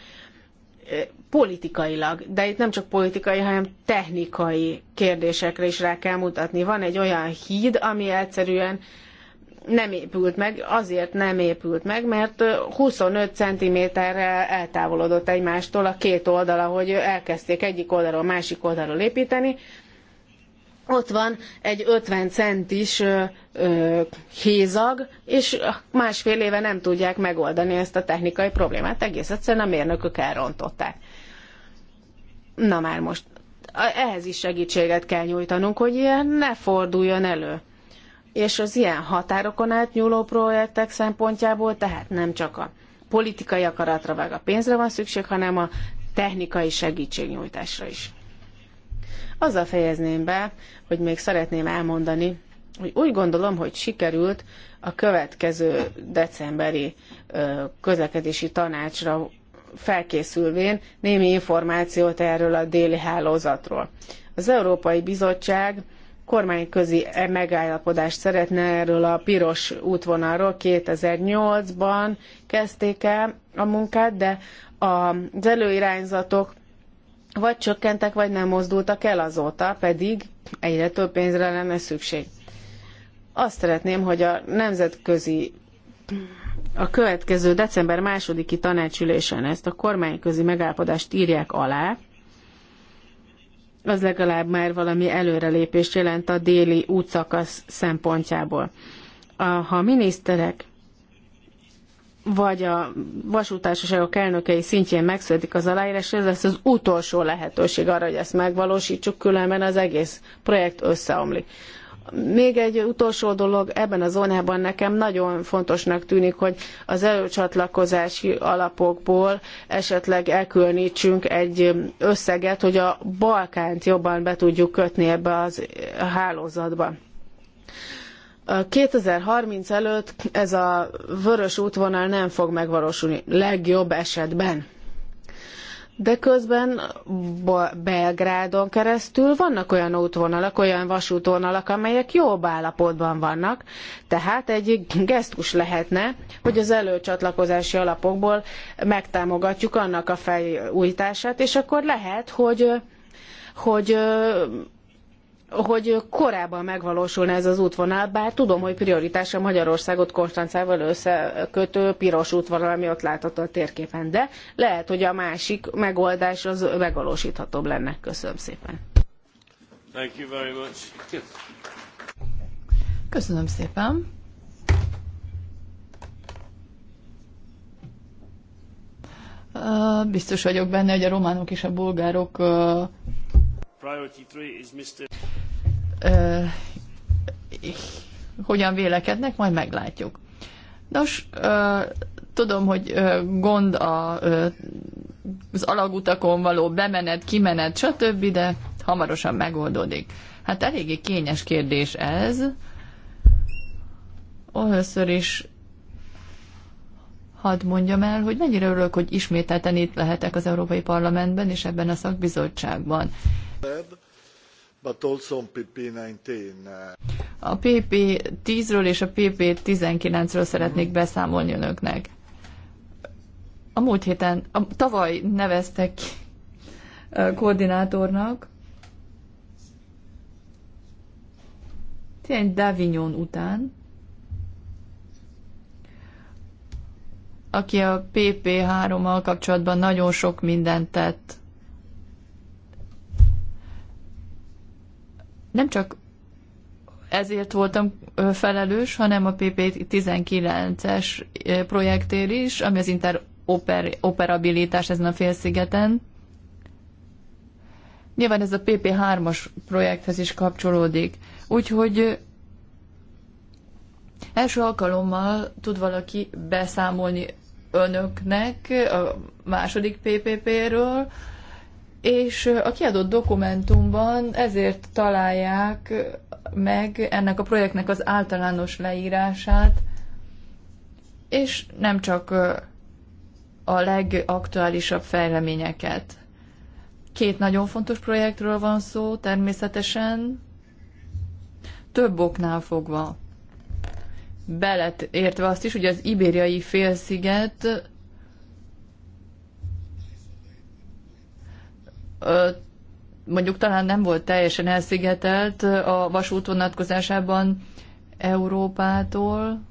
politikailag, de itt nem csak politikai, hanem technikai kérdésekre is rá kell mutatni. Van egy olyan híd, ami egyszerűen nem épült meg, azért nem épült meg, mert 25 centiméterre eltávolodott egymástól a két oldala, hogy elkezdték egyik oldalról, másik oldalról építeni, ott van egy 50 centis ö, ö, hézag, és másfél éve nem tudják megoldani ezt a technikai problémát. Egész egyszerűen a mérnökök elrontották. Na már most, ehhez is segítséget kell nyújtanunk, hogy ilyen ne forduljon elő. És az ilyen határokon átnyúló projektek szempontjából, tehát nem csak a politikai akaratra meg a pénzre van szükség, hanem a technikai segítségnyújtásra is. Azzal fejezném be, hogy még szeretném elmondani, hogy úgy gondolom, hogy sikerült a következő decemberi közlekedési tanácsra felkészülvén némi információt erről a déli hálózatról. Az Európai Bizottság kormányközi megállapodást szeretne erről a piros útvonalról. 2008-ban kezdték el a munkát, de az előirányzatok vagy csökkentek, vagy nem mozdultak el azóta, pedig egyre több pénzre lenne szükség. Azt szeretném, hogy a nemzetközi a következő december másodiki tanácsülésen ezt a kormányközi megállapodást írják alá, az legalább már valami előrelépést jelent a déli útszakasz szempontjából. A, ha a miniszterek vagy a vasútársaságok elnökei szintjén megszületik az aláírás, ez lesz az utolsó lehetőség arra, hogy ezt megvalósítsuk, különben az egész projekt összeomlik. Még egy utolsó dolog, ebben a zónában nekem nagyon fontosnak tűnik, hogy az előcsatlakozási alapokból esetleg elkülönítsünk egy összeget, hogy a Balkánt jobban be tudjuk kötni ebbe az hálózatba. 2030 előtt ez a vörös útvonal nem fog megvalósulni, legjobb esetben. De közben Belgrádon keresztül vannak olyan útvonalak, olyan vasútvonalak, amelyek jobb állapotban vannak, tehát egy gesztus lehetne, hogy az előcsatlakozási alapokból megtámogatjuk annak a felújítását, és akkor lehet, hogy hogy hogy korábban megvalósulna ez az útvonal, bár tudom, hogy prioritása Magyarországot Konstancával összekötő piros útvonal, ami ott látható a térképen, de lehet, hogy a másik megoldás az megvalósíthatóbb lenne. Köszönöm szépen. Köszönöm szépen. Biztos vagyok benne, hogy a románok és a bulgárok hogyan vélekednek, majd meglátjuk. Nos, tudom, hogy gond a, az alagutakon való bemenet, kimenet, stb., de hamarosan megoldódik. Hát eléggé kényes kérdés ez. Először is hadd mondjam el, hogy mennyire örülök, hogy ismételten itt lehetek az Európai Parlamentben és ebben a szakbizottságban. Uh, a PP10-ről és a PP19-ről szeretnék hmm. beszámolni önöknek. A múlt héten, a, tavaly neveztek uh, koordinátornak, tényleg Davignon után, aki a PP3-mal kapcsolatban nagyon sok mindent tett. Nem csak ezért voltam felelős, hanem a PP19-es projektért is, ami az interoperabilitás ezen a félszigeten. Nyilván ez a PP3-as projekthez is kapcsolódik. Úgyhogy első alkalommal tud valaki beszámolni önöknek a második PPP-ről, és a kiadott dokumentumban ezért találják meg ennek a projektnek az általános leírását, és nem csak a legaktuálisabb fejleményeket. Két nagyon fontos projektről van szó természetesen, több oknál fogva belet értve azt is, hogy az ibériai félsziget mondjuk talán nem volt teljesen elszigetelt a vasút vonatkozásában Európától.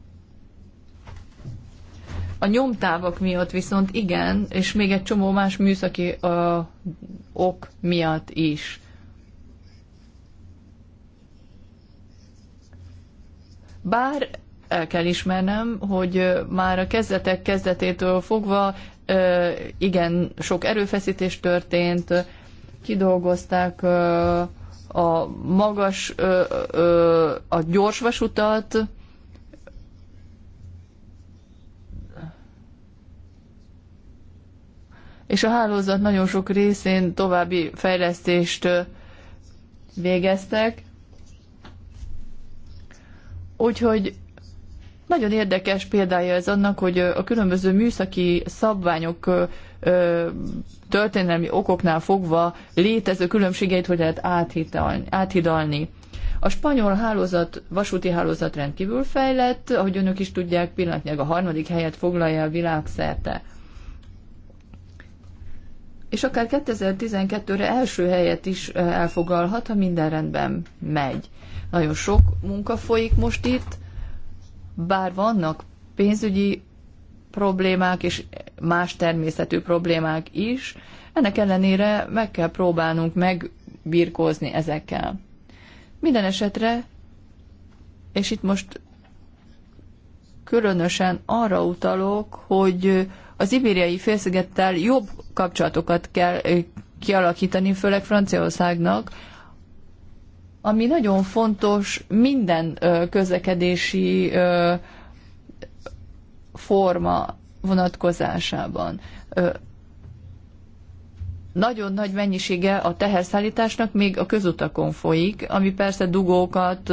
A nyomtávak miatt viszont igen, és még egy csomó más műszaki a, ok miatt is. Bár el kell ismernem, hogy már a kezdetek kezdetétől fogva igen sok erőfeszítés történt, kidolgozták a magas, a gyorsvasutat, és a hálózat nagyon sok részén további fejlesztést végeztek. Úgyhogy nagyon érdekes példája ez annak, hogy a különböző műszaki szabványok történelmi okoknál fogva létező különbségeit hogy lehet áthidalni. A spanyol hálózat, vasúti hálózat rendkívül fejlett, ahogy önök is tudják, pillanatnyilag a harmadik helyet foglalja a világszerte. És akár 2012-re első helyet is elfoglalhat, ha minden rendben megy. Nagyon sok munka folyik most itt, bár vannak pénzügyi problémák és más természetű problémák is, ennek ellenére meg kell próbálnunk megbirkózni ezekkel. Minden esetre, és itt most különösen arra utalok, hogy az ibériai félszigettel jobb kapcsolatokat kell kialakítani, főleg Franciaországnak, ami nagyon fontos minden közlekedési forma vonatkozásában. Nagyon nagy mennyisége a teherszállításnak még a közutakon folyik, ami persze dugókat,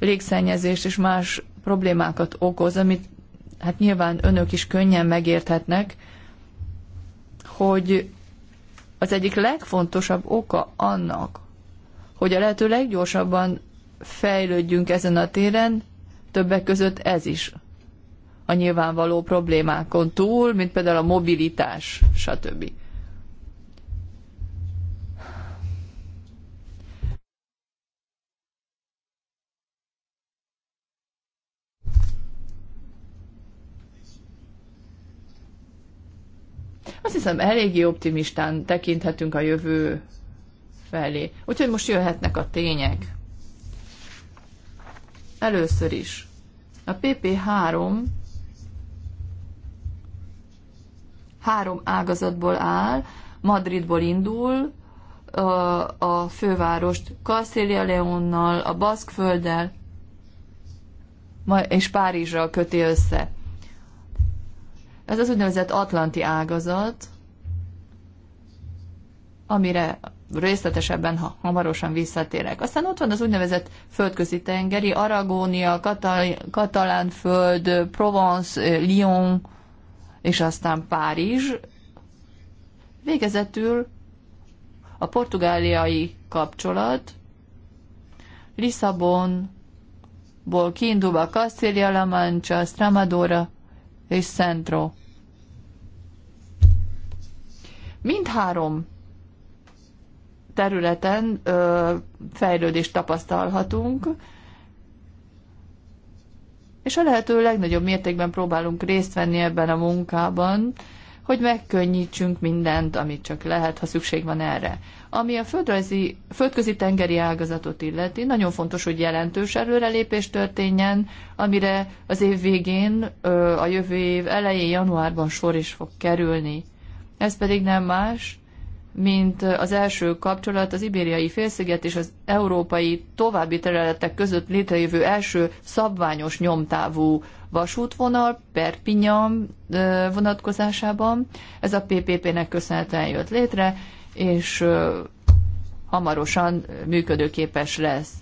légszennyezést és más problémákat okoz, amit hát nyilván önök is könnyen megérthetnek, hogy az egyik legfontosabb oka annak, hogy a lehető leggyorsabban fejlődjünk ezen a téren, többek között ez is a nyilvánvaló problémákon túl, mint például a mobilitás, stb. Azt hiszem, eléggé optimistán tekinthetünk a jövő felé. Úgyhogy most jöhetnek a tények. Először is. A PP3 három ágazatból áll, Madridból indul, a fővárost Castilla Leonnal, a Baszkfölddel, és Párizsral köti össze. Ez az úgynevezett Atlanti ágazat, amire részletesebben ha, hamarosan visszatérek. Aztán ott van az úgynevezett földközi tengeri, Aragónia, Katal- Katalán föld, Provence, Lyon, és aztán Párizs. Végezetül a portugáliai kapcsolat, Lisszabonból kiindulva Castilla La Mancha, Stramadora és Centro. Mindhárom területen ö, fejlődést tapasztalhatunk, és a lehető legnagyobb mértékben próbálunk részt venni ebben a munkában, hogy megkönnyítsünk mindent, amit csak lehet, ha szükség van erre. Ami a földrajzi, földközi tengeri ágazatot illeti, nagyon fontos, hogy jelentős előrelépés történjen, amire az év végén, a jövő év elején, januárban sor is fog kerülni. Ez pedig nem más, mint az első kapcsolat az ibériai félsziget és az európai további területek között létrejövő első szabványos nyomtávú vasútvonal Perpignan vonatkozásában. Ez a PPP-nek köszönhetően jött létre, és hamarosan működőképes lesz.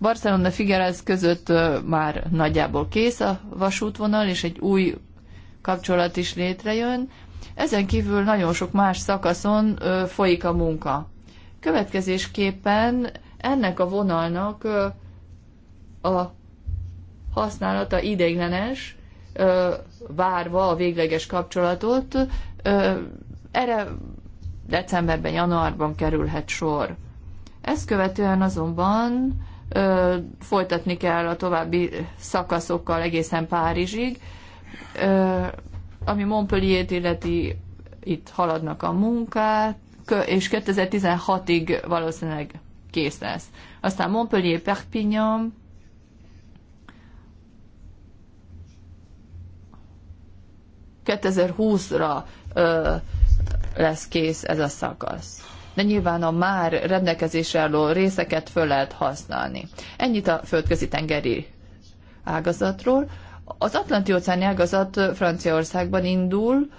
Barcelona Figueres között már nagyjából kész a vasútvonal, és egy új kapcsolat is létrejön, ezen kívül nagyon sok más szakaszon folyik a munka. Következésképpen ennek a vonalnak a használata ideiglenes, várva a végleges kapcsolatot, erre decemberben, januárban kerülhet sor. Ezt követően azonban ö, folytatni kell a további szakaszokkal egészen Párizsig. Ö, ami Montpellier-t illeti, itt haladnak a munkát, és 2016-ig valószínűleg kész lesz. Aztán Montpellier Perpignan, ra lesz kész ez a szakasz. De nyilván a már rendelkezésre álló részeket föl lehet használni. Ennyit a földközi tengeri ágazatról. Az Atlanti-óceáni ágazat Franciaországban indul,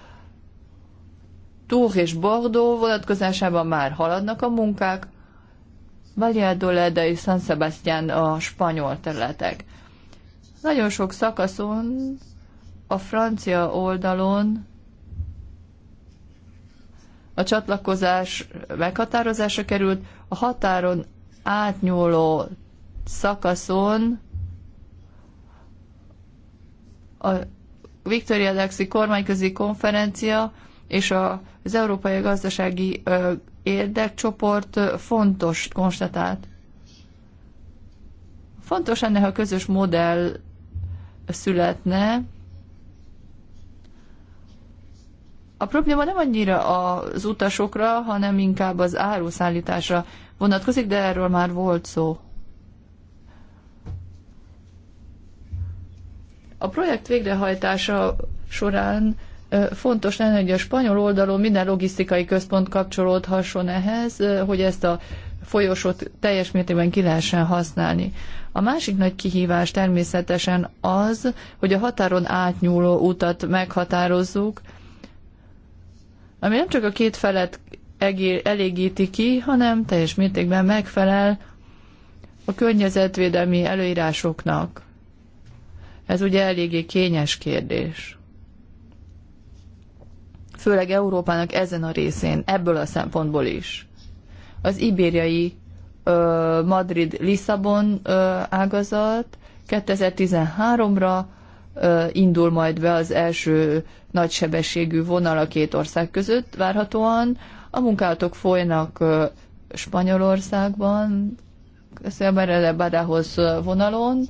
Tours és Bordeaux vonatkozásában már haladnak a munkák, Valladolid és San Sebastián a spanyol területek. Nagyon sok szakaszon a francia oldalon a csatlakozás meghatározása került, a határon átnyúló szakaszon a Victoria Daxi kormányközi konferencia és az Európai Gazdasági Érdekcsoport fontos konstatált. Fontos ennek a közös modell születne. A probléma nem annyira az utasokra, hanem inkább az áruszállításra vonatkozik, de erről már volt szó. A projekt végrehajtása során fontos lenne, hogy a spanyol oldalon minden logisztikai központ kapcsolódhasson ehhez, hogy ezt a folyosót teljes mértékben ki lehessen használni. A másik nagy kihívás természetesen az, hogy a határon átnyúló utat meghatározzuk, ami nem csak a két felet elégíti ki, hanem teljes mértékben megfelel a környezetvédelmi előírásoknak. Ez ugye eléggé kényes kérdés. Főleg Európának ezen a részén, ebből a szempontból is. Az ibériai Madrid-Lisszabon ágazat 2013-ra indul majd be az első nagysebességű vonal a két ország között várhatóan. A munkálatok folynak Spanyolországban, Szemerele Badához vonalon,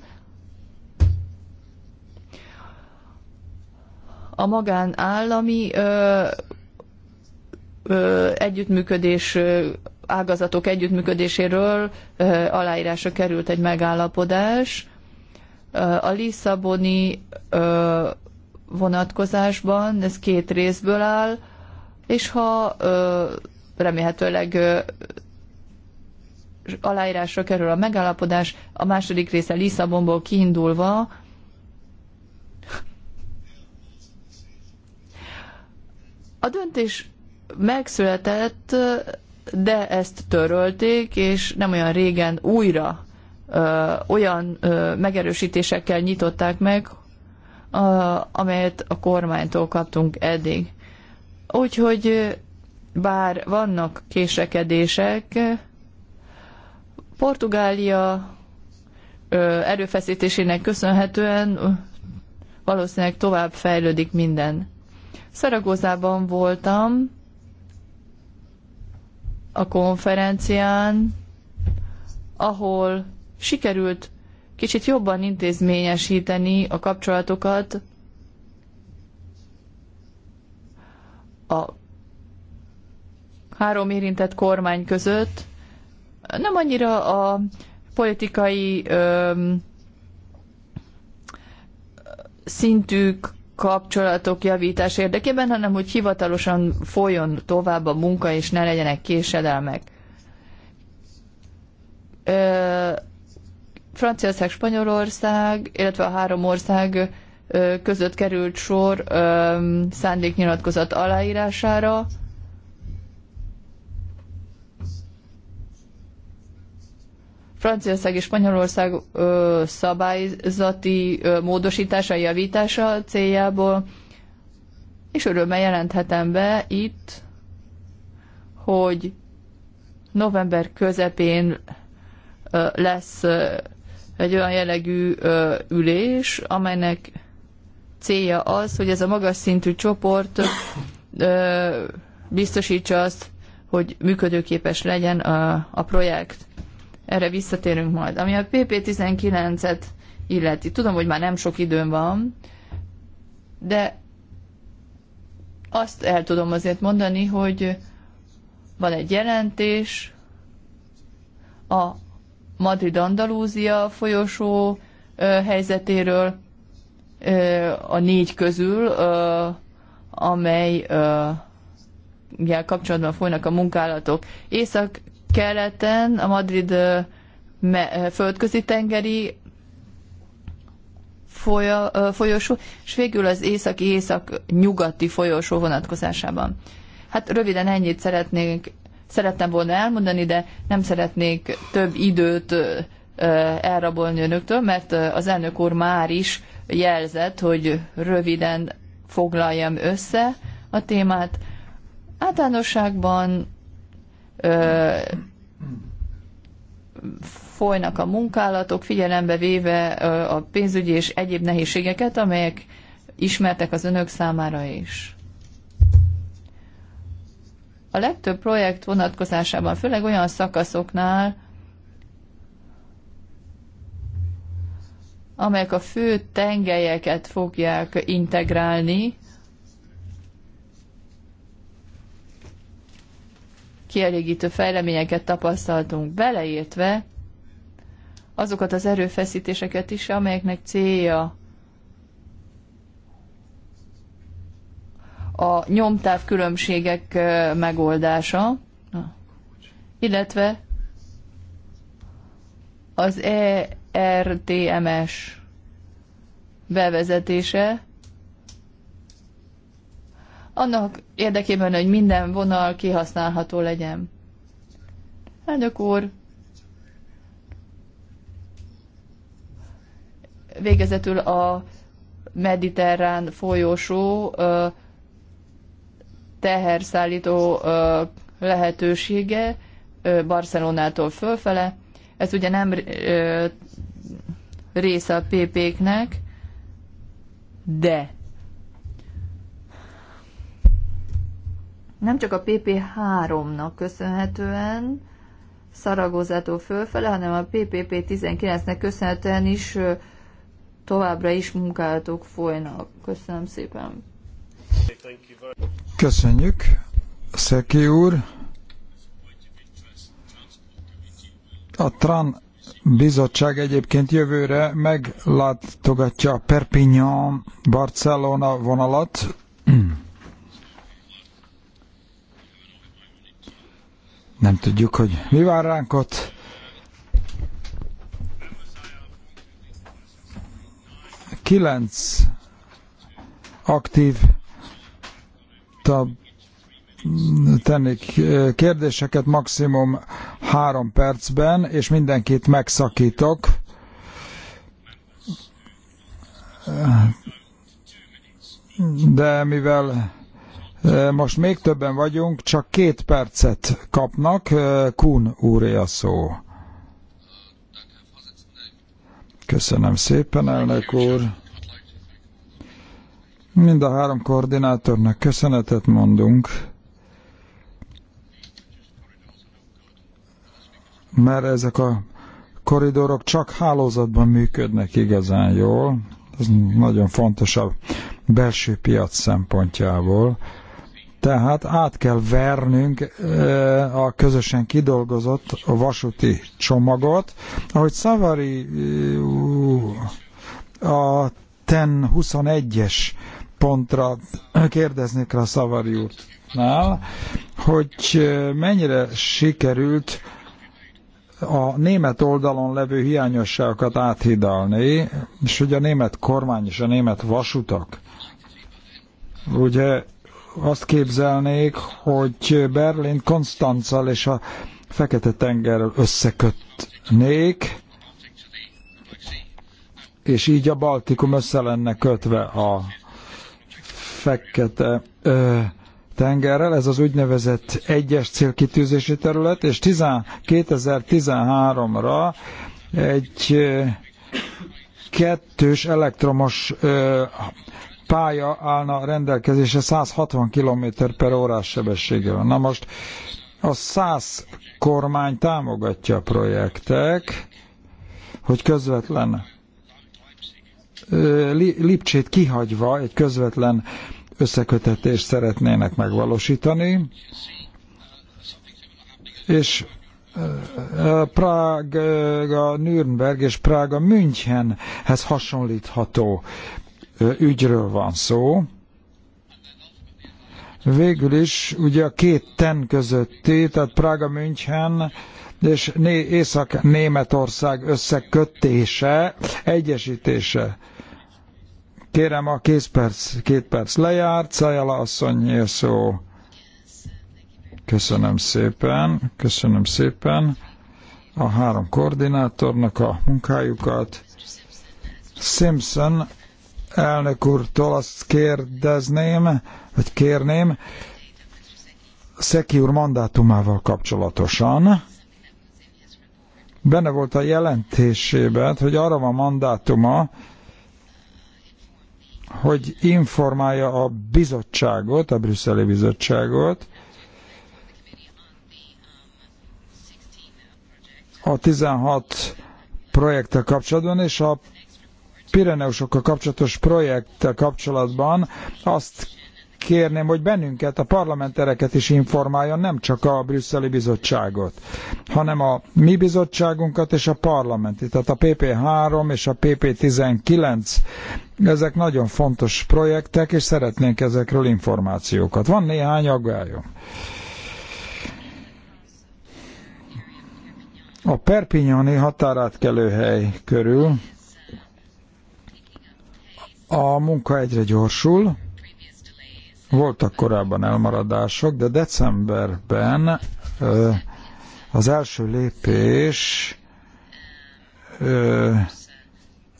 a magánállami együttműködés ágazatok együttműködéséről aláírásra került egy megállapodás. A Lisszaboni vonatkozásban ez két részből áll, és ha remélhetőleg aláírásra kerül a megállapodás, a második része Lisszabonból kiindulva A döntés megszületett, de ezt törölték, és nem olyan régen újra ö, olyan ö, megerősítésekkel nyitották meg, amelyet a kormánytól kaptunk eddig. Úgyhogy bár vannak késekedések, Portugália ö, erőfeszítésének köszönhetően valószínűleg tovább fejlődik minden. Szaragozában voltam a konferencián, ahol sikerült kicsit jobban intézményesíteni a kapcsolatokat a három érintett kormány között, nem annyira a politikai ö, szintük kapcsolatok javítás érdekében, hanem hogy hivatalosan folyjon tovább a munka, és ne legyenek késedelmek. Ö, Franciaország, Spanyolország, illetve a három ország között került sor ö, szándéknyilatkozat aláírására, Franciaország és Spanyolország ö, szabályzati ö, módosítása, javítása céljából, és örömmel jelenthetem be itt, hogy november közepén ö, lesz ö, egy olyan jellegű ö, ülés, amelynek célja az, hogy ez a magas szintű csoport ö, biztosítsa azt, hogy működőképes legyen a, a projekt erre visszatérünk majd. Ami a PP19-et illeti, tudom, hogy már nem sok időm van, de azt el tudom azért mondani, hogy van egy jelentés, a Madrid-Andalúzia folyosó helyzetéről, a négy közül, amely jel kapcsolatban folynak a munkálatok. Észak keleten, a Madrid földközi tengeri folyosó, és végül az északi-észak-nyugati folyosó vonatkozásában. Hát röviden ennyit szeretnék, szerettem volna elmondani, de nem szeretnék több időt elrabolni önöktől, mert az elnök úr már is jelzett, hogy röviden foglaljam össze a témát. Általánosságban folynak a munkálatok, figyelembe véve a pénzügyi és egyéb nehézségeket, amelyek ismertek az önök számára is. A legtöbb projekt vonatkozásában, főleg olyan szakaszoknál, amelyek a fő tengelyeket fogják integrálni, kielégítő fejleményeket tapasztaltunk, beleértve azokat az erőfeszítéseket is, amelyeknek célja a nyomtáv különbségek megoldása, illetve az ERTMS bevezetése, annak érdekében, hogy minden vonal kihasználható legyen. Elnök úr, végezetül a mediterrán folyosó teherszállító lehetősége Barcelonától fölfele. Ez ugye nem része a PP-knek, de nem csak a PP3-nak köszönhetően, szaragozató fölfele, hanem a PPP-19-nek köszönhetően is továbbra is munkálatok folynak. Köszönöm szépen. Köszönjük, Szeki úr. A TRAN bizottság egyébként jövőre meglátogatja a Perpignan-Barcelona vonalat. Nem tudjuk, hogy mi vár ránk ott. Kilenc aktív tennék kérdéseket maximum három percben, és mindenkit megszakítok. De mivel most még többen vagyunk, csak két percet kapnak. Kun úré a szó. Köszönöm szépen, elnök úr. Mind a három koordinátornak köszönetet mondunk, mert ezek a koridorok csak hálózatban működnek igazán jól. Ez nagyon fontos a belső piac szempontjából. Tehát át kell vernünk a közösen kidolgozott vasúti csomagot. Ahogy Szavari a TEN 21-es pontra kérdeznék rá Szavari útnál, hogy mennyire sikerült a német oldalon levő hiányosságokat áthidalni, és hogy a német kormány és a német vasutak ugye azt képzelnék, hogy Berlin Konstanzal és a Fekete-tengerrel összekötnék, és így a Baltikum össze lenne kötve a Fekete ö, tengerrel, ez az úgynevezett egyes célkitűzési terület, és 2013-ra egy kettős elektromos ö, pálya állna rendelkezésre 160 km per órás sebességgel. Na most a 100 kormány támogatja a projektek, hogy közvetlen Lipcsét kihagyva egy közvetlen összekötetést szeretnének megvalósítani, és Prága, Nürnberg és Prága Münchenhez hasonlítható ügyről van szó. Végül is ugye a két ten közötti, tehát Prága München és Észak-Németország összekötése, egyesítése. Kérem, a két perc, két perc lejárt, Szajala asszony szó. Köszönöm szépen, köszönöm szépen a három koordinátornak a munkájukat. Simpson elnök úrtól azt kérdezném, vagy kérném, Szeki úr mandátumával kapcsolatosan. Benne volt a jelentésében, hogy arra van mandátuma, hogy informálja a bizottságot, a brüsszeli bizottságot, a 16 projekttel kapcsolatban, és a Pireneusokkal kapcsolatos projekttel kapcsolatban azt kérném, hogy bennünket, a parlamentereket is informáljon, nem csak a brüsszeli bizottságot, hanem a mi bizottságunkat és a parlamenti, Tehát a PP3 és a PP19, ezek nagyon fontos projektek, és szeretnénk ezekről információkat. Van néhány aggályom. A Perpignani határátkelőhely körül a munka egyre gyorsul, voltak korábban elmaradások, de decemberben az első lépés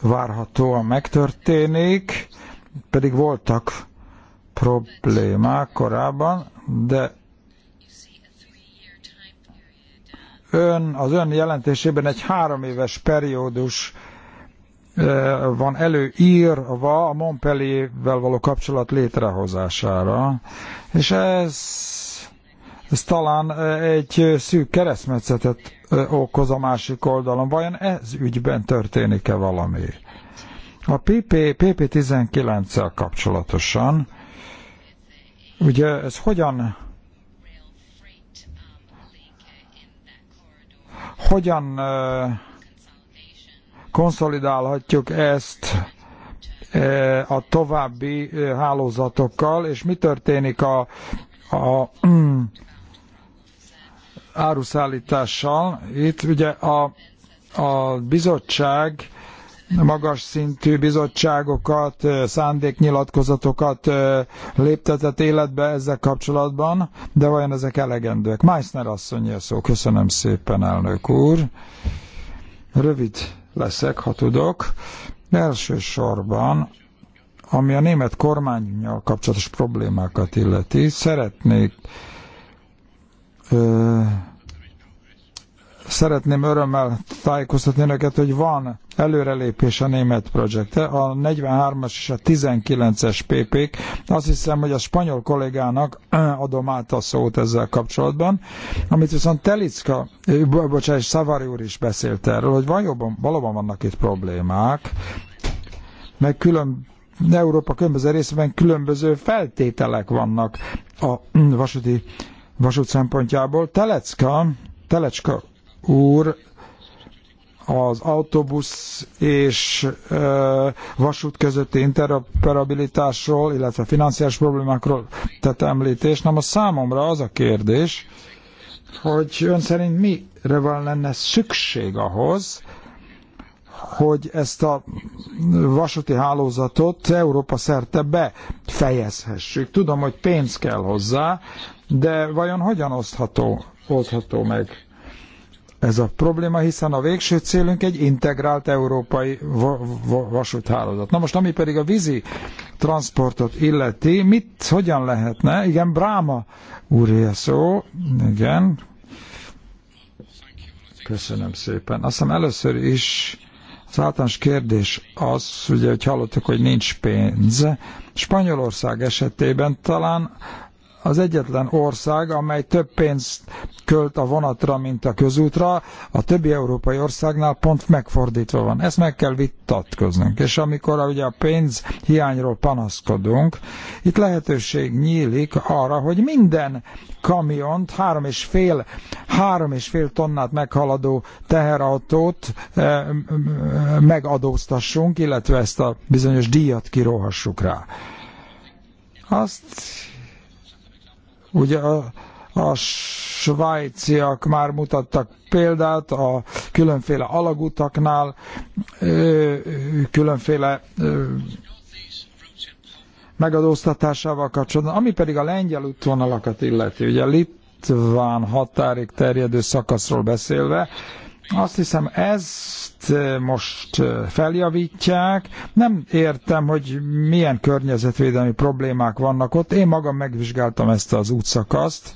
várhatóan megtörténik, pedig voltak problémák korábban, de ön, az ön jelentésében egy három éves periódus van előírva a Montpelliervel való kapcsolat létrehozására, és ez, ez talán egy szűk keresztmetszetet okoz a másik oldalon. Vajon ez ügyben történik-e valami? A PP, PP19-el kapcsolatosan, ugye ez hogyan hogyan uh, konszolidálhatjuk ezt e, a további e, hálózatokkal, és mi történik a, a áruszállítással. Itt ugye a, a bizottság magas szintű bizottságokat, e, szándéknyilatkozatokat léptetett életbe ezzel kapcsolatban, de vajon ezek elegendőek? Meissner asszonyja szó. Köszönöm szépen, elnök úr. Rövid leszek, ha tudok. Elsősorban, ami a német kormányjal kapcsolatos problémákat illeti, szeretnék ö, szeretném örömmel tájékoztatni önöket, hogy van előrelépés a német projekte, a 43-as és a 19-es PP-k. Azt hiszem, hogy a spanyol kollégának adom át a szót ezzel kapcsolatban, amit viszont Telicka, bocsánat, és Szavari úr is beszélt erről, hogy van jobban, valóban vannak itt problémák, meg külön Európa különböző részében különböző feltételek vannak a vasúti vasút szempontjából. Telecka, Telecska úr az autóbusz és ö, vasút közötti interoperabilitásról, illetve financiás problémákról tett említést. Nem a számomra az a kérdés, hogy ön szerint mire van lenne szükség ahhoz, hogy ezt a vasúti hálózatot Európa szerte befejezhessük. Tudom, hogy pénz kell hozzá, de vajon hogyan osztható, osztható meg? ez a probléma, hiszen a végső célunk egy integrált európai vasúthálózat. Na most, ami pedig a vízi transportot illeti, mit, hogyan lehetne? Igen, Bráma úr szó, igen. Köszönöm szépen. Azt hiszem először is az általános kérdés az, ugye, hogy hallottuk, hogy nincs pénz. Spanyolország esetében talán az egyetlen ország, amely több pénzt költ a vonatra, mint a közútra, a többi európai országnál pont megfordítva van. Ezt meg kell vitatkoznunk. És amikor ugye a pénz hiányról panaszkodunk, itt lehetőség nyílik arra, hogy minden kamiont, három és fél, három és fél tonnát meghaladó teherautót eh, megadóztassunk, illetve ezt a bizonyos díjat kiróhassuk rá. Azt Ugye a, a svájciak már mutattak példát a különféle alagutaknál, különféle megadóztatásával kapcsolatban, ami pedig a lengyel útvonalakat illeti, ugye Litván határig terjedő szakaszról beszélve, azt hiszem ezt most feljavítják. Nem értem, hogy milyen környezetvédelmi problémák vannak ott. Én magam megvizsgáltam ezt az útszakaszt.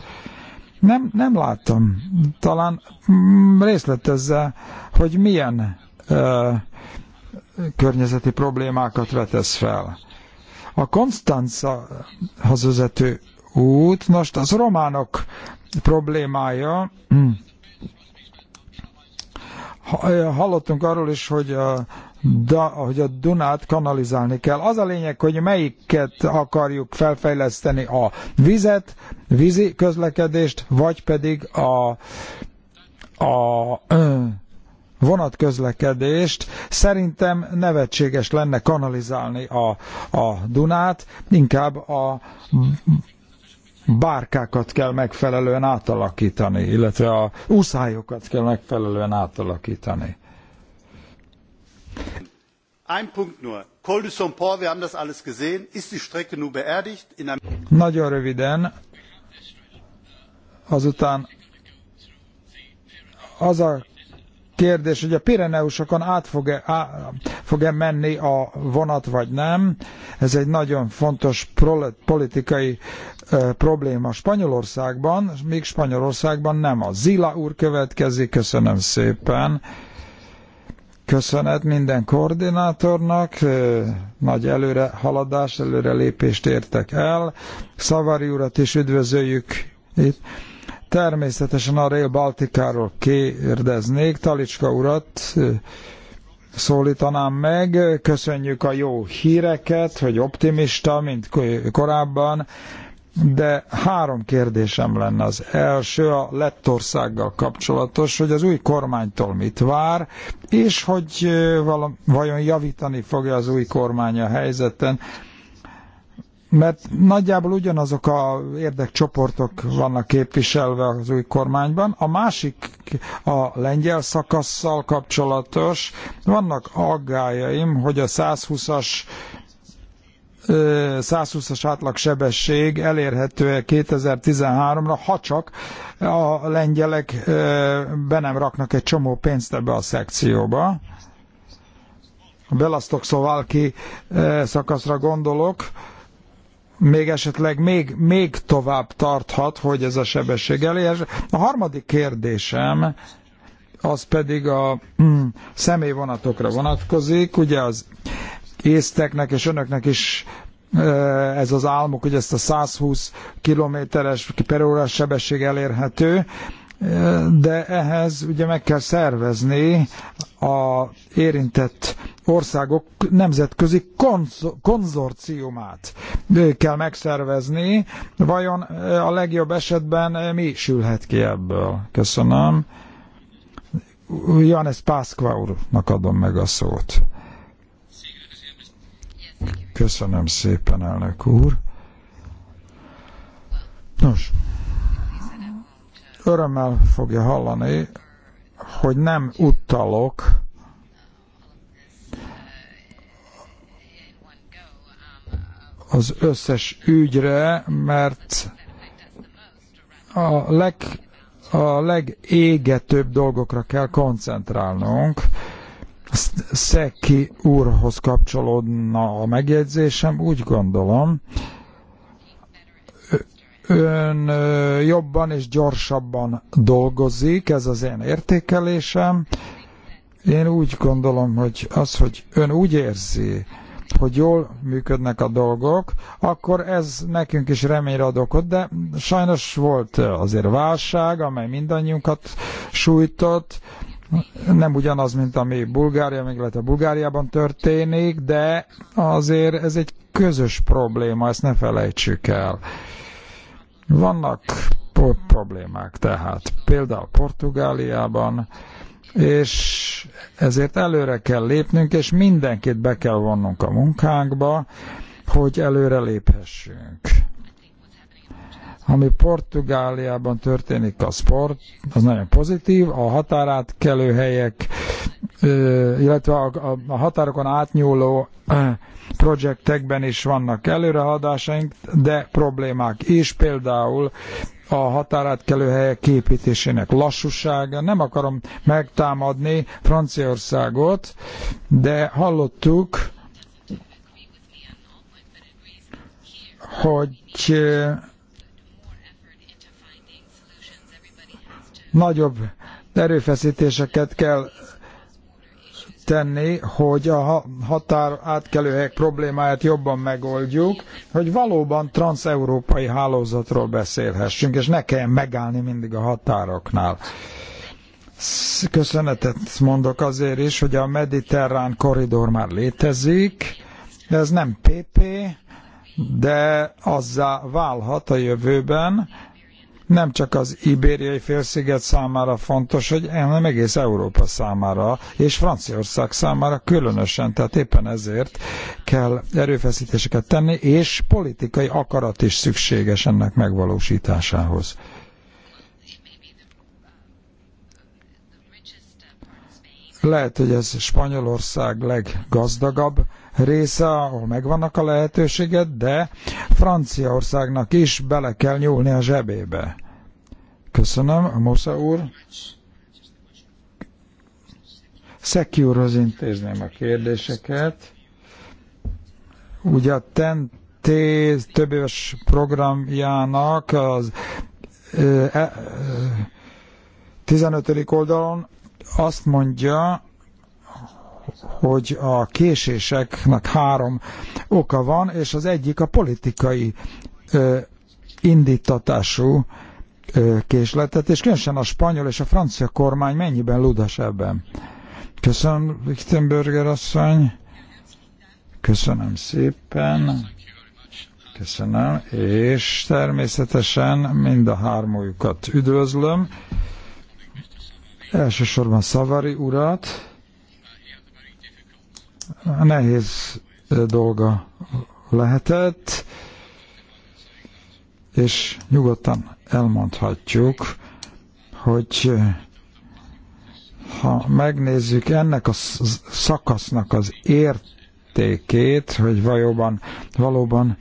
Nem, nem láttam. Talán mm, részletezze, hogy milyen ö, környezeti problémákat vetesz fel. A Konstancahoz vezető út, most az románok problémája, mm, Hallottunk arról is, hogy a, da, hogy a Dunát kanalizálni kell. Az a lényeg, hogy melyiket akarjuk felfejleszteni, a vizet, vízi közlekedést, vagy pedig a, a vonatközlekedést. Szerintem nevetséges lenne kanalizálni a, a Dunát, inkább a bárkákat kell megfelelően átalakítani, illetve a úszályokat kell megfelelően átalakítani. Ein Punkt nur. Col du Saint-Port, wir haben das alles gesehen. Ist die Strecke beerdigt? In einem Nagyon röviden, azután az a kérdés, hogy a Pireneusokon át fog-e, á, fog-e menni a vonat, vagy nem. Ez egy nagyon fontos politikai e, probléma Spanyolországban, még Spanyolországban nem. A Zila úr következik, köszönöm szépen. Köszönet minden koordinátornak, nagy előre haladás, előre lépést értek el. Szavari urat is üdvözöljük itt. Természetesen a Rail Baltikáról kérdeznék. Talicska urat szólítanám meg. Köszönjük a jó híreket, hogy optimista, mint korábban, de három kérdésem lenne. Az első a Lettországgal kapcsolatos, hogy az új kormánytól mit vár, és hogy vajon javítani fogja az új kormány a helyzeten, mert nagyjából ugyanazok a érdekcsoportok vannak képviselve az új kormányban. A másik a lengyel szakasszal kapcsolatos. Vannak aggájaim, hogy a 120-as 120-as átlagsebesség elérhető 2013-ra, -e ha csak a lengyelek be nem raknak egy csomó pénzt ebbe a szekcióba. A Belastok szovalki szakaszra gondolok, még esetleg még, még tovább tarthat, hogy ez a sebesség elérhető. A harmadik kérdésem az pedig a mm, személyvonatokra vonatkozik. Ugye az észteknek és önöknek is e, ez az álmuk, hogy ezt a 120 kilométeres per órás sebesség elérhető de ehhez ugye meg kell szervezni a érintett országok nemzetközi konzor konzorciumát kell megszervezni. Vajon a legjobb esetben mi sülhet ki ebből? Köszönöm. Janes Pászkva úrnak adom meg a szót. Köszönöm szépen, elnök úr. Nos, Örömmel fogja hallani, hogy nem utalok az összes ügyre, mert a, leg, a legégetőbb dolgokra kell koncentrálnunk. Szeki úrhoz kapcsolódna a megjegyzésem, úgy gondolom, ön jobban és gyorsabban dolgozik, ez az én értékelésem. Én úgy gondolom, hogy az, hogy ön úgy érzi, hogy jól működnek a dolgok, akkor ez nekünk is reményre ad okot, de sajnos volt azért válság, amely mindannyiunkat sújtott, nem ugyanaz, mint ami Bulgária, még lehet a Bulgáriában történik, de azért ez egy közös probléma, ezt ne felejtsük el. Vannak problémák tehát, például Portugáliában, és ezért előre kell lépnünk, és mindenkit be kell vonnunk a munkánkba, hogy előre léphessünk. Ami Portugáliában történik a sport, az nagyon pozitív. A kelő helyek, illetve a, a határokon átnyúló projektekben is vannak előrehaladásaink, de problémák is. Például a határátkelő helyek képítésének lassúsága. Nem akarom megtámadni Franciaországot, de hallottuk, hogy nagyobb erőfeszítéseket kell tenni, hogy a határ átkelőhelyek problémáját jobban megoldjuk, hogy valóban transeurópai hálózatról beszélhessünk, és ne kelljen megállni mindig a határoknál. Köszönetet mondok azért is, hogy a mediterrán korridor már létezik, de ez nem PP, de azzá válhat a jövőben, nem csak az ibériai félsziget számára fontos, hogy hanem egész Európa számára, és Franciaország számára különösen, tehát éppen ezért kell erőfeszítéseket tenni, és politikai akarat is szükséges ennek megvalósításához. Lehet, hogy ez Spanyolország leggazdagabb része, ahol megvannak a lehetőséget, de Franciaországnak is bele kell nyúlni a zsebébe. Köszönöm, Mosza úr. Szeki intézném a kérdéseket. Ugye a TENT több éves programjának az 15. E, oldalon azt mondja, hogy a késéseknek három oka van, és az egyik a politikai ö, indítatású ö, késletet, és különösen a spanyol és a francia kormány mennyiben ludas ebben. Köszönöm, Lichtenberger asszony. Köszönöm szépen. Köszönöm, és természetesen mind a hármójukat üdvözlöm. Elsősorban Szavari urat, nehéz dolga lehetett, és nyugodtan elmondhatjuk, hogy ha megnézzük ennek a szakasznak az értékét, hogy vajóban, valóban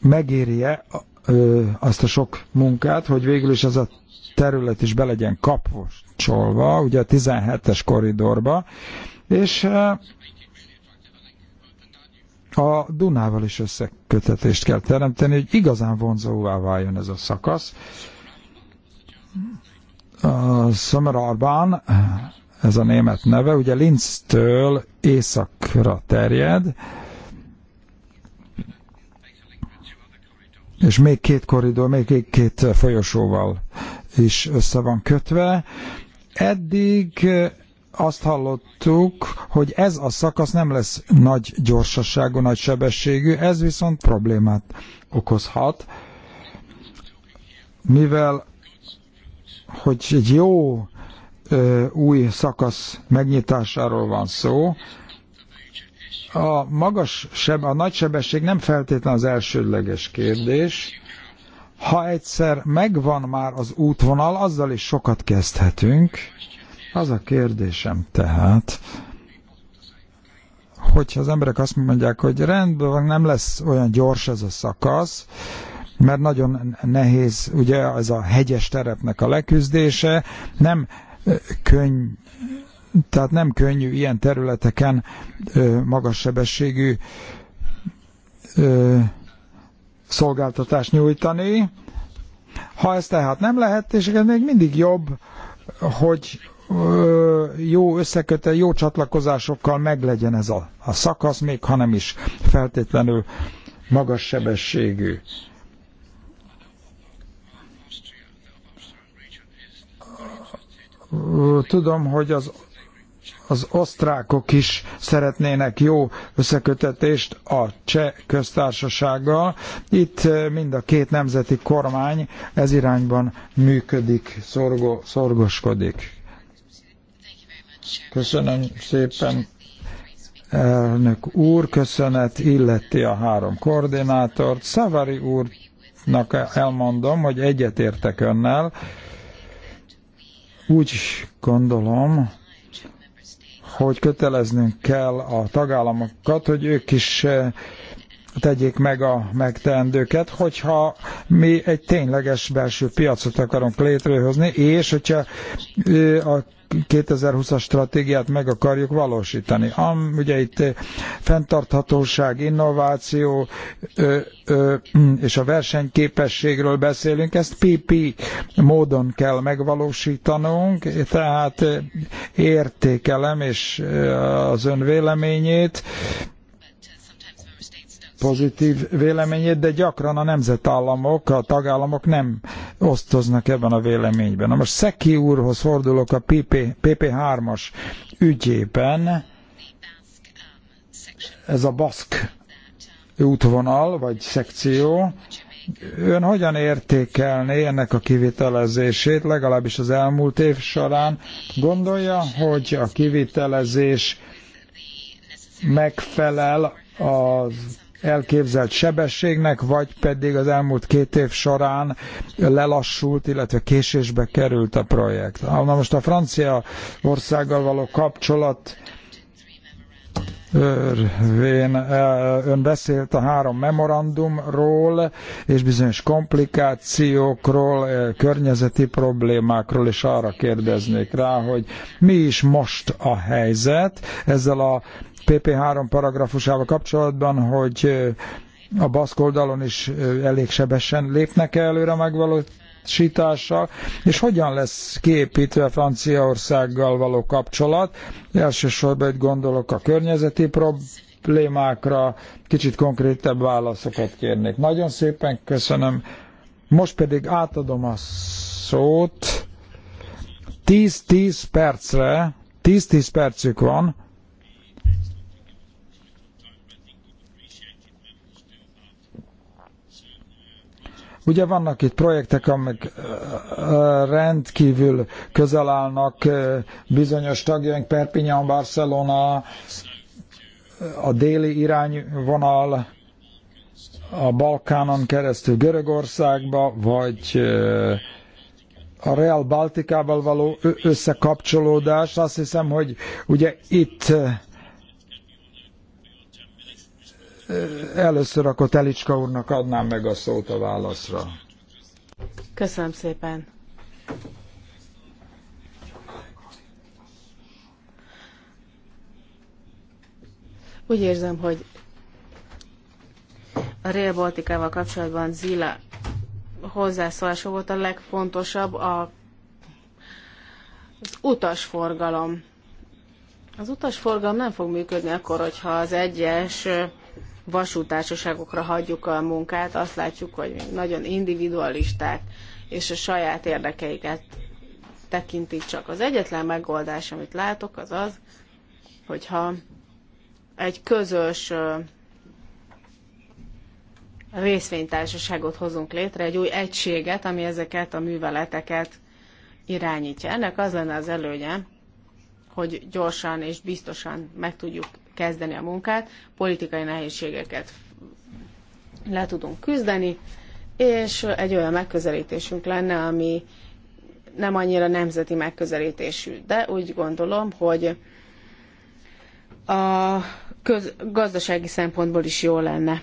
megéri-e azt a sok munkát, hogy végül is ez a terület is be legyen kapcsolva, ugye a 17-es koridorba, és eh, a Dunával is összekötetést kell teremteni, hogy igazán vonzóvá váljon ez a szakasz. A ez a német neve, ugye Linztől északra terjed, és még két korridor, még két folyosóval is össze van kötve. Eddig azt hallottuk, hogy ez a szakasz nem lesz nagy gyorsaságú, nagy sebességű, ez viszont problémát okozhat, mivel hogy egy jó ö, új szakasz megnyitásáról van szó, a magas seb, a nagy sebesség nem feltétlen az elsődleges kérdés. Ha egyszer megvan már az útvonal, azzal is sokat kezdhetünk. Az a kérdésem tehát, hogyha az emberek azt mondják, hogy rendben van, nem lesz olyan gyors ez a szakasz, mert nagyon nehéz, ugye ez a hegyes terepnek a leküzdése, nem könny, tehát nem könnyű ilyen területeken magas sebességű szolgáltatást nyújtani. Ha ez tehát nem lehet ez még mindig jobb, hogy jó összeköte, jó csatlakozásokkal meglegyen ez a, a szakasz, még ha nem is feltétlenül magas sebességű. Tudom, hogy az az osztrákok is szeretnének jó összekötetést a cseh köztársasággal. Itt mind a két nemzeti kormány ez irányban működik, szorgo, szorgoskodik. Köszönöm szépen, elnök úr, köszönet illeti a három koordinátort. Szavari úrnak elmondom, hogy egyetértek önnel. Úgy gondolom, hogy köteleznünk kell a tagállamokat, hogy ők is tegyék meg a megteendőket, hogyha mi egy tényleges belső piacot akarunk létrehozni, és hogyha a 2020-as stratégiát meg akarjuk valósítani. Am, ugye itt fenntarthatóság, innováció ö, ö, és a versenyképességről beszélünk, ezt PP módon kell megvalósítanunk, tehát értékelem és az ön véleményét, pozitív véleményét, de gyakran a nemzetállamok, a tagállamok nem osztoznak ebben a véleményben. Na most Szeki úrhoz fordulok a PP, PP3-as ügyében. Ez a baszk útvonal, vagy szekció. Ön hogyan értékelné ennek a kivitelezését, legalábbis az elmúlt év során? Gondolja, hogy a kivitelezés megfelel az elképzelt sebességnek, vagy pedig az elmúlt két év során lelassult, illetve késésbe került a projekt. Na most a francia országgal való kapcsolat Örvén ön beszélt a három memorandumról, és bizonyos komplikációkról, környezeti problémákról, és arra kérdeznék rá, hogy mi is most a helyzet ezzel a PP3 paragrafusával kapcsolatban, hogy a baszk oldalon is elég sebesen lépnek -e előre megvalósítani, megvalósítása, és hogyan lesz a Franciaországgal való kapcsolat. Elsősorban itt gondolok a környezeti problémákra, kicsit konkrétebb válaszokat kérnék. Nagyon szépen köszönöm. Most pedig átadom a szót 10-10 percre, 10-10 percük van, Ugye vannak itt projektek, amik rendkívül közel állnak bizonyos tagjaink, Perpignan, Barcelona, a déli irányvonal, a Balkánon keresztül Görögországba, vagy a Real Baltikával való összekapcsolódás. Azt hiszem, hogy ugye itt Először akkor Telicska úrnak adnám meg a szót a válaszra. Köszönöm szépen. Úgy érzem, hogy a Rail Baltikával kapcsolatban Zila hozzászólása volt a legfontosabb, a, az utasforgalom. Az utasforgalom nem fog működni akkor, hogyha az egyes vasútársaságokra hagyjuk a munkát, azt látjuk, hogy nagyon individualisták, és a saját érdekeiket tekintik csak. Az egyetlen megoldás, amit látok, az az, hogyha egy közös részvénytársaságot hozunk létre, egy új egységet, ami ezeket a műveleteket irányítja. Ennek az lenne az előnye, hogy gyorsan és biztosan meg tudjuk kezdeni a munkát, politikai nehézségeket le tudunk küzdeni, és egy olyan megközelítésünk lenne, ami nem annyira nemzeti megközelítésű, de úgy gondolom, hogy a köz- gazdasági szempontból is jó lenne.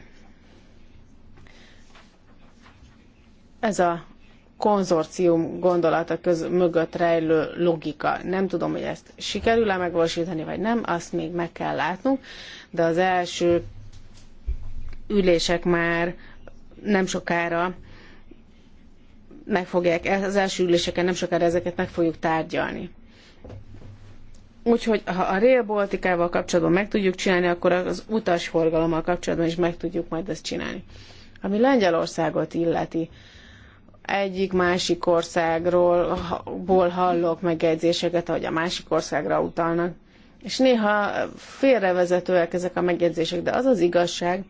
Ez a konzorcium gondolata köz, mögött rejlő logika. Nem tudom, hogy ezt sikerül-e megvalósítani, vagy nem, azt még meg kell látnunk, de az első ülések már nem sokára meg fogják, az első üléseken nem sokára ezeket meg fogjuk tárgyalni. Úgyhogy ha a Rail Baltikával kapcsolatban meg tudjuk csinálni, akkor az utasforgalommal kapcsolatban is meg tudjuk majd ezt csinálni. Ami Lengyelországot illeti, egyik másik országról ból hallok megjegyzéseket, ahogy a másik országra utalnak. És néha félrevezetőek ezek a megjegyzések, de az az igazság,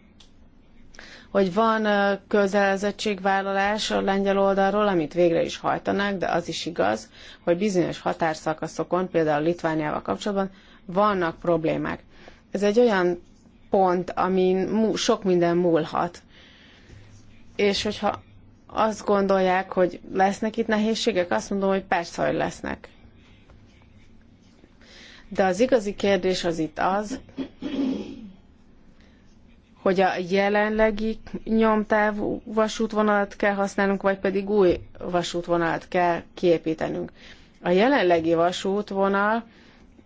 hogy van közelezettségvállalás a lengyel oldalról, amit végre is hajtanak, de az is igaz, hogy bizonyos határszakaszokon, például Litvániával kapcsolatban vannak problémák. Ez egy olyan pont, amin sok minden múlhat. És hogyha azt gondolják, hogy lesznek itt nehézségek, azt mondom, hogy persze, hogy lesznek. De az igazi kérdés az itt az, hogy a jelenlegi nyomtávú vasútvonalat kell használnunk, vagy pedig új vasútvonalat kell kiépítenünk. A jelenlegi vasútvonal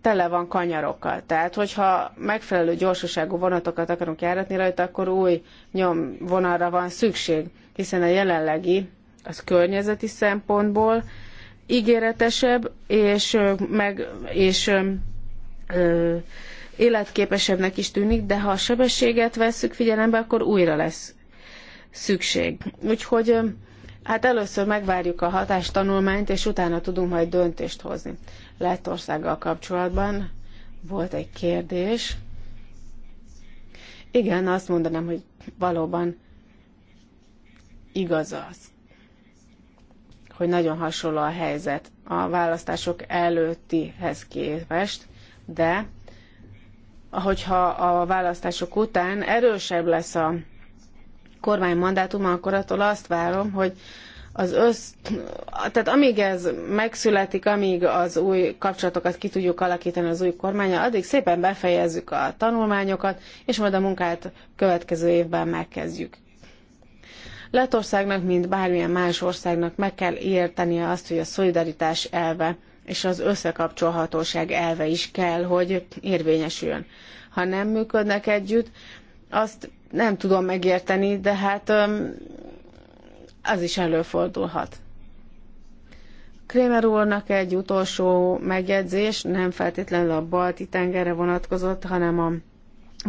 tele van kanyarokkal. Tehát, hogyha megfelelő gyorsaságú vonatokat akarunk járatni rajta, akkor új nyomvonalra van szükség hiszen a jelenlegi az környezeti szempontból ígéretesebb és, meg, és ö, életképesebbnek is tűnik, de ha a sebességet vesszük figyelembe, akkor újra lesz szükség. Úgyhogy hát először megvárjuk a hatástanulmányt, és utána tudunk majd döntést hozni. Lettországgal kapcsolatban volt egy kérdés. Igen, azt mondanám, hogy valóban igaz az, hogy nagyon hasonló a helyzet a választások előttihez képest, de hogyha a választások után erősebb lesz a kormány mandátuma, akkor attól azt várom, hogy az össz, tehát amíg ez megszületik, amíg az új kapcsolatokat ki tudjuk alakítani az új kormánya, addig szépen befejezzük a tanulmányokat, és majd a munkát következő évben megkezdjük. Letországnak, mint bármilyen más országnak meg kell értenie azt, hogy a szolidaritás elve és az összekapcsolhatóság elve is kell, hogy érvényesüljön. Ha nem működnek együtt, azt nem tudom megérteni, de hát az is előfordulhat. Krémer úrnak egy utolsó megjegyzés, nem feltétlenül a balti tengerre vonatkozott, hanem a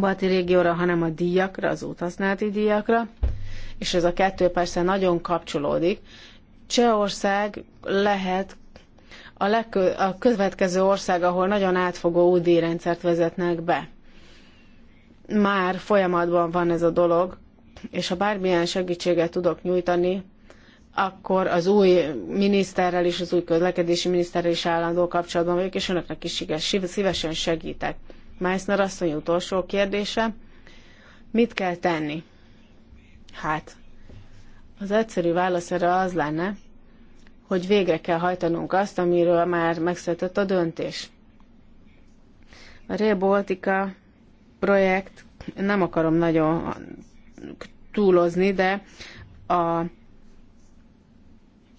balti régióra, hanem a díjakra, az úthasználati díjakra és ez a kettő persze nagyon kapcsolódik. Csehország lehet a, legkö, a következő ország, ahol nagyon átfogó UDI rendszert vezetnek be. Már folyamatban van ez a dolog, és ha bármilyen segítséget tudok nyújtani, akkor az új miniszterrel és az új közlekedési miniszterrel is állandó kapcsolatban vagyok, és önöknek is szívesen segítek. Meissner asszony utolsó kérdése, mit kell tenni? Hát, az egyszerű válasz erre az lenne, hogy végre kell hajtanunk azt, amiről már megszületett a döntés. A Rail Baltica projekt, nem akarom nagyon túlozni, de a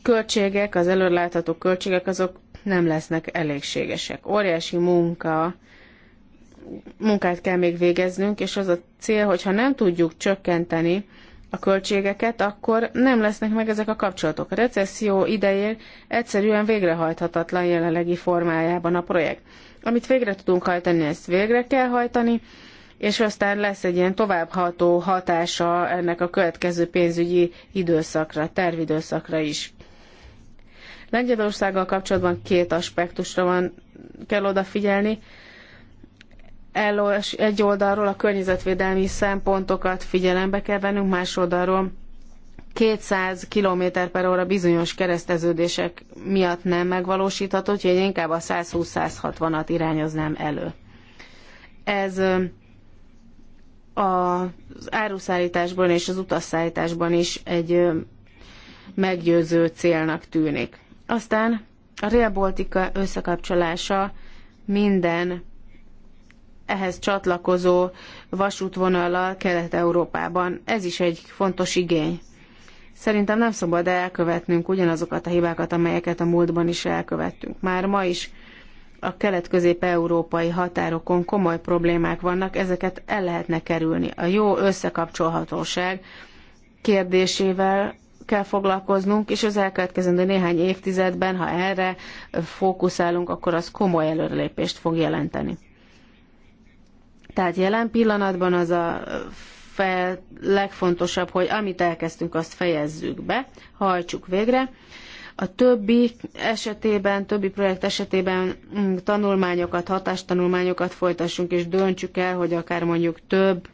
költségek, az előrelátható költségek azok nem lesznek elégségesek. Óriási munka, munkát kell még végeznünk, és az a cél, hogyha nem tudjuk csökkenteni a költségeket, akkor nem lesznek meg ezek a kapcsolatok. A recesszió idején egyszerűen végrehajthatatlan jelenlegi formájában a projekt. Amit végre tudunk hajtani, ezt végre kell hajtani, és aztán lesz egy ilyen továbbható hatása ennek a következő pénzügyi időszakra, tervidőszakra is. Lengyelországgal kapcsolatban két aspektusra van, kell odafigyelni elolvas, egy oldalról a környezetvédelmi szempontokat figyelembe kell vennünk, más oldalról 200 km per óra bizonyos kereszteződések miatt nem megvalósítható, úgyhogy én inkább a 120-160-at irányoznám elő. Ez az áruszállításban és az utasszállításban is egy meggyőző célnak tűnik. Aztán a Rail Baltica összekapcsolása minden ehhez csatlakozó vasútvonallal Kelet-Európában. Ez is egy fontos igény. Szerintem nem szabad elkövetnünk ugyanazokat a hibákat, amelyeket a múltban is elkövettünk. Már ma is a kelet-közép-európai határokon komoly problémák vannak, ezeket el lehetne kerülni. A jó összekapcsolhatóság kérdésével kell foglalkoznunk, és az elkövetkezendő néhány évtizedben, ha erre fókuszálunk, akkor az komoly előrelépést fog jelenteni. Tehát jelen pillanatban az a fel, legfontosabb, hogy amit elkezdtünk, azt fejezzük be, hajtsuk végre. A többi esetében, többi projekt esetében mm, tanulmányokat, hatástanulmányokat folytassunk, és döntsük el, hogy akár mondjuk több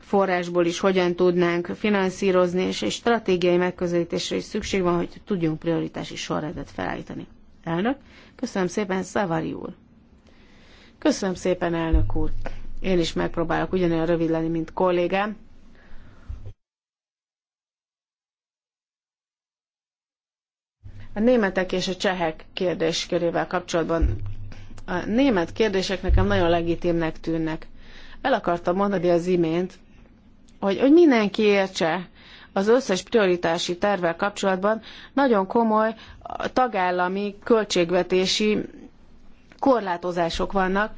forrásból is hogyan tudnánk finanszírozni, és egy stratégiai megközelítésre is szükség van, hogy tudjunk prioritási sorrendet felállítani. Elnök, köszönöm szépen, Szavari úr. Köszönöm szépen, elnök úr. Én is megpróbálok ugyanolyan rövid lenni, mint kollégám. A németek és a csehek kérdéskörével kapcsolatban a német kérdések nekem nagyon legitimnek tűnnek. El akartam mondani az imént, hogy, hogy mindenki értse az összes prioritási tervvel kapcsolatban nagyon komoly tagállami költségvetési korlátozások vannak,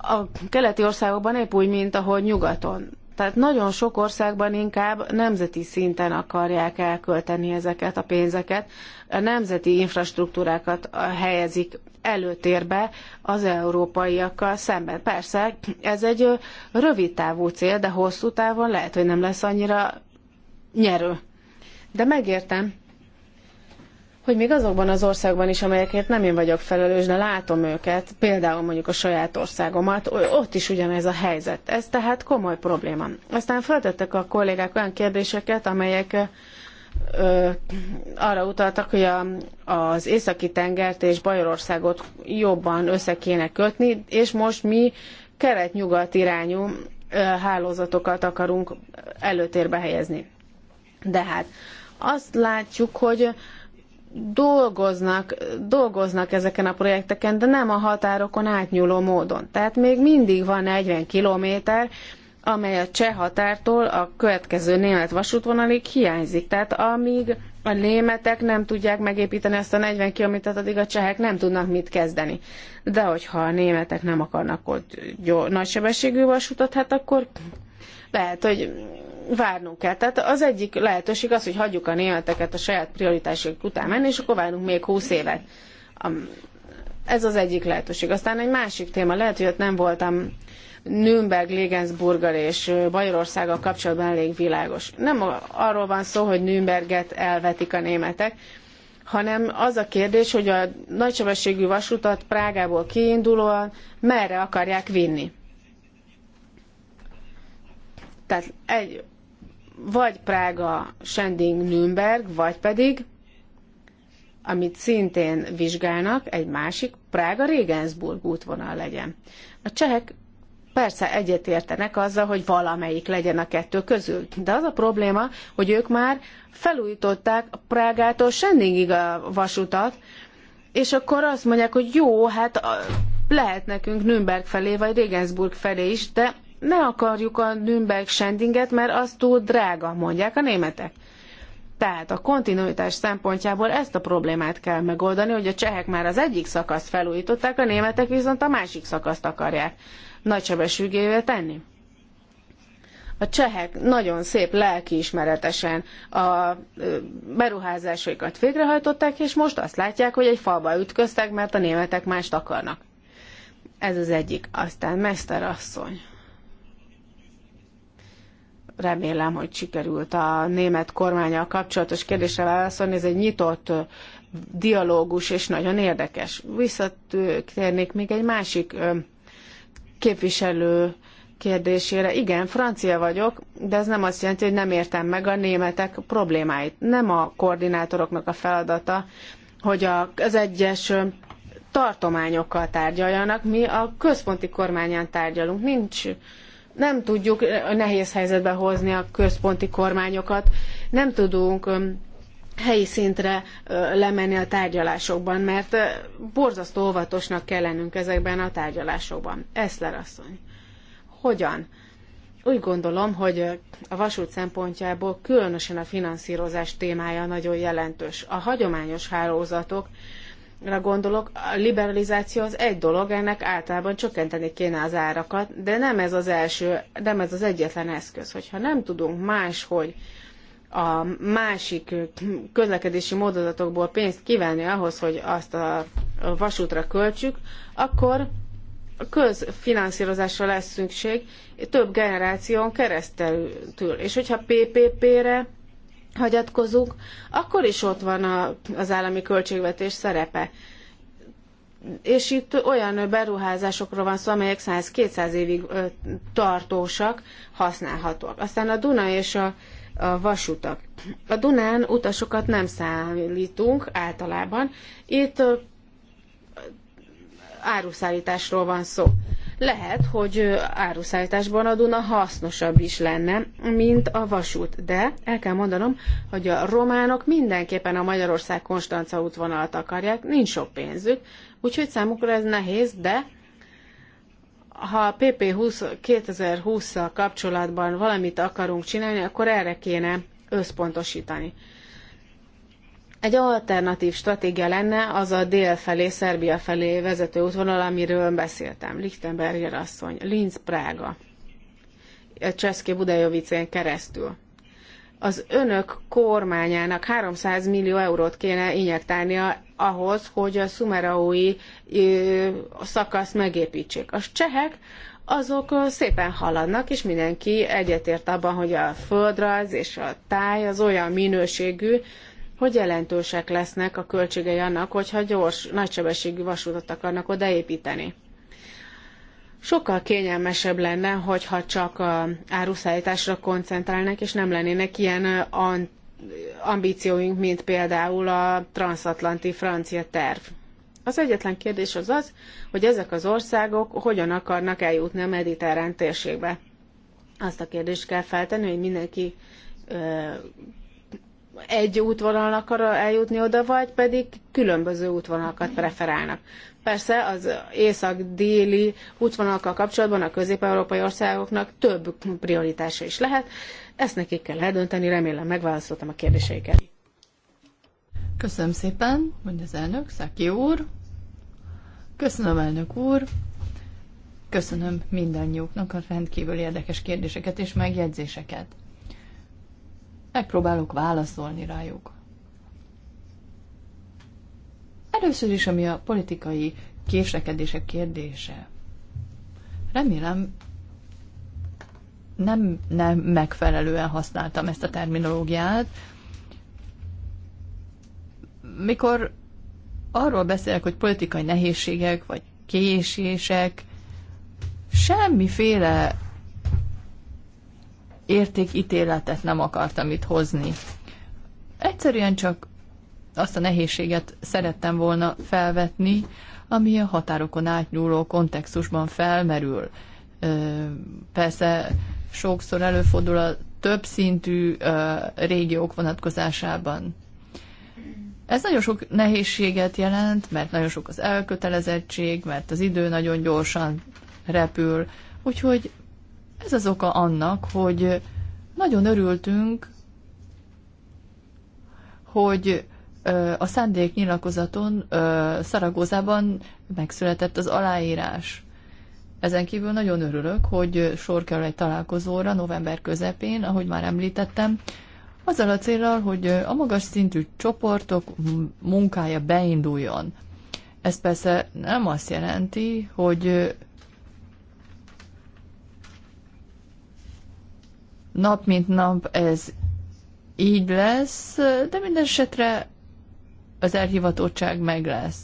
a keleti országokban épp úgy, mint ahogy nyugaton. Tehát nagyon sok országban inkább nemzeti szinten akarják elkölteni ezeket a pénzeket. A nemzeti infrastruktúrákat helyezik előtérbe az európaiakkal szemben. Persze ez egy rövid távú cél, de hosszú távon lehet, hogy nem lesz annyira nyerő. De megértem, hogy még azokban az országban is, amelyekért nem én vagyok felelős, de látom őket, például mondjuk a saját országomat, ott is ugyanez a helyzet. Ez tehát komoly probléma. Aztán feltettek a kollégák olyan kérdéseket, amelyek ö, arra utaltak, hogy a, az északi tengert és Bajorországot jobban össze kéne kötni, és most mi kelet-nyugat irányú ö, hálózatokat akarunk előtérbe helyezni. De hát azt látjuk, hogy dolgoznak, dolgoznak ezeken a projekteken, de nem a határokon átnyúló módon. Tehát még mindig van 40 kilométer, amely a cseh határtól a következő német vasútvonalig hiányzik. Tehát amíg a németek nem tudják megépíteni ezt a 40 kilométert, addig a csehek nem tudnak mit kezdeni. De hogyha a németek nem akarnak ott nagysebességű vasutat, hát akkor lehet, hogy várnunk kell. Tehát az egyik lehetőség az, hogy hagyjuk a németeket a saját prioritásaik után menni, és akkor várunk még húsz évet. Ez az egyik lehetőség. Aztán egy másik téma, lehet, hogy ott nem voltam Nürnberg, Legensburger és Bajorországgal kapcsolatban elég világos. Nem arról van szó, hogy Nürnberget elvetik a németek, hanem az a kérdés, hogy a nagysebességű vasutat Prágából kiindulóan merre akarják vinni. Tehát egy vagy Prága, Sending, Nürnberg, vagy pedig, amit szintén vizsgálnak, egy másik Prága, Regensburg útvonal legyen. A csehek persze egyetértenek azzal, hogy valamelyik legyen a kettő közül. De az a probléma, hogy ők már felújították Prágától Sendingig a vasutat, és akkor azt mondják, hogy jó, hát lehet nekünk Nürnberg felé, vagy Regensburg felé is, de ne akarjuk a Nürnberg sendinget, mert az túl drága, mondják a németek. Tehát a kontinuitás szempontjából ezt a problémát kell megoldani, hogy a csehek már az egyik szakaszt felújították, a németek viszont a másik szakaszt akarják nagysebességévé tenni. A csehek nagyon szép lelkiismeretesen a beruházásaikat végrehajtották, és most azt látják, hogy egy falba ütköztek, mert a németek mást akarnak. Ez az egyik. Aztán Mester asszony remélem, hogy sikerült a német kormányal kapcsolatos kérdésre válaszolni. Ez egy nyitott dialógus, és nagyon érdekes. Visszatérnék még egy másik képviselő kérdésére. Igen, francia vagyok, de ez nem azt jelenti, hogy nem értem meg a németek problémáit. Nem a koordinátoroknak a feladata, hogy az egyes tartományokkal tárgyaljanak, mi a központi kormányán tárgyalunk. Nincs nem tudjuk a nehéz helyzetbe hozni a központi kormányokat, nem tudunk helyi szintre lemenni a tárgyalásokban, mert borzasztó óvatosnak kell lennünk ezekben a tárgyalásokban. Eszler asszony. Hogyan? Úgy gondolom, hogy a vasút szempontjából különösen a finanszírozás témája nagyon jelentős. A hagyományos hálózatok gondolok, a liberalizáció az egy dolog, ennek általában csökkenteni kéne az árakat, de nem ez az első, nem ez az egyetlen eszköz. Hogyha nem tudunk más, hogy a másik közlekedési módozatokból pénzt kivenni ahhoz, hogy azt a vasútra költsük, akkor közfinanszírozásra lesz szükség több generáción keresztül. És hogyha PPP-re hagyatkozunk, akkor is ott van a, az állami költségvetés szerepe. És itt olyan beruházásokról van szó, amelyek 100-200 évig tartósak, használhatóak. Aztán a Duna és a, a vasutak. A Dunán utasokat nem szállítunk általában. Itt áruszállításról van szó. Lehet, hogy áruszállításban a Duna hasznosabb is lenne, mint a vasút, de el kell mondanom, hogy a románok mindenképpen a Magyarország-Konstanca útvonalat akarják, nincs sok pénzük, úgyhogy számukra ez nehéz, de ha a PP 2020-szal kapcsolatban valamit akarunk csinálni, akkor erre kéne összpontosítani egy alternatív stratégia lenne az a dél felé, Szerbia felé vezető útvonal, amiről beszéltem. Lichtenberger asszony, Linz Prága, Cseszké Budajovicén keresztül. Az önök kormányának 300 millió eurót kéne injektálnia ahhoz, hogy a szumeraui szakaszt megépítsék. A csehek azok szépen haladnak, és mindenki egyetért abban, hogy a földrajz és a táj az olyan minőségű, hogy jelentősek lesznek a költségei annak, hogyha gyors, nagysebességű vasútot akarnak odaépíteni. Sokkal kényelmesebb lenne, hogyha csak áruszállításra koncentrálnak, és nem lennének ilyen ambícióink, mint például a transatlanti francia terv. Az egyetlen kérdés az az, hogy ezek az országok hogyan akarnak eljutni a mediterrán térségbe. Azt a kérdést kell feltenni, hogy mindenki egy útvonalon akar eljutni oda, vagy pedig különböző útvonalakat preferálnak. Persze az észak-déli útvonalakkal kapcsolatban a közép-európai országoknak több prioritása is lehet. Ezt nekik kell eldönteni, remélem megválaszoltam a kérdéseiket. Köszönöm szépen, mondja az elnök, Szaki úr. Köszönöm, elnök úr. Köszönöm mindannyiuknak a rendkívül érdekes kérdéseket és megjegyzéseket. Megpróbálok válaszolni rájuk. Először is, ami a politikai késlekedések kérdése. Remélem, nem, nem megfelelően használtam ezt a terminológiát. Mikor arról beszélek, hogy politikai nehézségek vagy késések, semmiféle értékítéletet nem akartam itt hozni. Egyszerűen csak azt a nehézséget szerettem volna felvetni, ami a határokon átnyúló kontextusban felmerül. Persze sokszor előfordul a többszintű régiók vonatkozásában. Ez nagyon sok nehézséget jelent, mert nagyon sok az elkötelezettség, mert az idő nagyon gyorsan repül, úgyhogy ez az oka annak, hogy nagyon örültünk, hogy a szándéknyilakozaton Szaragozában megszületett az aláírás. Ezen kívül nagyon örülök, hogy sor kerül egy találkozóra november közepén, ahogy már említettem, azzal a célral, hogy a magas szintű csoportok munkája beinduljon. Ez persze nem azt jelenti, hogy nap mint nap ez így lesz, de minden esetre az elhivatottság meg lesz.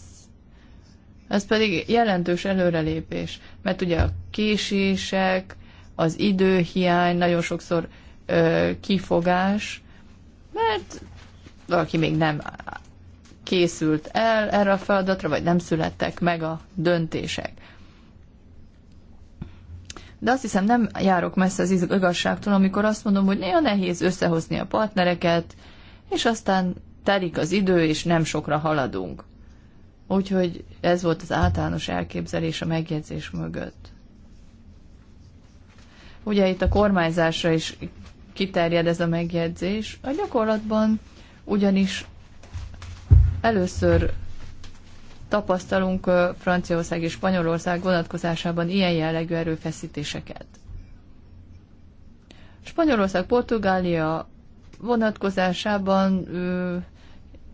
Ez pedig jelentős előrelépés, mert ugye a késések, az időhiány nagyon sokszor ö, kifogás, mert valaki még nem készült el erre a feladatra, vagy nem születtek meg a döntések de azt hiszem nem járok messze az igazságtól, amikor azt mondom, hogy néha nehéz összehozni a partnereket, és aztán telik az idő, és nem sokra haladunk. Úgyhogy ez volt az általános elképzelés a megjegyzés mögött. Ugye itt a kormányzásra is kiterjed ez a megjegyzés. A gyakorlatban ugyanis először tapasztalunk Franciaország és Spanyolország vonatkozásában ilyen jellegű erőfeszítéseket. Spanyolország, Portugália vonatkozásában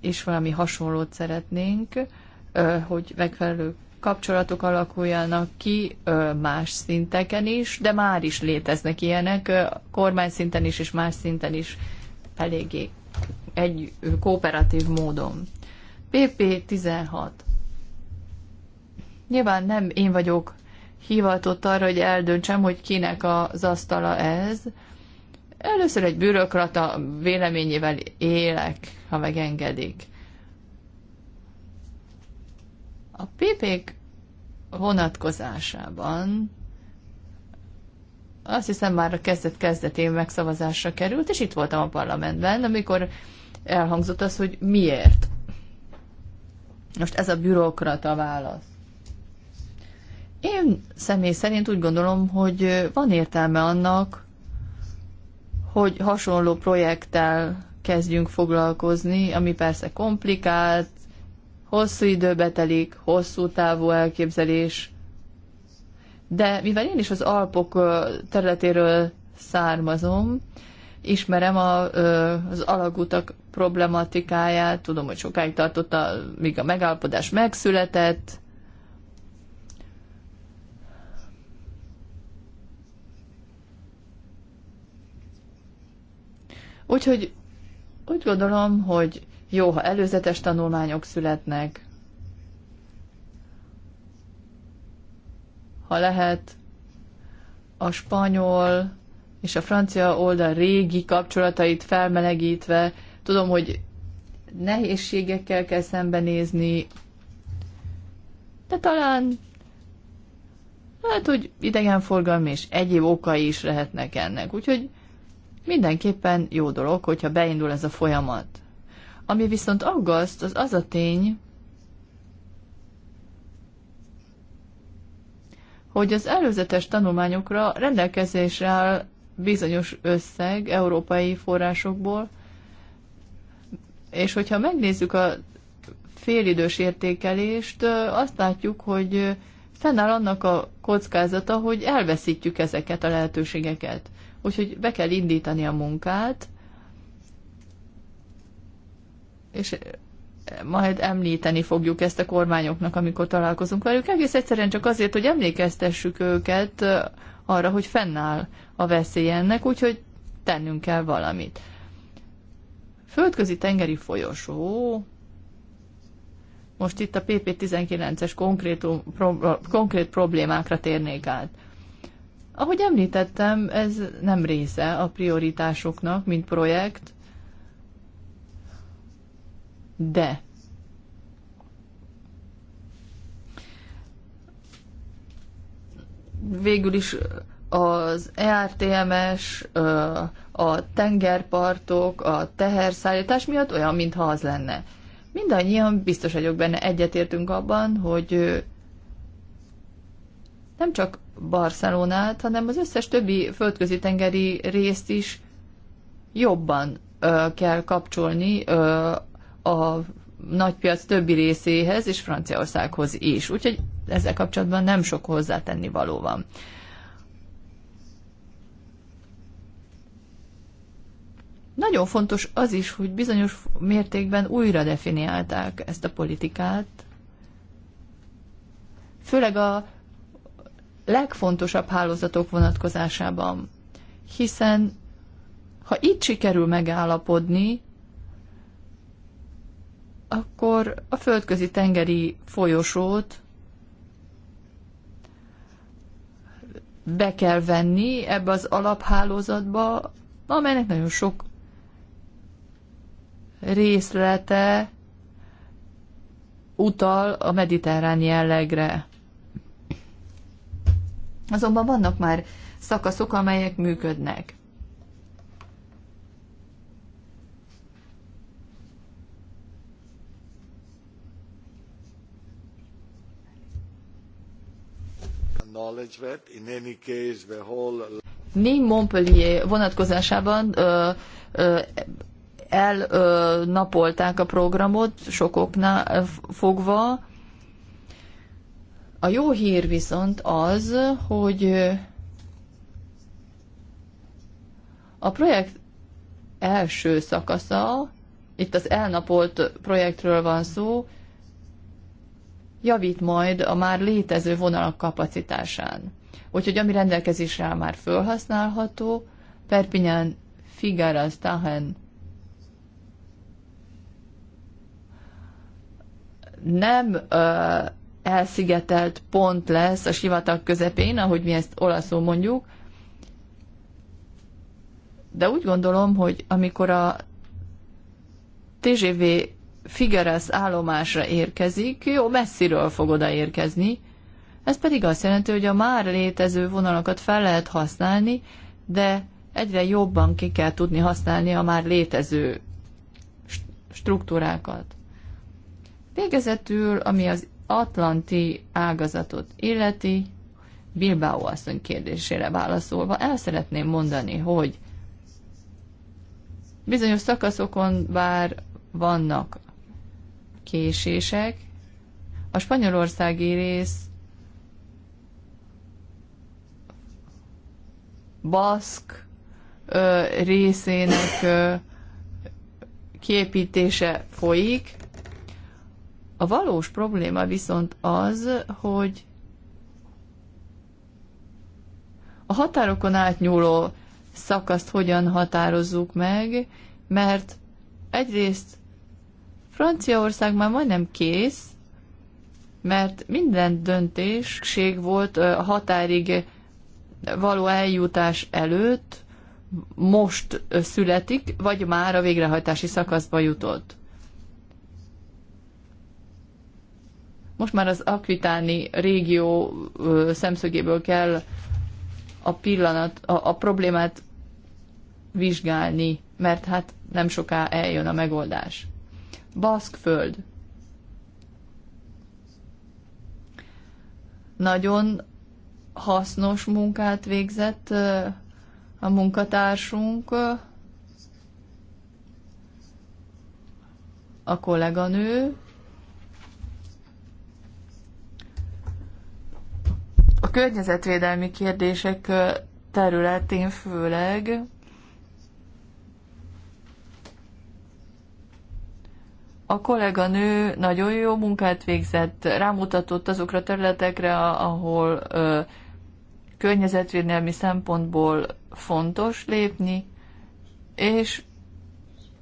és valami hasonlót szeretnénk, hogy megfelelő kapcsolatok alakuljanak ki más szinteken is, de már is léteznek ilyenek, kormány szinten is és más szinten is eléggé egy kooperatív módon. PP16 Nyilván nem én vagyok hivatott arra, hogy eldöntsem, hogy kinek az asztala ez. Először egy bürokrata véleményével élek, ha megengedik. A pipék vonatkozásában azt hiszem már a kezdet-kezdetén megszavazásra került, és itt voltam a parlamentben, amikor elhangzott az, hogy miért. Most ez a bürokrata válasz. Én személy szerint úgy gondolom, hogy van értelme annak, hogy hasonló projekttel kezdjünk foglalkozni, ami persze komplikált, hosszú időbe telik, hosszú távú elképzelés, de mivel én is az Alpok területéről származom, ismerem a, az alagutak problematikáját, tudom, hogy sokáig tartott, a, míg a megállapodás megszületett, Úgyhogy úgy gondolom, hogy jó, ha előzetes tanulmányok születnek, ha lehet, a spanyol és a francia oldal régi kapcsolatait felmelegítve, tudom, hogy nehézségekkel kell szembenézni, de talán lehet, hogy idegenforgalmi és egyéb okai is lehetnek ennek. Úgyhogy Mindenképpen jó dolog, hogyha beindul ez a folyamat. Ami viszont aggaszt, az az a tény, hogy az előzetes tanulmányokra rendelkezésre áll bizonyos összeg európai forrásokból, és hogyha megnézzük a félidős értékelést, azt látjuk, hogy fennáll annak a kockázata, hogy elveszítjük ezeket a lehetőségeket úgyhogy be kell indítani a munkát, és majd említeni fogjuk ezt a kormányoknak, amikor találkozunk velük. Egész egyszerűen csak azért, hogy emlékeztessük őket arra, hogy fennáll a veszély ennek, úgyhogy tennünk kell valamit. Földközi tengeri folyosó, most itt a PP19-es konkrét, konkrét problémákra térnék át. Ahogy említettem, ez nem része a prioritásoknak, mint projekt, de végül is az ERTMS, a tengerpartok, a teherszállítás miatt olyan, mintha az lenne. Mindannyian biztos vagyok benne, egyetértünk abban, hogy nem csak Barcelonát, hanem az összes többi földközi tengeri részt is jobban ö, kell kapcsolni ö, a nagypiac többi részéhez és Franciaországhoz is. Úgyhogy ezzel kapcsolatban nem sok hozzátenni való van. Nagyon fontos az is, hogy bizonyos mértékben újra definiálták ezt a politikát, főleg a legfontosabb hálózatok vonatkozásában. Hiszen ha itt sikerül megállapodni, akkor a földközi tengeri folyosót be kell venni ebbe az alaphálózatba, amelynek nagyon sok részlete utal a mediterrán jellegre. Azonban vannak már szakaszok, amelyek működnek. Mi Montpellier vonatkozásában ö, ö, elnapolták a programot sokoknál fogva, a jó hír viszont az, hogy a projekt első szakasza, itt az elnapolt projektről van szó, javít majd a már létező vonalak kapacitásán. Úgyhogy ami rendelkezésre már felhasználható, Perpignan, Figara Stahen nem elszigetelt pont lesz a sivatag közepén, ahogy mi ezt olaszul mondjuk. De úgy gondolom, hogy amikor a TGV Figueres állomásra érkezik, jó messziről fog odaérkezni. Ez pedig azt jelenti, hogy a már létező vonalakat fel lehet használni, de egyre jobban ki kell tudni használni a már létező struktúrákat. Végezetül, ami az atlanti ágazatot illeti, Bilbao asszony kérdésére válaszolva, el szeretném mondani, hogy bizonyos szakaszokon bár vannak késések, a spanyolországi rész baszk ö, részének ö, kiépítése folyik, a valós probléma viszont az, hogy a határokon átnyúló szakaszt hogyan határozzuk meg, mert egyrészt Franciaország már majdnem kész, mert minden döntésség volt a határig való eljutás előtt, most születik, vagy már a végrehajtási szakaszba jutott. Most már az akvitáni régió szemszögéből kell a pillanat, a, a problémát vizsgálni, mert hát nem soká eljön a megoldás. Baszkföld. Nagyon hasznos munkát végzett a munkatársunk, a kolléganő, a környezetvédelmi kérdések területén főleg a kolléganő nagyon jó munkát végzett, rámutatott azokra a területekre, ahol ö, környezetvédelmi szempontból fontos lépni, és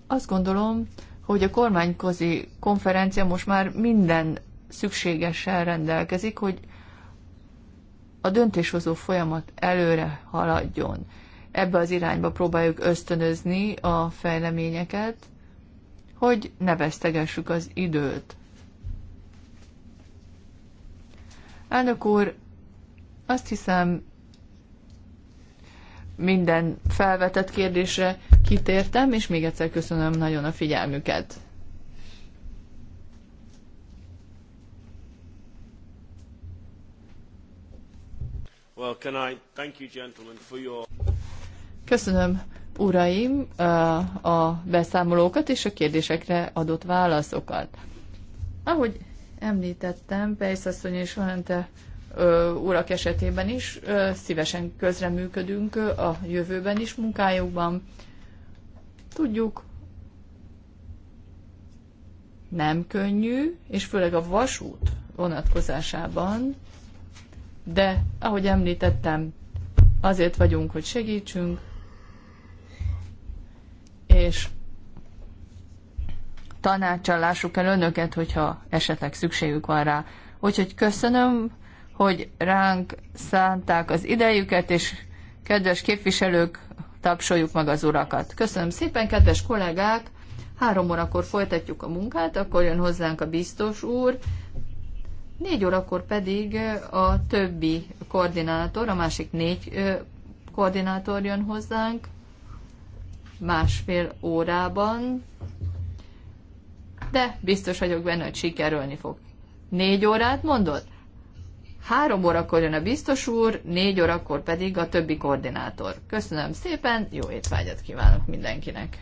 azt gondolom, hogy a kormányközi konferencia most már minden szükségessel rendelkezik, hogy a döntéshozó folyamat előre haladjon. Ebbe az irányba próbáljuk ösztönözni a fejleményeket, hogy ne vesztegessük az időt. Elnök úr, azt hiszem, minden felvetett kérdésre kitértem, és még egyszer köszönöm nagyon a figyelmüket. Köszönöm, uraim, eh, a beszámolókat és a kérdésekre adott válaszokat. Ahogy említettem, Pejszasszony és Valente urak esetében is szívesen közreműködünk a jövőben is munkájukban. Tudjuk, nem könnyű, és főleg a vasút vonatkozásában de ahogy említettem, azért vagyunk, hogy segítsünk, és tanácsal lássuk el önöket, hogyha esetleg szükségük van rá. Úgyhogy köszönöm, hogy ránk szánták az idejüket, és kedves képviselők, tapsoljuk meg az urakat. Köszönöm szépen, kedves kollégák! Három órakor folytatjuk a munkát, akkor jön hozzánk a biztos úr, Négy órakor pedig a többi koordinátor, a másik négy koordinátor jön hozzánk másfél órában, de biztos vagyok benne, hogy sikerülni fog. Négy órát mondod? Három órakor jön a biztos úr, négy órakor pedig a többi koordinátor. Köszönöm szépen, jó étvágyat kívánok mindenkinek!